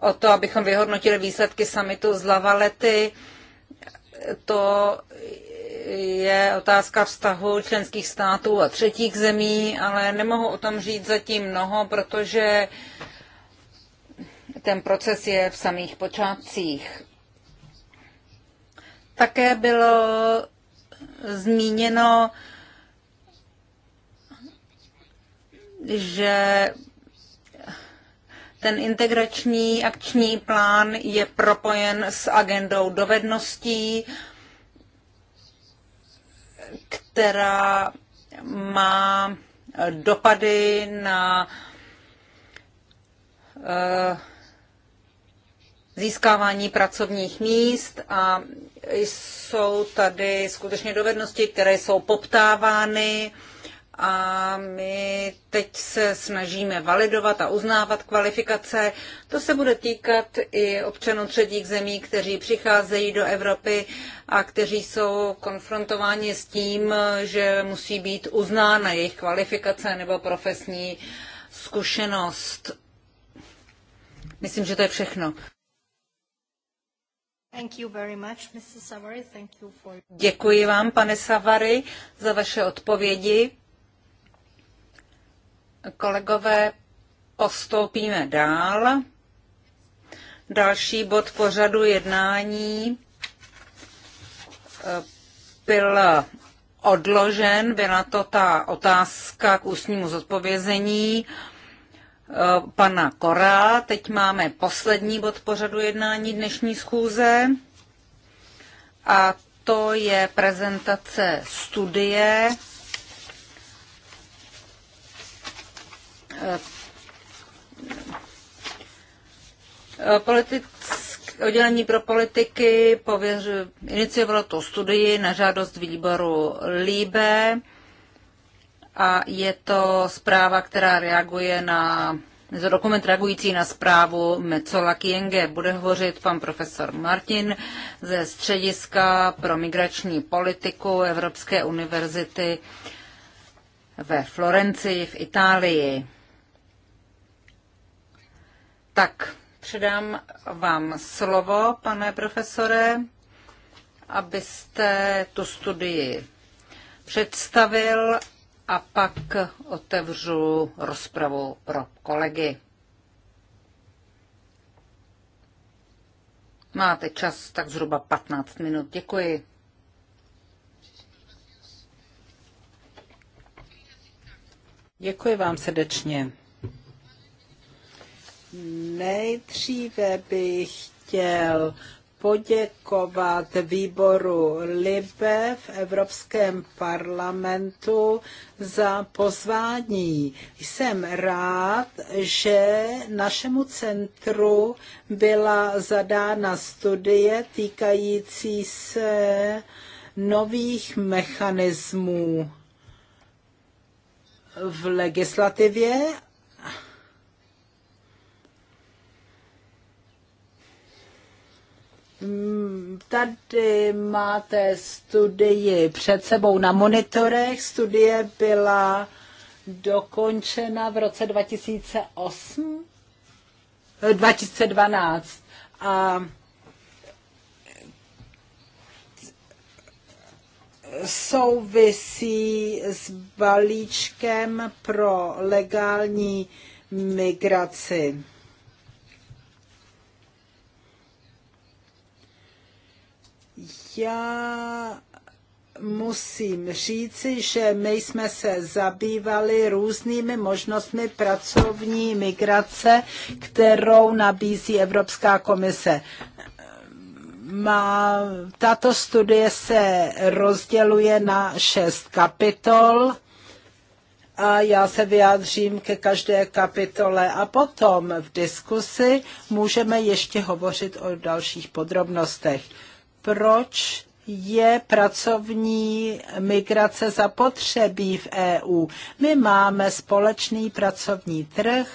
o to, abychom vyhodnotili výsledky samitu z Lavalety. To je otázka vztahu členských států a třetích zemí, ale nemohu o tom říct zatím mnoho, protože ten proces je v samých počátcích. Také bylo zmíněno, že ten integrační akční plán je propojen s agendou dovedností, která má dopady na eh, získávání pracovních míst a jsou tady skutečně dovednosti, které jsou poptávány a my teď se snažíme validovat a uznávat kvalifikace. To se bude týkat i občanů třetích zemí, kteří přicházejí do Evropy a kteří jsou konfrontováni s tím, že musí být uznána jejich kvalifikace nebo profesní zkušenost. Myslím, že to je všechno. Děkuji vám, pane Savary, za vaše odpovědi. Kolegové, postoupíme dál. Další bod pořadu jednání eh, byl odložen, byla to ta otázka k ústnímu zodpovězení eh, pana Kora. Teď máme poslední bod pořadu jednání dnešní schůze a to je prezentace studie Eh, politick, oddělení pro politiky pověř, iniciovalo tu studii na žádost výboru Líbe a je to zpráva, která reaguje na dokument reagující na zprávu Mecola Kienge. Bude hovořit pan profesor Martin ze Střediska pro migrační politiku Evropské univerzity ve Florencii v Itálii. Tak, předám vám slovo, pane profesore, abyste tu studii představil a pak otevřu rozpravu pro kolegy. Máte čas tak zhruba 15 minut. Děkuji. Děkuji vám srdečně. Nejdříve bych chtěl poděkovat výboru LIBE v Evropském parlamentu za pozvání. Jsem rád, že našemu centru byla zadána studie týkající se nových mechanismů v legislativě Tady máte studii před sebou na monitorech. Studie byla dokončena v roce 2008, 2012 eh, a souvisí s balíčkem pro legální migraci. Já musím říci, že my jsme se zabývali různými možnostmi pracovní migrace, kterou nabízí Evropská komise. Má, tato studie se rozděluje na šest kapitol a já se vyjádřím ke každé kapitole a potom v diskusi můžeme ještě hovořit o dalších podrobnostech proč je pracovní migrace zapotřebí v EU. My máme společný pracovní trh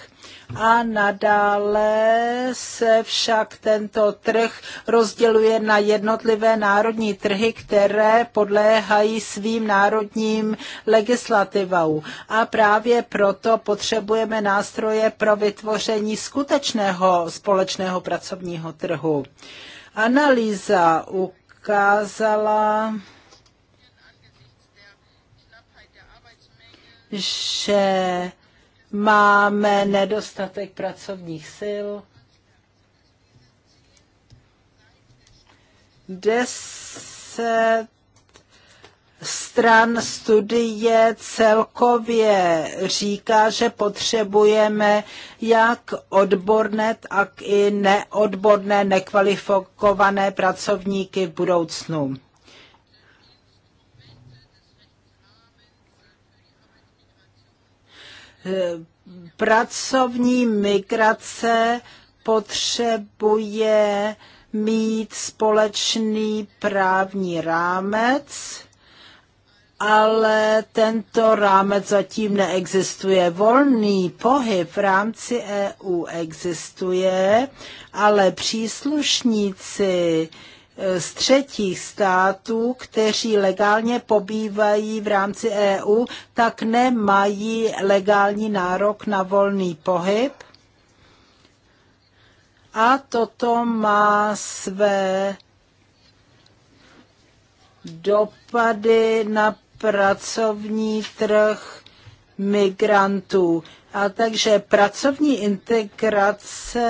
a nadále se však tento trh rozděluje na jednotlivé národní trhy, které podléhají svým národním legislativou. A právě proto potřebujeme nástroje pro vytvoření skutečného společného pracovního trhu. Analýza ukázala, že máme nedostatek pracovních sil. Deset stran studie celkově říká, že potřebujeme jak odborné, tak i neodborné, nekvalifikované pracovníky v budoucnu. Pracovní migrace potřebuje mít společný právní rámec, ale tento rámec zatím neexistuje. Volný pohyb v rámci EU existuje, ale příslušníci e, z třetích států, kteří legálně pobývají v rámci EU, tak nemají legální nárok na volný pohyb. A toto má své dopady na pracovní trh migrantů. A takže pracovní integrace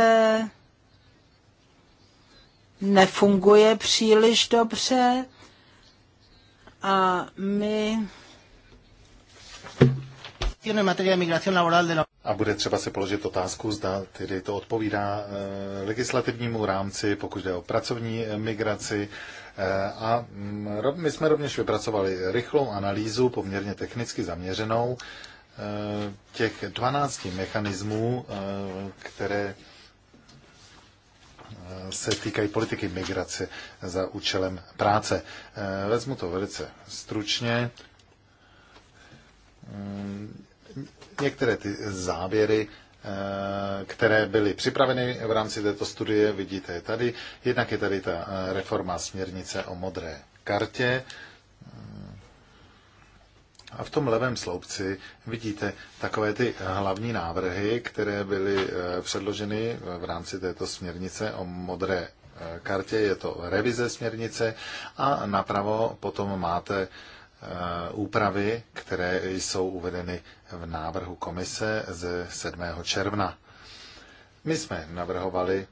nefunguje příliš dobře a my a bude třeba si položit otázku, zda tedy to odpovídá eh, legislativnímu rámci, pokud jde o pracovní eh, migraci, Eh, a mm, my jsme rovněž vypracovali rychlou analýzu, poměrně technicky zaměřenou, eh, těch 12 mechanismů, eh, které se týkají politiky migrace za účelem práce. Vezmu to velice stručně. Mm, některé ty závěry Eh, které byly připraveny v rámci této studie, vidíte je tady. Jednak je tady ta eh, reforma směrnice o modré kartě. Mm. A v tom levém sloupci vidíte takové ty hlavní návrhy, které byly eh, předloženy v rámci této směrnice o modré kartě. Je to revize směrnice a napravo potom máte Eh, úpravy, které jsou uvedeny v návrhu komise ze 7. června. My jsme navrhovali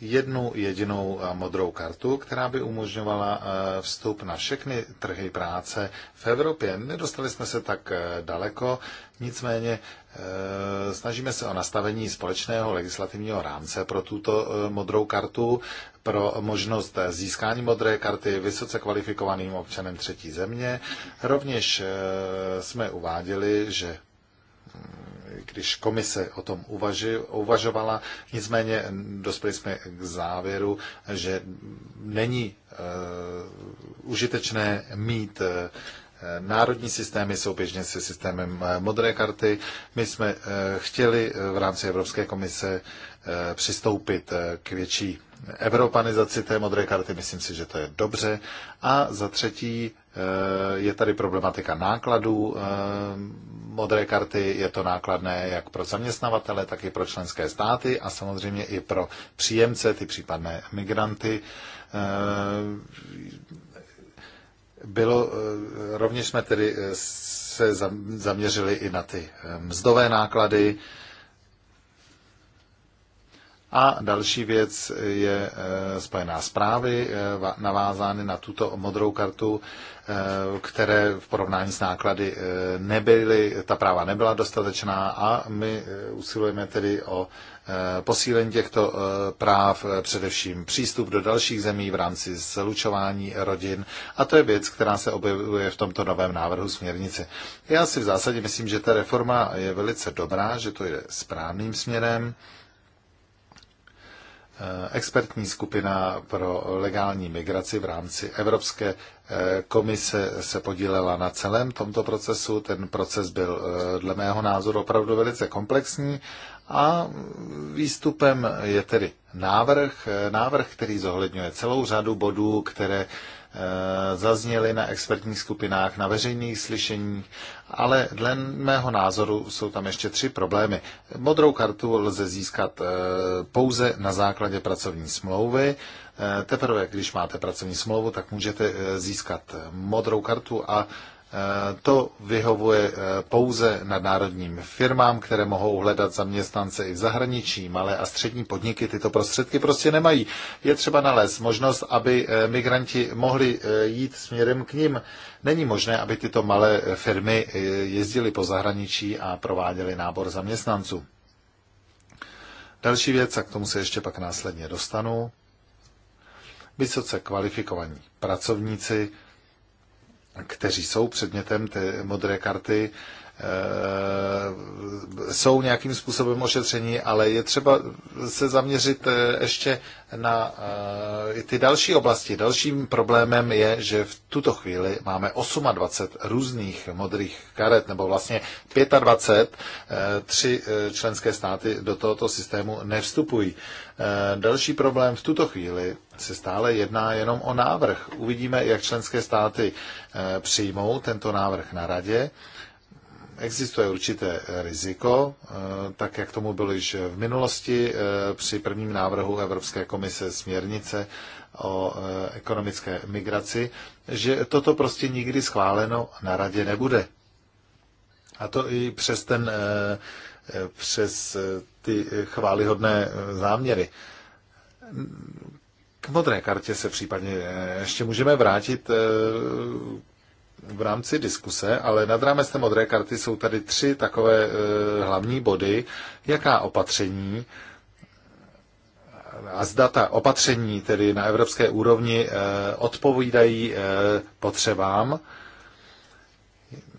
jednu jedinou eh, modrou kartu, která by umožňovala eh, vstup na všechny trhy práce v Evropě. Nedostali jsme se tak daleko, nicméně Eh, snažíme se o nastavení společného legislativního rámce pro tuto eh, modrou kartu, pro možnost získání modré karty vysoce kvalifikovaným občanem třetí země. Rovněž eh, jsme uváděli, že hm, když komise o tom uvaži, uvažovala, nicméně dospěli jsme k závěru, že není uh, užitečné mít uh, Eh, národní systémy souběžně se systémem eh, modré karty. My jsme eh, chtěli v rámci Evropské komise přistoupit k větší evropanizaci té modré karty. Myslím si, že to je dobře. A za třetí je tady problematika nákladů modré karty. Je to nákladné jak pro zaměstnavatele, tak i pro členské státy a samozřejmě i pro příjemce, ty případné migranty bylo, eh, rovněž jsme tedy eh, se zaměřili i na ty eh, mzdové náklady, a další věc je eh, spojená s právy, eh, navázány na tuto modrou kartu, eh, které v porovnání s náklady nebyly, ta práva nebyla dostatečná a my usilujeme tedy o posílení těchto práv, především přístup do dalších zemí v rámci zlučování rodin a to je věc, která se objevuje v tomto novém návrhu směrnice. Já si v zásadě myslím, že ta reforma je velice dobrá, že to jde správným směrem. Eh, expertní skupina pro legální migraci v rámci Evropské eh, komise se podílela na celém tomto procesu. Ten proces byl eh, dle mého názoru opravdu velice komplexní a výstupem je tedy návrh, návrh, který zohledňuje celou řadu bodů, které Eh, zazněly na expertních skupinách, na veřejných slyšeních, ale dle mého názoru jsou tam ještě tři problémy. Modrou kartu lze získat eh, pouze na základě pracovní smlouvy. Eh, teprve, když máte pracovní smlouvu, tak můžete získat modrou kartu a Eh, to vyhovuje eh, pouze nadnárodním firmám, které mohou hledat zaměstnance i v zahraničí. Malé a střední podniky tyto prostředky prostě nemají. Je třeba nalézt možnost, aby eh, migranti mohli jít směrem k ním. Není možné, aby tyto malé firmy jezdily po zahraničí a prováděly nábor zaměstnanců. Další věc, a k tomu se ještě pak následně dostanu, vysoce kvalifikovaní pracovníci kteří jsou předmětem té modré karty, Eh, jsou nějakým způsobem ošetření, ale je třeba se zaměřit eh, ještě na eh, ty další oblasti. Dalším problémem je, že v tuto chvíli máme 28 různých modrých karet, nebo vlastně 25, tři členské státy do tohoto systému nevstupují. Další problém v tuto chvíli se stále jedná jenom o návrh. Uvidíme, jak členské státy přijmou tento návrh na radě. Existuje určité eh, riziko, eh, tak jak tomu bylo již v minulosti eh, při prvním návrhu Evropské komise směrnice o ekonomické migraci, že toto prostě nikdy schváleno na radě nebude. A to i přes, ten, přes ty chválihodné záměry. K modré kartě se případně ještě můžeme vrátit v rámci diskuse, ale nad rámec té modré karty jsou tady tři takové eh, hlavní body, jaká opatření a zda ta opatření tedy na evropské úrovni eh, odpovídají eh, potřebám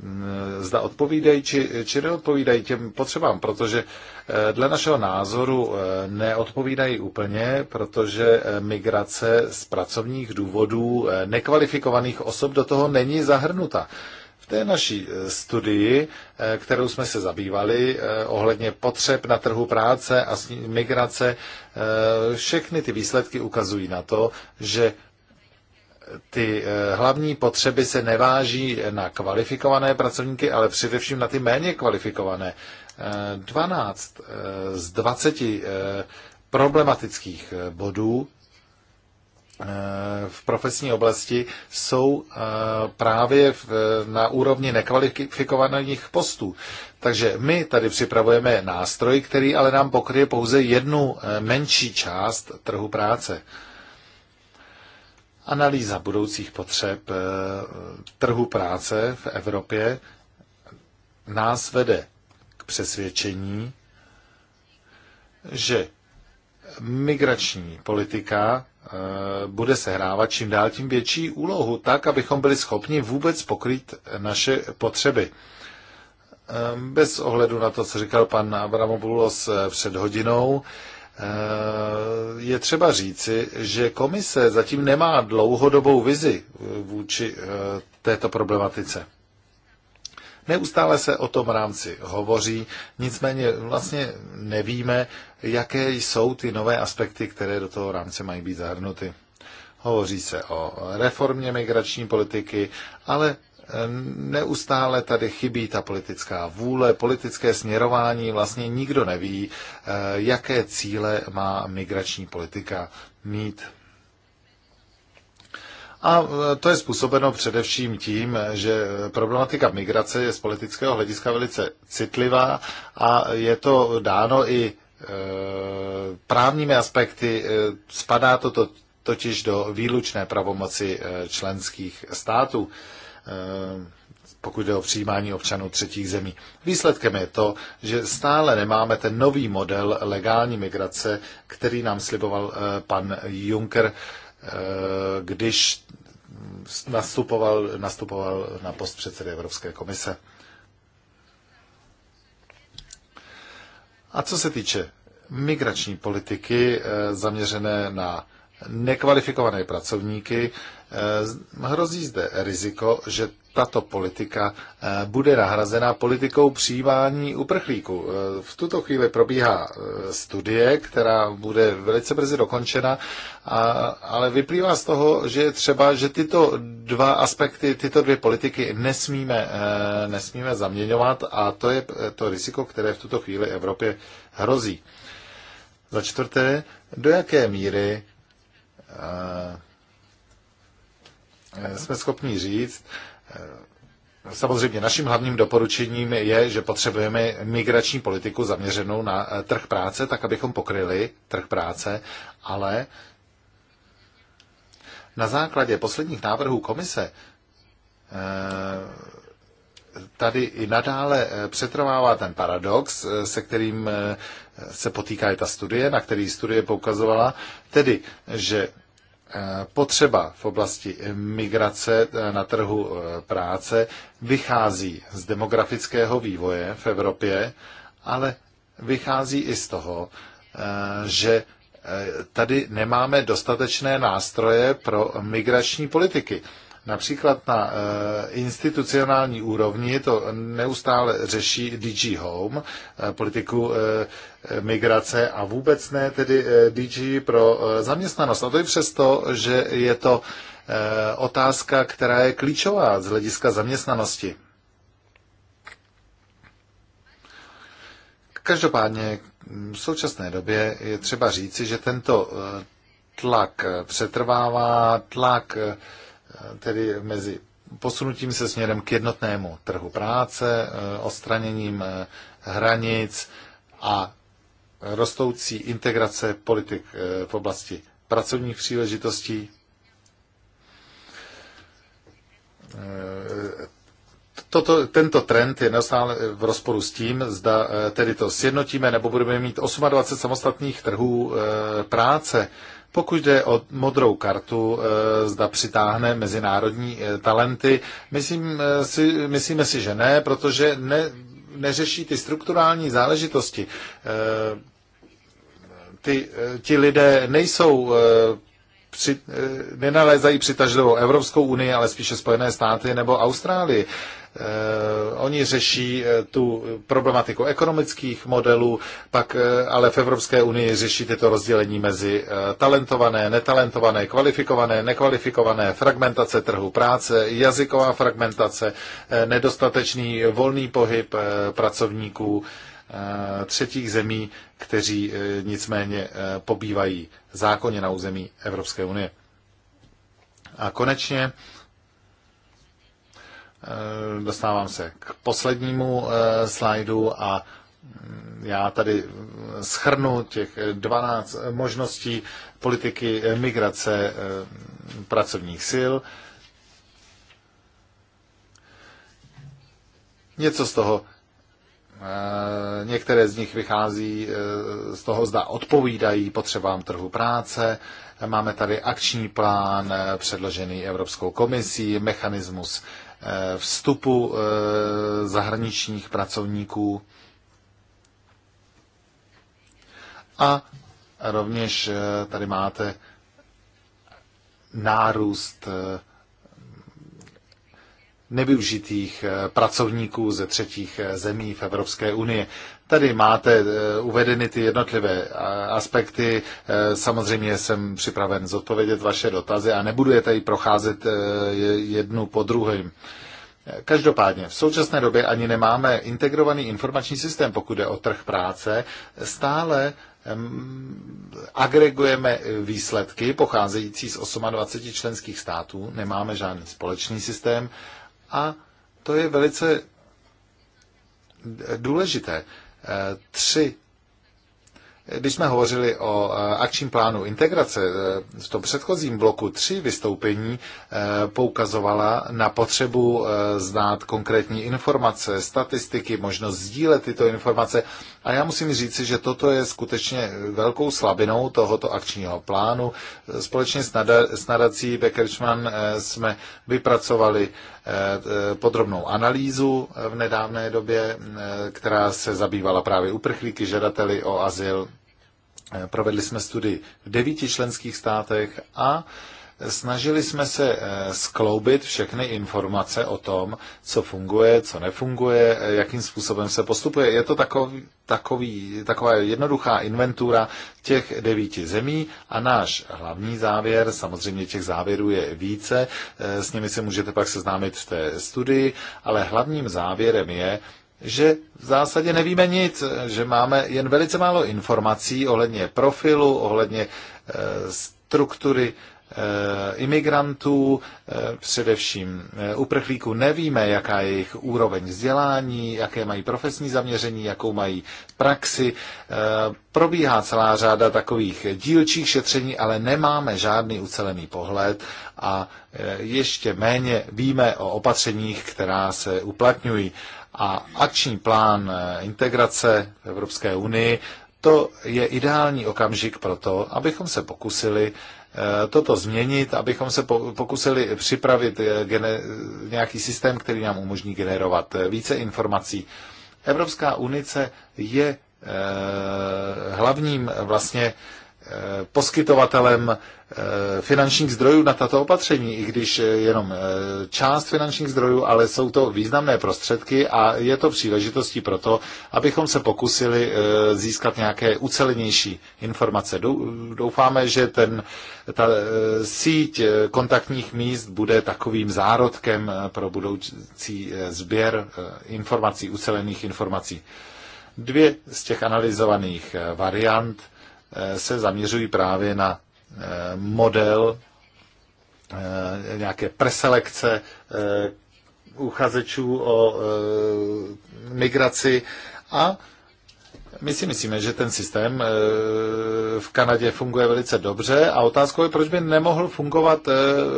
Eh, zda odpovídají či, či neodpovídají těm potřebám, protože eh, dle našeho názoru eh, neodpovídají úplně, protože migrace z pracovních důvodů nekvalifikovaných osob do toho není zahrnuta. V té naší studii, kterou jsme se zabývali ohledně potřeb na trhu práce a migrace, všechny ty výsledky ukazují na to, že ty eh, hlavní potřeby se neváží na kvalifikované pracovníky, ale především na ty méně kvalifikované. 12 eh, eh, z 20 problematických bodů v profesní oblasti jsou právě na úrovni nekvalifikovaných postů. Takže my tady připravujeme nástroj, který ale nám pokryje pouze jednu menší část trhu práce analýza budoucích potřeb eh, trhu práce v Evropě nás vede k přesvědčení, že migrační politika eh, bude sehrávat čím dál tím větší úlohu, tak, abychom byli schopni vůbec pokrýt naše potřeby. Eh, bez ohledu na to, co říkal pan Abramopoulos před hodinou, Eh, je třeba říci, že komise zatím nemá dlouhodobou vizi eh, vůči eh, této problematice. Neustále se o tom rámci hovoří, nicméně vlastně nevíme, jaké jsou ty nové aspekty, které do toho rámce mají být zahrnuty. Hovoří se o reformě migrační politiky, ale neustále tady chybí ta politická vůle, politické směrování, vlastně nikdo neví, eh, jaké cíle má migrační politika mít. A eh, to je způsobeno především tím, že problematika migrace je z politického hlediska velice citlivá a je to dáno i eh, právními aspekty. Spadá to totiž do výlučné pravomoci členských států. Eh, pokud jde o přijímání občanů třetích zemí. Výsledkem je to, že stále nemáme ten nový model legální migrace, který nám sliboval eh, pan Juncker, eh, když nastupoval, nastupoval na post předsedy Evropské komise. A co se týče migrační politiky zaměřené na nekvalifikované pracovníky, Eh, hrozí zde riziko, že tato politika eh, bude nahrazena politikou přijímání uprchlíků. Eh, v tuto chvíli probíhá studie, která bude velice brzy dokončena, a, ale vyplývá z toho, že je třeba, že tyto dva aspekty, tyto dvě politiky nesmíme, nesmíme zaměňovat a to je to riziko, které v tuto chvíli Evropě hrozí. Za čtvrté, do jaké míry Eh, jsme schopni říct, eh, Samozřejmě naším hlavním doporučením je, že potřebujeme migrační politiku zaměřenou na eh, trh práce, tak abychom pokryli trh práce, ale na základě posledních návrhů komise tady i nadále přetrvává ten paradox, se kterým se potýká i ta studie, na který studie poukazovala, tedy, že potřeba v oblasti migrace eh, na trhu eh, práce vychází z demografického vývoje v Evropě, ale vychází i z toho, eh, že tady nemáme dostatečné nástroje pro migrační politiky. Například na eh, institucionální úrovni to neustále řeší DG Home, eh, politiku eh, migrace a vůbec ne tedy DG pro zaměstnanost. A to i přesto, že je to otázka, která je klíčová z hlediska zaměstnanosti. Každopádně v současné době je třeba říci, že tento tlak přetrvává, tlak tedy mezi posunutím se směrem k jednotnému trhu práce, eh, odstraněním eh, hranic a rostoucí integrace politik eh, v oblasti pracovních příležitostí. Toto, tento trend je neustále v rozporu s tím, zda tedy to sjednotíme, nebo budeme mít 28 samostatných trhů práce. Pokud jde o modrou kartu, eh, zda přitáhne mezinárodní eh, talenty, myslím eh, si, myslíme si, že ne, protože ne, neřeší ty strukturální záležitosti. Ty, ti lidé nejsou při, nenalézají přitažlivou Evropskou unii, ale spíše Spojené státy nebo Austrálii. Eh, oni řeší eh, tu problematiku ekonomických modelů, pak eh, ale v Evropské unii řeší tyto rozdělení mezi talentované, netalentované, kvalifikované, nekvalifikované, fragmentace trhu práce, jazyková fragmentace, nedostatečný volný pohyb pracovníků třetích zemí, kteří nicméně pobývají zákonně na území Evropské unie. A konečně Eh, dostávám se k poslednímu eh, slajdu a mm, já tady eh, schrnu těch 12 možností politiky migrace pracovních sil. Něco z toho, některé z nich vychází z toho, zda odpovídají potřebám trhu práce. Máme tady akční plán předložený Evropskou komisí, mechanismus Eh, vstupu eh, zahraničních pracovníků a rovněž eh, tady máte nárůst nevyužitých pracovníků ze třetích zemí v Evropské unii. Tady máte eh, uvedeny ty jednotlivé eh, aspekty. Eh, samozřejmě jsem připraven zodpovědět vaše dotazy a nebudu je tady procházet jednu po druhém. Každopádně, v současné době ani nemáme integrovaný informační systém, pokud je o trh práce. Stále agregujeme výsledky pocházející z 28 členských států, nemáme žádný společný systém a to je velice důležité. Tři když jsme hovořili o eh, akčním plánu integrace, eh, v tom předchozím bloku tři vystoupení eh, poukazovala na potřebu znát konkrétní informace, statistiky, možnost sdílet tyto informace. A já musím říci, že toto je skutečně velkou slabinou tohoto akčního plánu. Společně s nadací Beckerčman jsme vypracovali Eh, podrobnou analýzu v nedávné době, eh, která se zabývala právě uprchlíky, žadateli o azyl. Eh, provedli jsme studii v devíti členských státech a Snažili jsme se eh, skloubit všechny informace o tom, co funguje, co nefunguje, eh, jakým způsobem se postupuje. Je to takový, takový, taková jednoduchá inventura těch devíti zemí a náš hlavní závěr, samozřejmě těch závěrů je více, eh, s nimi se můžete pak seznámit v té studii, ale hlavním závěrem je, že v zásadě nevíme nic, že máme jen velice málo informací ohledně profilu, ohledně struktury Eh, imigrantů, eh, především eh, uprchlíků. Nevíme, jaká je jejich úroveň vzdělání, jaké mají profesní zaměření, jakou mají praxi. Probíhá celá řada takových dílčích šetření, ale nemáme žádný ucelený pohled a ještě méně víme o opatřeních, která se uplatňují. A akční plán integrace v Evropské unii to je ideální okamžik pro to, abychom se pokusili Eh, toto změnit, abychom se pokusili připravit eh, nějaký systém, který nám umožní generovat eh, více informací. Evropská unice je hlavním vlastně Eh, poskytovatelem eh, finančních zdrojů na tato opatření, i když eh, jenom část finančních zdrojů, ale jsou to významné prostředky a je to příležitostí pro to, abychom se pokusili získat nějaké ucelenější informace. Doufáme, že ten, ta síť kontaktních míst bude takovým zárodkem pro budoucí sběr informací, ucelených informací. Dvě z těch analyzovaných variant – Eh, se zaměřují právě na eh, model eh, nějaké preselekce uchazečů o migraci a my si myslíme, že ten systém v Kanadě funguje velice dobře a otázkou je, proč by nemohl fungovat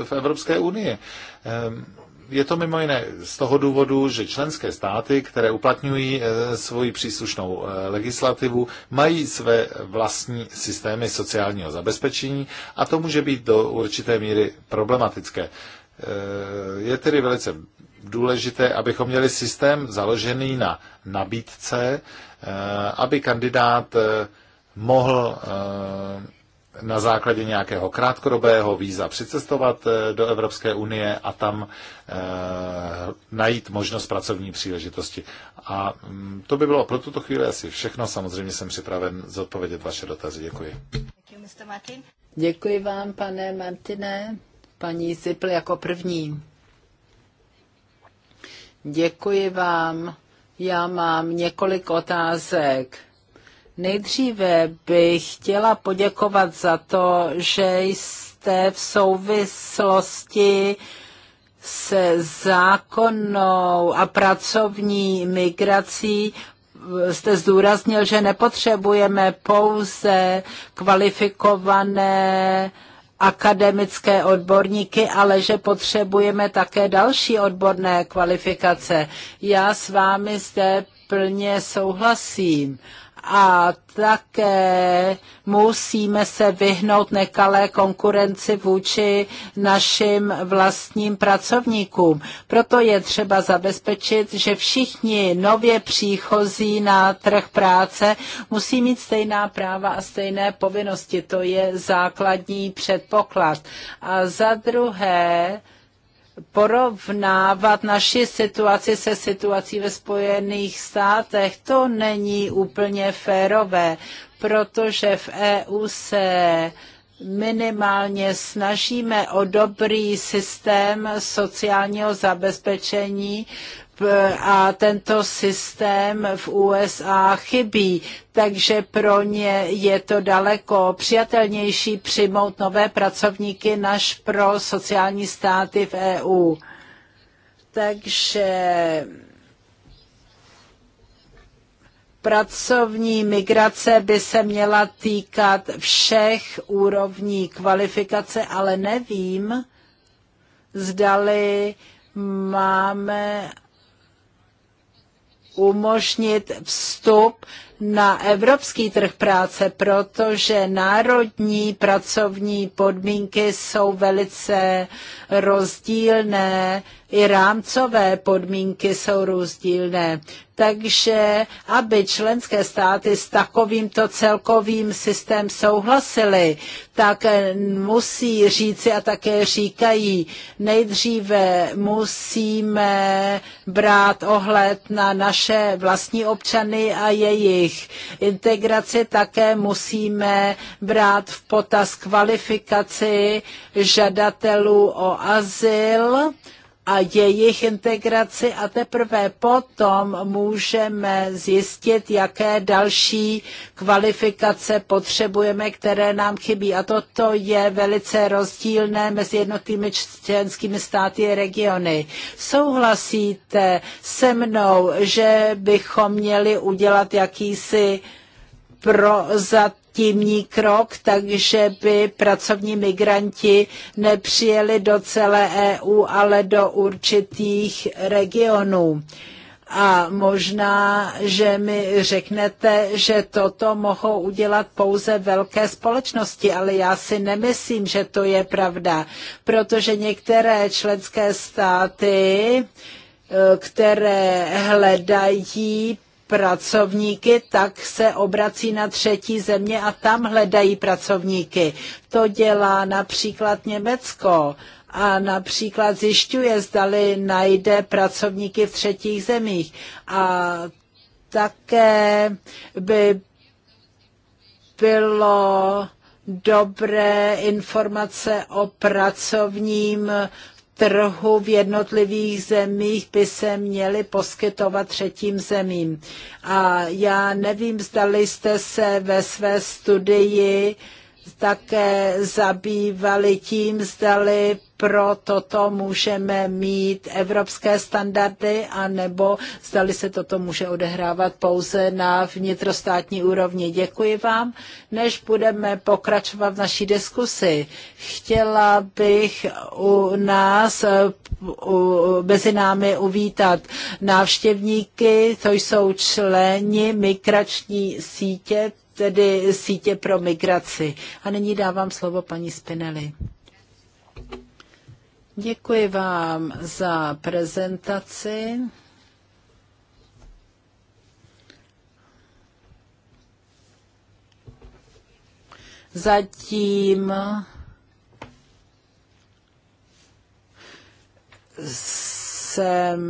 v Evropské unii. Ehm, je to mimo jiné z toho důvodu, že členské státy, které uplatňují eh, svoji příslušnou eh, legislativu, mají své vlastní systémy sociálního zabezpečení a to může být do určité míry problematické. Eh, je tedy velice důležité, abychom měli systém založený na nabídce, aby kandidát mohl na základě nějakého krátkodobého víza přicestovat eh, do Evropské unie a tam eh, najít možnost pracovní příležitosti. A mm, to by bylo pro tuto chvíli asi všechno. Samozřejmě jsem připraven zodpovědět vaše dotazy. Děkuji. Děkuji vám, pane Martine. Paní Zipl jako první. Děkuji vám. Já mám několik otázek. Nejdříve bych chtěla poděkovat za to, že jste v souvislosti se zákonnou a pracovní migrací jste zdůraznil, že nepotřebujeme pouze kvalifikované akademické odborníky, ale že potřebujeme také další odborné kvalifikace. Já s vámi zde plně souhlasím a také musíme se vyhnout nekalé konkurenci vůči našim vlastním pracovníkům. Proto je třeba zabezpečit, že všichni nově příchozí na trh práce musí mít stejná práva a stejné povinnosti. To je základní předpoklad. A za druhé, porovnávat naši situaci se situací ve Spojených státech, to není úplně férové, protože v EU se minimálně snažíme o dobrý systém sociálního zabezpečení, a tento systém v USA chybí, takže pro ně je to daleko přijatelnější přijmout nové pracovníky než pro sociální státy v EU. Takže pracovní migrace by se měla týkat všech úrovní kvalifikace, ale nevím, zdali máme umožnit vstup na evropský trh práce, protože národní pracovní podmínky jsou velice rozdílné, i rámcové podmínky jsou rozdílné. Takže aby členské státy s takovýmto celkovým systém souhlasily, tak musí říci a také říkají, nejdříve musíme brát ohled na naše vlastní občany a jejich integraci, také musíme brát v potaz kvalifikaci žadatelů o azyl, a jejich integraci a teprve potom můžeme zjistit, jaké další kvalifikace potřebujeme, které nám chybí. A toto je velice rozdílné mezi jednotlivými členskými státy a regiony. Souhlasíte se mnou, že bychom měli udělat jakýsi prozatím legitimní krok, takže by pracovní migranti nepřijeli do celé EU, ale do určitých regionů. A možná, že mi řeknete, že toto mohou udělat pouze velké společnosti, ale já si nemyslím, že to je pravda, protože některé členské státy eh, které hledají pracovníky, tak se obrací na třetí země a tam hledají pracovníky. To dělá například Německo a například zjišťuje, zdali najde pracovníky v třetích zemích. A také by bylo dobré informace o pracovním trhu v jednotlivých zemích by se měly poskytovat třetím zemím. A já nevím, zdali jste se ve své studii uh, také zabývali tím, zdali pro toto můžeme mít evropské standardy, anebo zdali se toto může odehrávat pouze na vnitrostátní úrovni. Děkuji vám. Než budeme pokračovat v naší diskusi, chtěla bych u nás u, mezi námi uvítat návštěvníky, to jsou členi migrační sítě tedy sítě pro migraci. A nyní dávám slovo paní Spinelli. Děkuji vám za prezentaci. Zatím jsem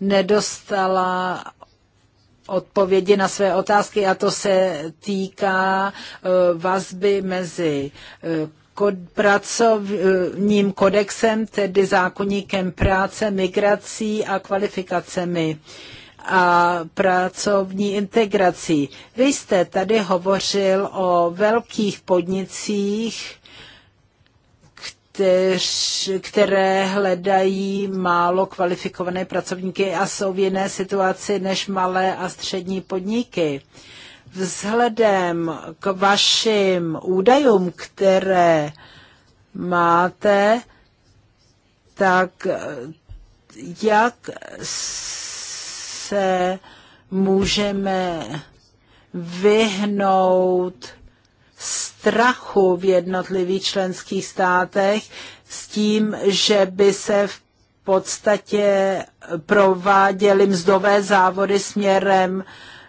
nedostala odpovědi na své otázky a to se týká e, vazby mezi e, pracovním kodexem, tedy zákonníkem práce, migrací a kvalifikacemi a pracovní integrací. Vy jste tady hovořil o velkých podnicích, kteř, které hledají málo kvalifikované pracovníky a jsou v jiné situaci než malé a střední podniky. Vzhledem k vašim údajům, které máte, tak jak se můžeme vyhnout strachu v jednotlivých členských státech s tím, že by se v podstatě prováděly mzdové závody směrem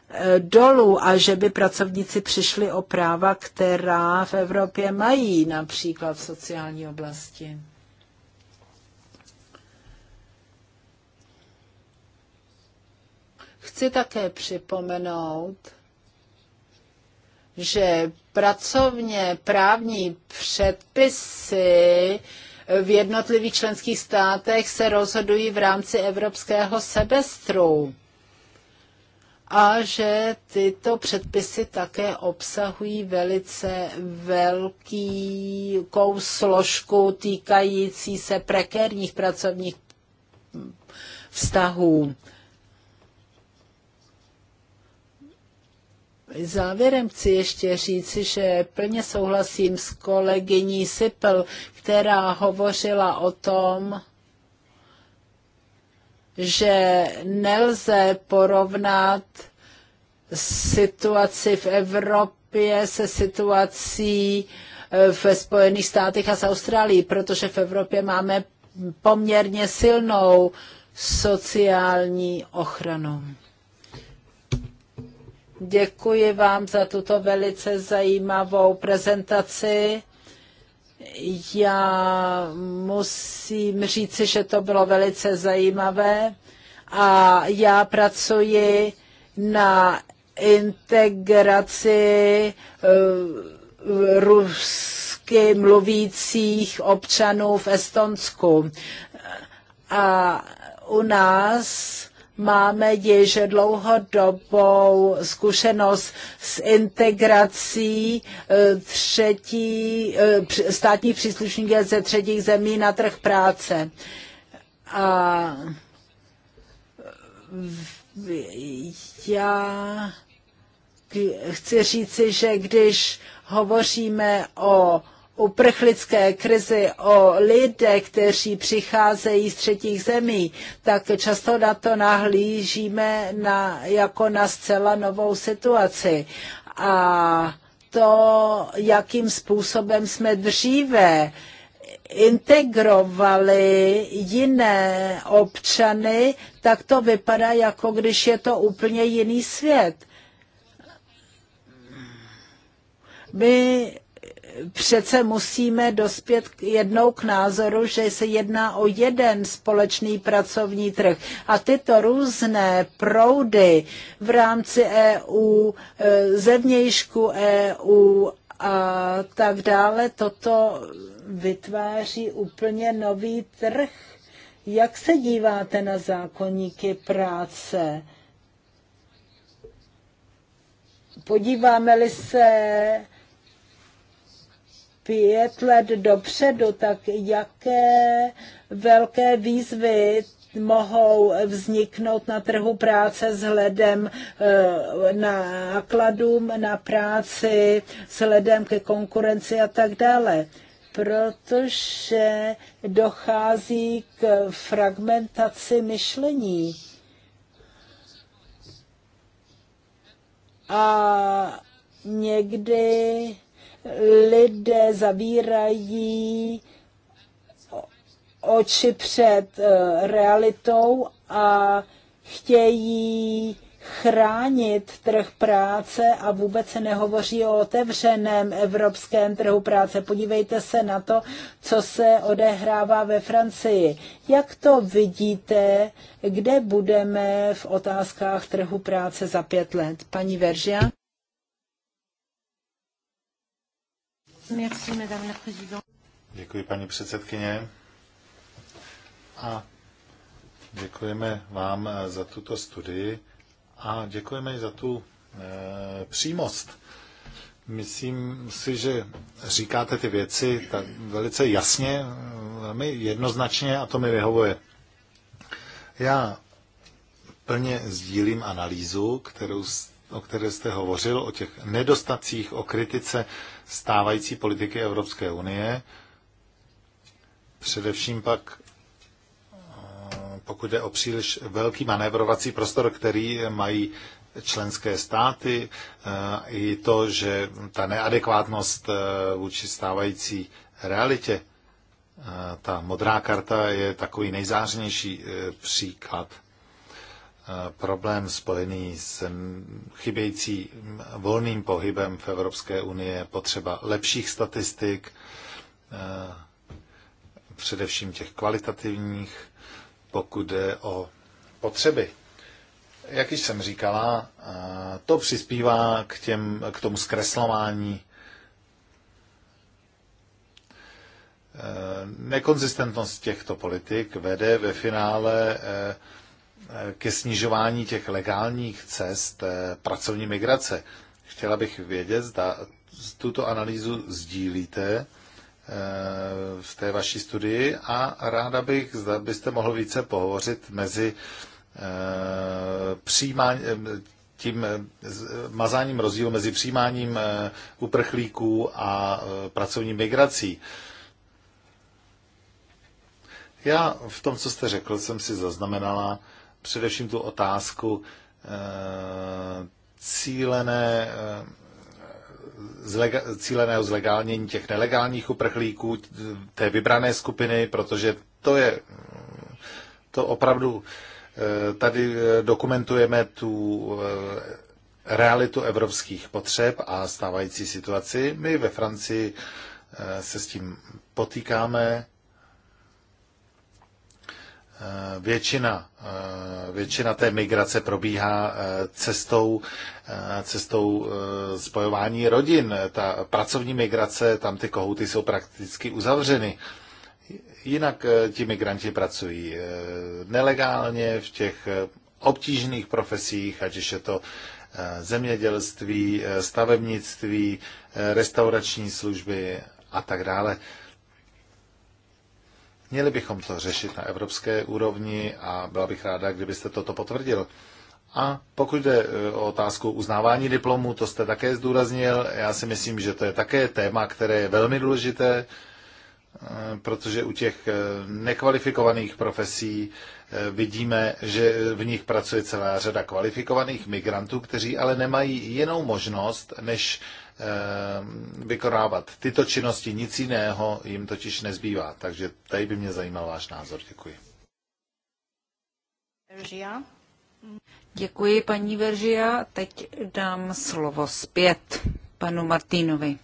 eh, dolů a že by pracovníci přišli o práva, která v Evropě mají, například v sociální oblasti. Chci také připomenout, že pracovně právní předpisy v jednotlivých členských státech se rozhodují v rámci evropského semestru a že tyto předpisy také obsahují velice velkou složku týkající se prekérních pracovních vztahů. Závěrem chci ještě říci, že plně souhlasím s kolegyní Sipel, která hovořila o tom, že nelze porovnat situaci v Evropě se situací eh, ve Spojených státech a s Austrálií, protože v Evropě máme poměrně silnou sociální ochranu. Děkuji vám za tuto velice zajímavou prezentaci. Já musím říci, že to bylo velice zajímavé a já pracuji na integraci eh, rusky mluvících občanů v Estonsku. A u nás máme již dlouhodobou zkušenost s integrací eh, třetí, eh, státních příslušníků ze třetích zemí na trh práce. A já chci říci, že když hovoříme o uprchlické krizi, o lidé, kteří přicházejí z třetích zemí, tak často na to nahlížíme na, jako na zcela novou situaci. A to, jakým způsobem jsme dříve integrovali jiné občany, tak to vypadá, jako když je to úplně jiný svět. My přece musíme dospět jednou k názoru, že se jedná o jeden společný pracovní trh. A tyto různé proudy v rámci EU, e, zevnějšku EU a tak dále, toto vytváří úplně nový trh. Jak se díváte na zákonníky práce? Podíváme-li se pět let dopředu, tak jaké velké výzvy mohou vzniknout na trhu práce na eh, nákladům na práci, hledem ke konkurenci a tak dále. Protože dochází k fragmentaci myšlení. A někdy lidé zavírají oči před eh, realitou a chtějí chránit trh práce a vůbec se nehovoří o otevřeném evropském trhu práce. Podívejte se na to, co se odehrává ve Francii. Jak to vidíte, kde budeme v otázkách trhu práce za pět let? Paní Veržian? Děkuji, paní předsedkyně. A děkujeme vám za tuto studii a děkujeme i za tu e, přímost. Myslím si, že říkáte ty věci tak velice jasně, velmi jednoznačně a to mi vyhovuje. Já plně sdílím analýzu, kterou o které jste hovořil, o těch nedostacích, o kritice stávající politiky Evropské unie. Především pak, eh, pokud jde o příliš velký manévrovací prostor, který mají členské státy, eh, i to, že ta neadekvátnost eh, vůči stávající realitě, ta modrá karta je takový nejzářnější příklad Eh, problém spojený s chybějící volným pohybem v Evropské unii je potřeba lepších statistik, eh, především těch kvalitativních, pokud jde o potřeby. Jak již jsem říkala, eh, to přispívá k, těm, k tomu zkreslování nekonzistentnost těchto politik vede ve finále ke snižování těch legálních cest eh, pracovní migrace. Chtěla bych vědět, zda tuto analýzu sdílíte eh, v té vaší studii a ráda bych, zda byste mohl více pohovořit mezi eh, přijímáním tím mazáním rozdílu mezi přijímáním uprchlíků a pracovní migrací. Já v tom, co jste řekl, jsem si zaznamenala především tu otázku eh, cílené, eh, zlega, cíleného zlegálnění těch nelegálních uprchlíků, té vybrané skupiny, protože to je to opravdu eh, tady dokumentujeme tu realitu evropských potřeb a stávající situaci. My ve Francii se s tím potýkáme, Eh, většina, eh, většina té migrace probíhá eh, cestou, cestou spojování rodin. Ta pracovní migrace, tam ty kohouty jsou prakticky uzavřeny. Jinak ti migranti pracují nelegálně v těch obtížných profesích, ať už je to zemědělství, stavebnictví, restaurační služby a tak dále. Měli bychom to řešit na evropské úrovni a byla bych ráda, kdybyste toto potvrdil. A pokud jde e, o otázku uznávání diplomů, to jste také zdůraznil. Já si myslím, že to je také téma, které je velmi důležité, e, protože u těch e, nekvalifikovaných profesí vidíme, že v nich pracuje celá řada kvalifikovaných migrantů, kteří ale nemají jinou možnost, než Eh, vykonávat tyto činnosti, nic jiného jim totiž nezbývá. Takže tady by mě zajímal váš názor. Děkuji. Veržia. Děkuji, paní Veržia. Teď dám slovo zpět panu Martínovi.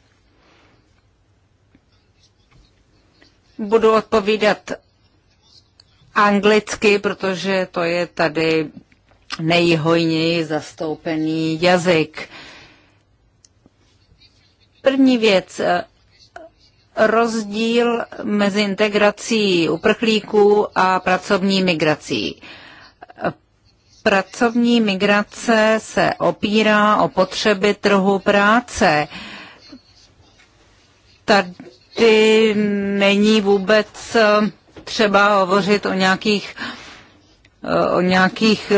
Budu odpovídat anglicky, protože to je tady nejhojněji zastoupený jazyk. Uh, První věc, eh, rozdíl mezi integrací uprchlíků a pracovní migrací. Pracovní migrace se opírá o potřeby trhu práce. Tady není vůbec eh, třeba hovořit o nějakých eh, o nějakých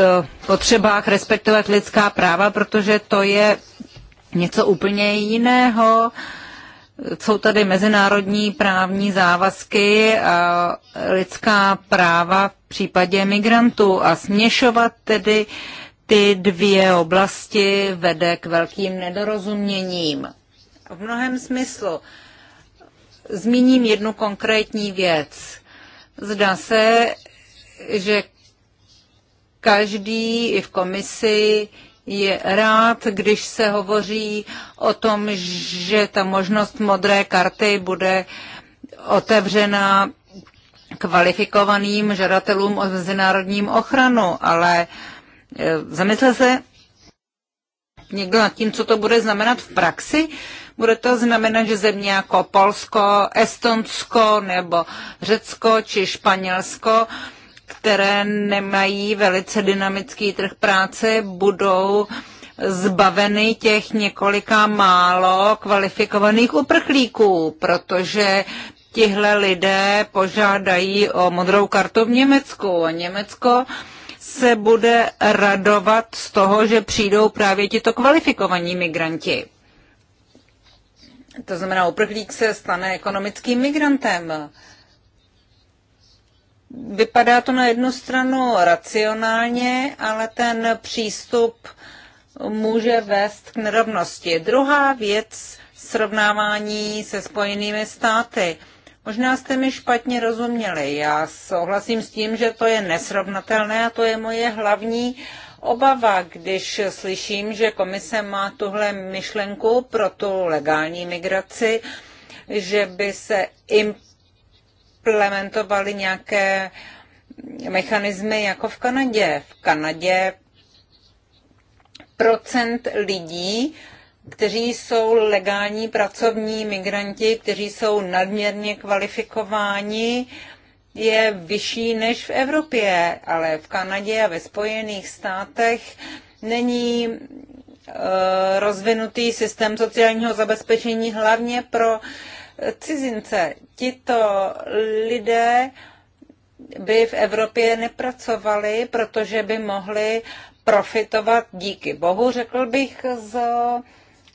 potřebách respektovat lidská práva, protože to je něco úplně jiného. Jsou tady mezinárodní právní závazky a lidská práva v případě migrantů a směšovat tedy ty dvě oblasti vede k velkým nedorozuměním. V mnohem smyslu. Zmíním jednu konkrétní věc. Zdá se, že každý i v komisi je rád, když se hovoří o tom, že ta možnost modré karty bude otevřena kvalifikovaným žadatelům o mezinárodním ochranu, ale e, zamyslel se někdo nad tím, co to bude znamenat v praxi? Bude to znamenat, že země jako Polsko, Estonsko nebo Řecko či Španělsko uh, které nemají velice dynamický trh práce, budou zbaveny těch několika málo kvalifikovaných uprchlíků, protože tihle lidé požádají o modrou kartu v Německu. A Německo se bude radovat z toho, že přijdou právě tito kvalifikovaní migranti. To znamená, uprchlík se stane ekonomickým migrantem. Vypadá to na jednu stranu racionálně, ale ten přístup může vést k nerovnosti. Druhá věc srovnávání se spojenými státy. Možná jste mi špatně rozuměli. Já souhlasím s tím, že to je nesrovnatelné a to je moje hlavní obava, když slyším, že komise má tuhle myšlenku pro tu legální migraci, že by se imp- implementovali nějaké mechanismy jako v Kanadě. V Kanadě procent lidí, kteří jsou legální pracovní migranti, kteří jsou nadměrně kvalifikováni, je vyšší než v Evropě, ale v Kanadě a ve Spojených státech není e, rozvinutý systém sociálního zabezpečení hlavně pro cizince. Tito lidé by v Evropě nepracovali, protože by mohli profitovat díky bohu, řekl bych, z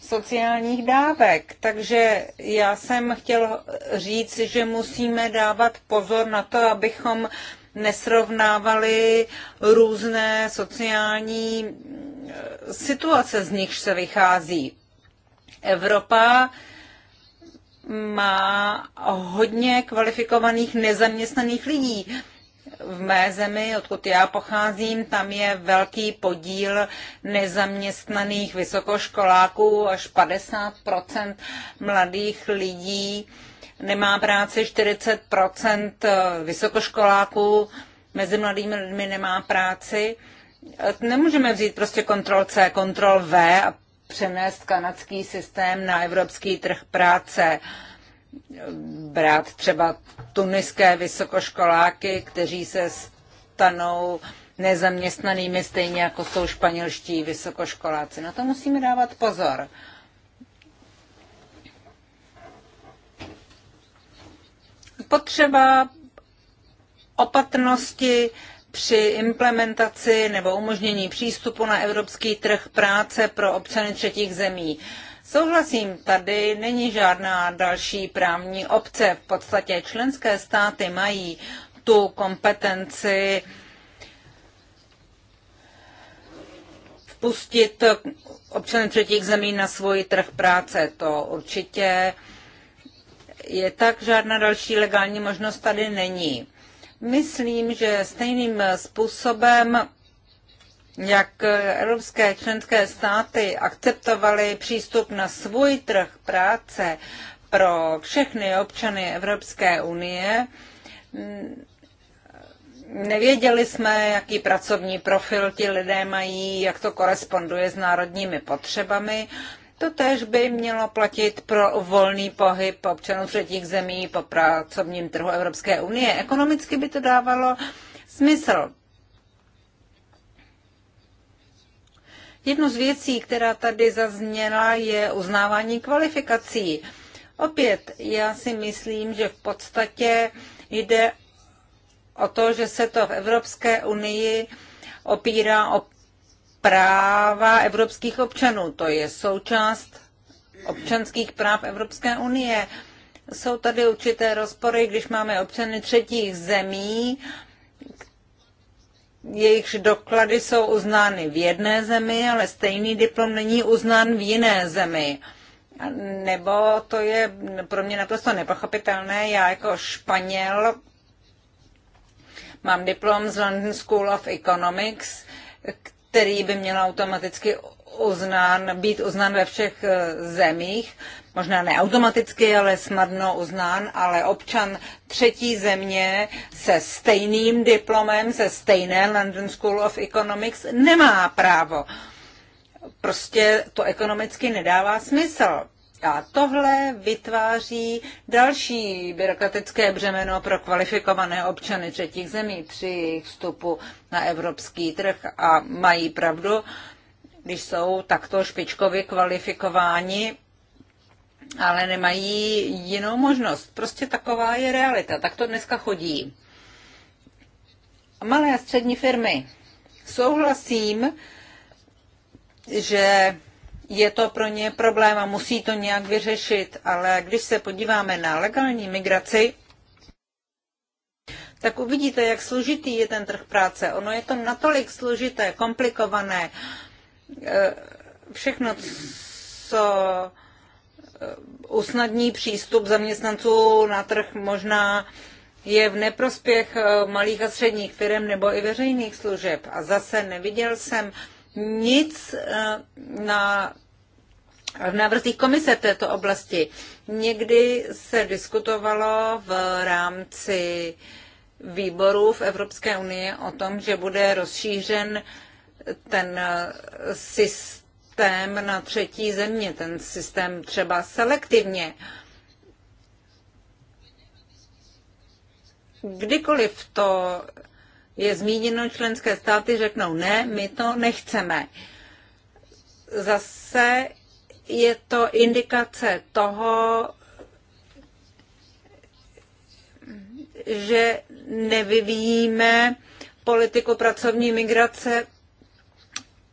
sociálních dávek. Takže já jsem chtěl říct, že musíme dávat pozor na to, abychom nesrovnávali různé sociální eh, situace, z nichž se vychází. Evropa má hodně kvalifikovaných nezaměstnaných lidí. V mé zemi, odkud já pocházím, tam je velký podíl nezaměstnaných vysokoškoláků, až 50 mladých lidí nemá práci, 40 vysokoškoláků mezi mladými lidmi nemá práci nemůžeme vzít prostě kontrol C, kontrol V a přenést kanadský systém na evropský trh práce. Brát třeba tuniské vysokoškoláky, kteří se stanou nezaměstnanými, stejně jako jsou španělští vysokoškoláci. Na to musíme dávat pozor. Potřeba opatrnosti při implementaci nebo umožnění přístupu na evropský trh práce pro občany třetích zemí. Souhlasím, tady není žádná další právní obce. V podstatě členské státy mají tu kompetenci vpustit občany třetích zemí na svůj trh práce. To určitě je tak, žádná další legální možnost tady není. Myslím, že stejným způsobem, jak evropské členské státy akceptovaly přístup na svůj trh práce pro všechny občany Evropské unie, nevěděli jsme, jaký pracovní profil ti lidé mají, jak to koresponduje s národními potřebami. To tež by mělo platit pro volný pohyb občanů třetích zemí po pracovním trhu Evropské unie. Ekonomicky by to dávalo smysl. Jednu z věcí, která tady zazněla, je uznávání kvalifikací. Opět, já si myslím, že v podstatě jde o to, že se to v Evropské unii opírá o práva evropských občanů. To je součást občanských práv Evropské unie. Jsou tady určité rozpory, když máme občany třetích zemí, jejichž doklady jsou uznány v jedné zemi, ale stejný diplom není uznán v jiné zemi. Nebo to je pro mě naprosto nepochopitelné, já jako Španěl mám diplom z London School of Economics, který by měl automaticky uznán, být uznán ve všech e, zemích, možná ne automaticky, ale snadno uznán, ale občan třetí země se stejným diplomem, se stejné London School of Economics nemá právo. Prostě to ekonomicky nedává smysl. A tohle vytváří další byrokratické břemeno pro kvalifikované občany třetích zemí při jejich vstupu na evropský trh a mají pravdu, když jsou takto špičkově kvalifikováni, ale nemají jinou možnost. Prostě taková je realita. Tak to dneska chodí. Malé a střední firmy. Souhlasím, že je to pro ně problém a musí to nějak vyřešit. Ale když se podíváme na legální migraci, tak uvidíte, jak složitý je ten trh práce. Ono je to natolik složité, komplikované. Eh, všechno, co eh, usnadní přístup zaměstnanců na trh, možná je v neprospěch eh, malých a středních firm nebo i veřejných služeb. A zase neviděl jsem nic na v návrzích komise této oblasti. Někdy se diskutovalo v rámci výborů v Evropské unii o tom, že bude rozšířen ten systém na třetí země, ten systém třeba selektivně. Kdykoliv to je zmíněno, členské státy řeknou ne, my to nechceme. Zase je to indikace toho, že nevyvíjíme politiku pracovní migrace,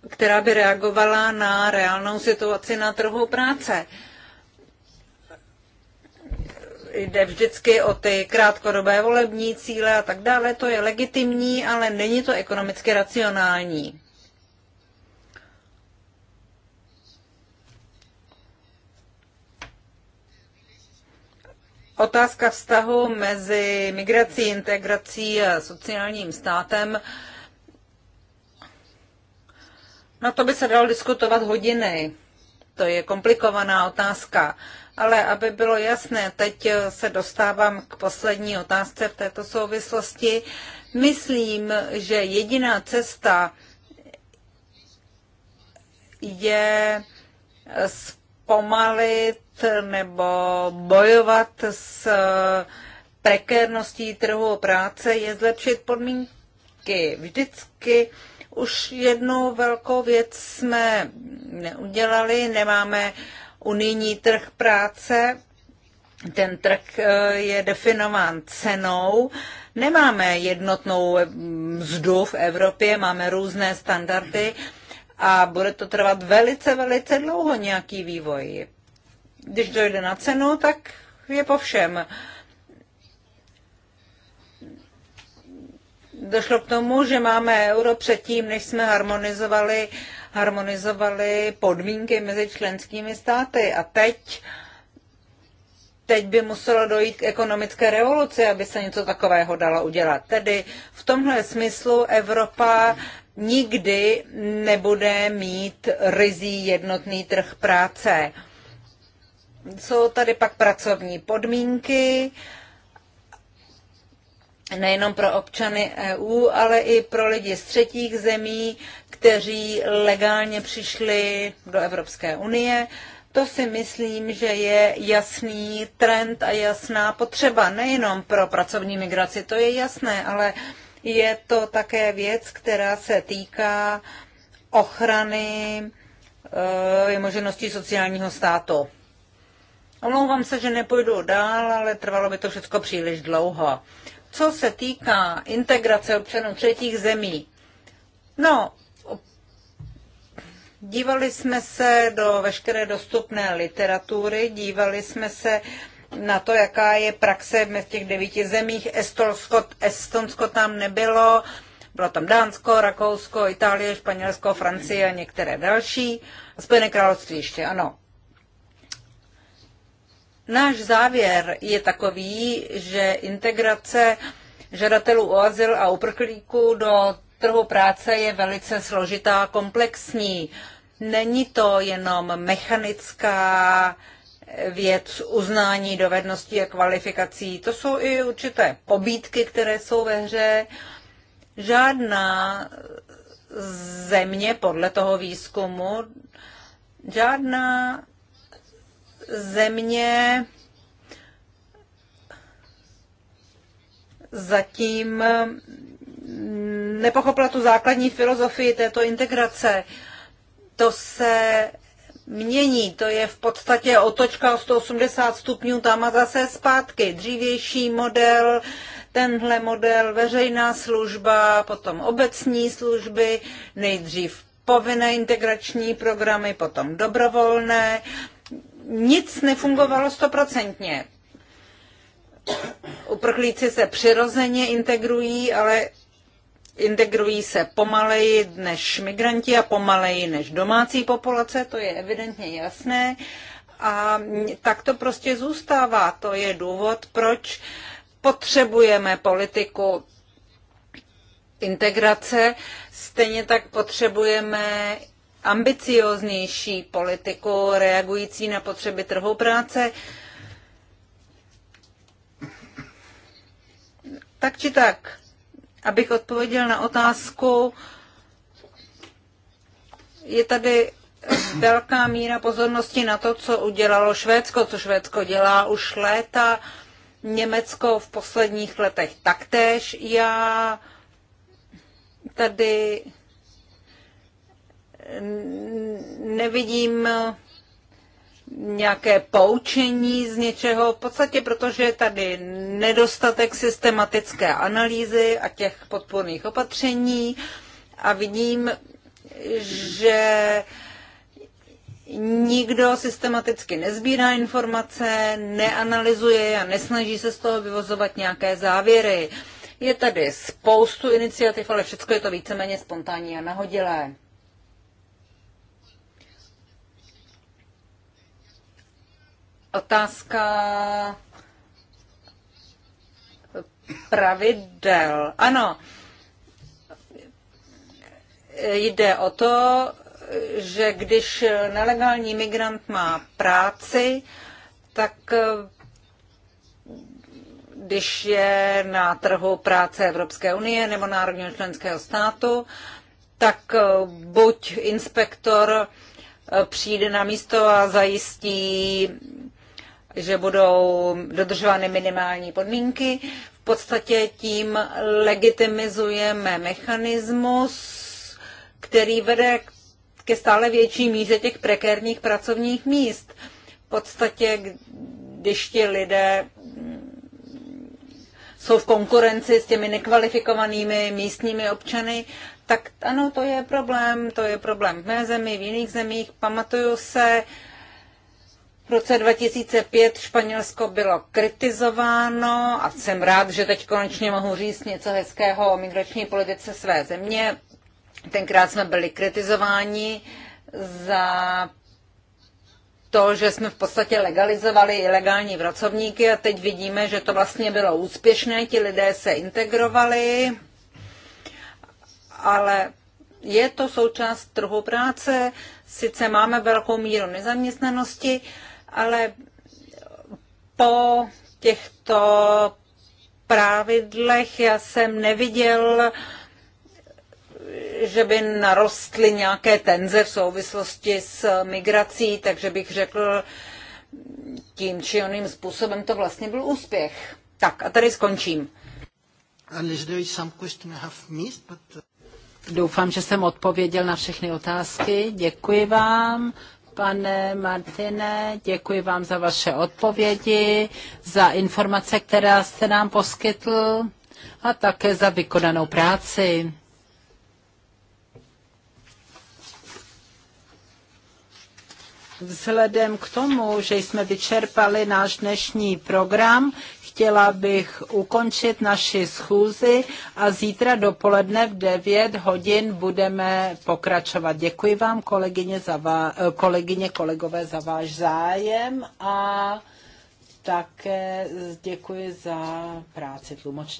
která by reagovala na reálnou situaci na trhu práce. Jde vždycky o ty krátkodobé volební cíle a tak dále. To je legitimní, ale není to ekonomicky racionální. Otázka vztahu mezi migrací, integrací a sociálním státem. No to by se dalo diskutovat hodiny. To je komplikovaná otázka. Ale aby bylo jasné, teď se dostávám k poslední otázce v této souvislosti. Myslím, že jediná cesta je zpomalit nebo bojovat s eh, prekérností trhu práce je zlepšit podmínky. Vždycky už jednu velkou věc jsme neudělali, nemáme unijní trh práce, ten trh eh, je definován cenou. Nemáme jednotnou eh, mzdu v Evropě, máme různé standardy a bude to trvat velice, velice dlouho nějaký vývoj když dojde na cenu, tak je po všem. Došlo k tomu, že máme euro předtím, než jsme harmonizovali, harmonizovali podmínky mezi členskými státy. A teď, teď by muselo dojít k ekonomické revoluci, aby se něco takového dalo udělat. Tedy v tomhle smyslu Evropa nikdy nebude mít rizí jednotný trh práce. Jsou tady pak pracovní podmínky, nejenom pro občany EU, ale i pro lidi z třetích zemí, kteří legálně přišli do Evropské unie. To si myslím, že je jasný trend a jasná potřeba, nejenom pro pracovní migraci, to je jasné, ale je to také věc, která se týká ochrany eh, možností sociálního státu. Omlouvám se, že nepůjdu dál, ale trvalo by to všechno příliš dlouho. Co se týká integrace občanů třetích zemí, no, dívali jsme se do veškeré dostupné literatury, dívali jsme se na to, jaká je praxe v těch devíti zemích. Estonsko, Estonsko tam nebylo, bylo tam Dánsko, Rakousko, Itálie, Španělsko, Francie a některé další. A Spojené království ještě, ano. Náš závěr je takový, že integrace žadatelů o azyl a uprchlíků do trhu práce je velice složitá a komplexní. Není to jenom mechanická věc uznání dovedností a kvalifikací. To jsou i určité pobídky, které jsou ve hře. Žádná země podle toho výzkumu, žádná země zatím nepochopila tu základní filozofii této integrace. To se mění, to je v podstatě otočka o 180 stupňů tam a zase zpátky. Dřívější model, tenhle model, veřejná služba, potom obecní služby, nejdřív povinné integrační programy, potom dobrovolné, nic nefungovalo stoprocentně. Uprchlíci se přirozeně integrují, ale integrují se pomaleji než migranti a pomaleji než domácí populace, to je evidentně jasné. A tak to prostě zůstává. To je důvod, proč potřebujeme politiku integrace, stejně tak potřebujeme ambicioznější politiku reagující na potřeby trhu práce. Tak či tak, abych odpověděl na otázku, je tady velká míra pozornosti na to, co udělalo Švédsko, co Švédsko dělá už léta, Německo v posledních letech taktéž. Já tady nevidím eh, nějaké poučení z něčeho, v podstatě protože je tady nedostatek systematické analýzy a těch podporných opatření a vidím, že nikdo systematicky nezbírá informace, neanalyzuje a nesnaží se z toho vyvozovat nějaké závěry. Je tady spoustu iniciativ, ale všechno je to víceméně spontánní a nahodilé. Otázka pravidel. Ano, jde o to, že když nelegální migrant má práci, tak když je na trhu práce Evropské unie nebo národního členského státu, tak buď inspektor přijde na místo a zajistí že budou dodržovány minimální podmínky. V podstatě tím legitimizujeme mechanismus, který vede ke stále větší míře těch prekérních pracovních míst. V podstatě, když ti lidé jsou v konkurenci s těmi nekvalifikovanými místními občany, tak ano, to je problém, to je problém v mé zemi, v jiných zemích. Pamatuju se, uh, v roce 2005 Španělsko bylo kritizováno a jsem rád, že teď konečně mohu říct něco hezkého o migrační politice své země. Tenkrát jsme byli kritizováni za to, že jsme v podstatě legalizovali ilegální pracovníky a teď vidíme, že to vlastně bylo úspěšné, ti lidé se integrovali, ale je to součást trhu práce, sice máme velkou míru nezaměstnanosti, ale po těchto pravidlech já jsem neviděl, že by narostly nějaké tenze v souvislosti s migrací, takže bych řekl, tím či oným způsobem to vlastně byl úspěch. Tak a tady skončím. Uh, Doufám, že jsem odpověděl na všechny otázky. Děkuji vám. Pane Martine, děkuji vám za vaše odpovědi, za informace, které jste nám poskytl a také za vykonanou práci. Vzhledem k tomu, že jsme vyčerpali náš dnešní program, chtěla bych ukončit naši schůzi a zítra dopoledne v 9 hodin budeme pokračovat. Děkuji vám, kolegyně, za vá, kolegyně kolegové, za váš zájem a také děkuji za práci tlumočníků.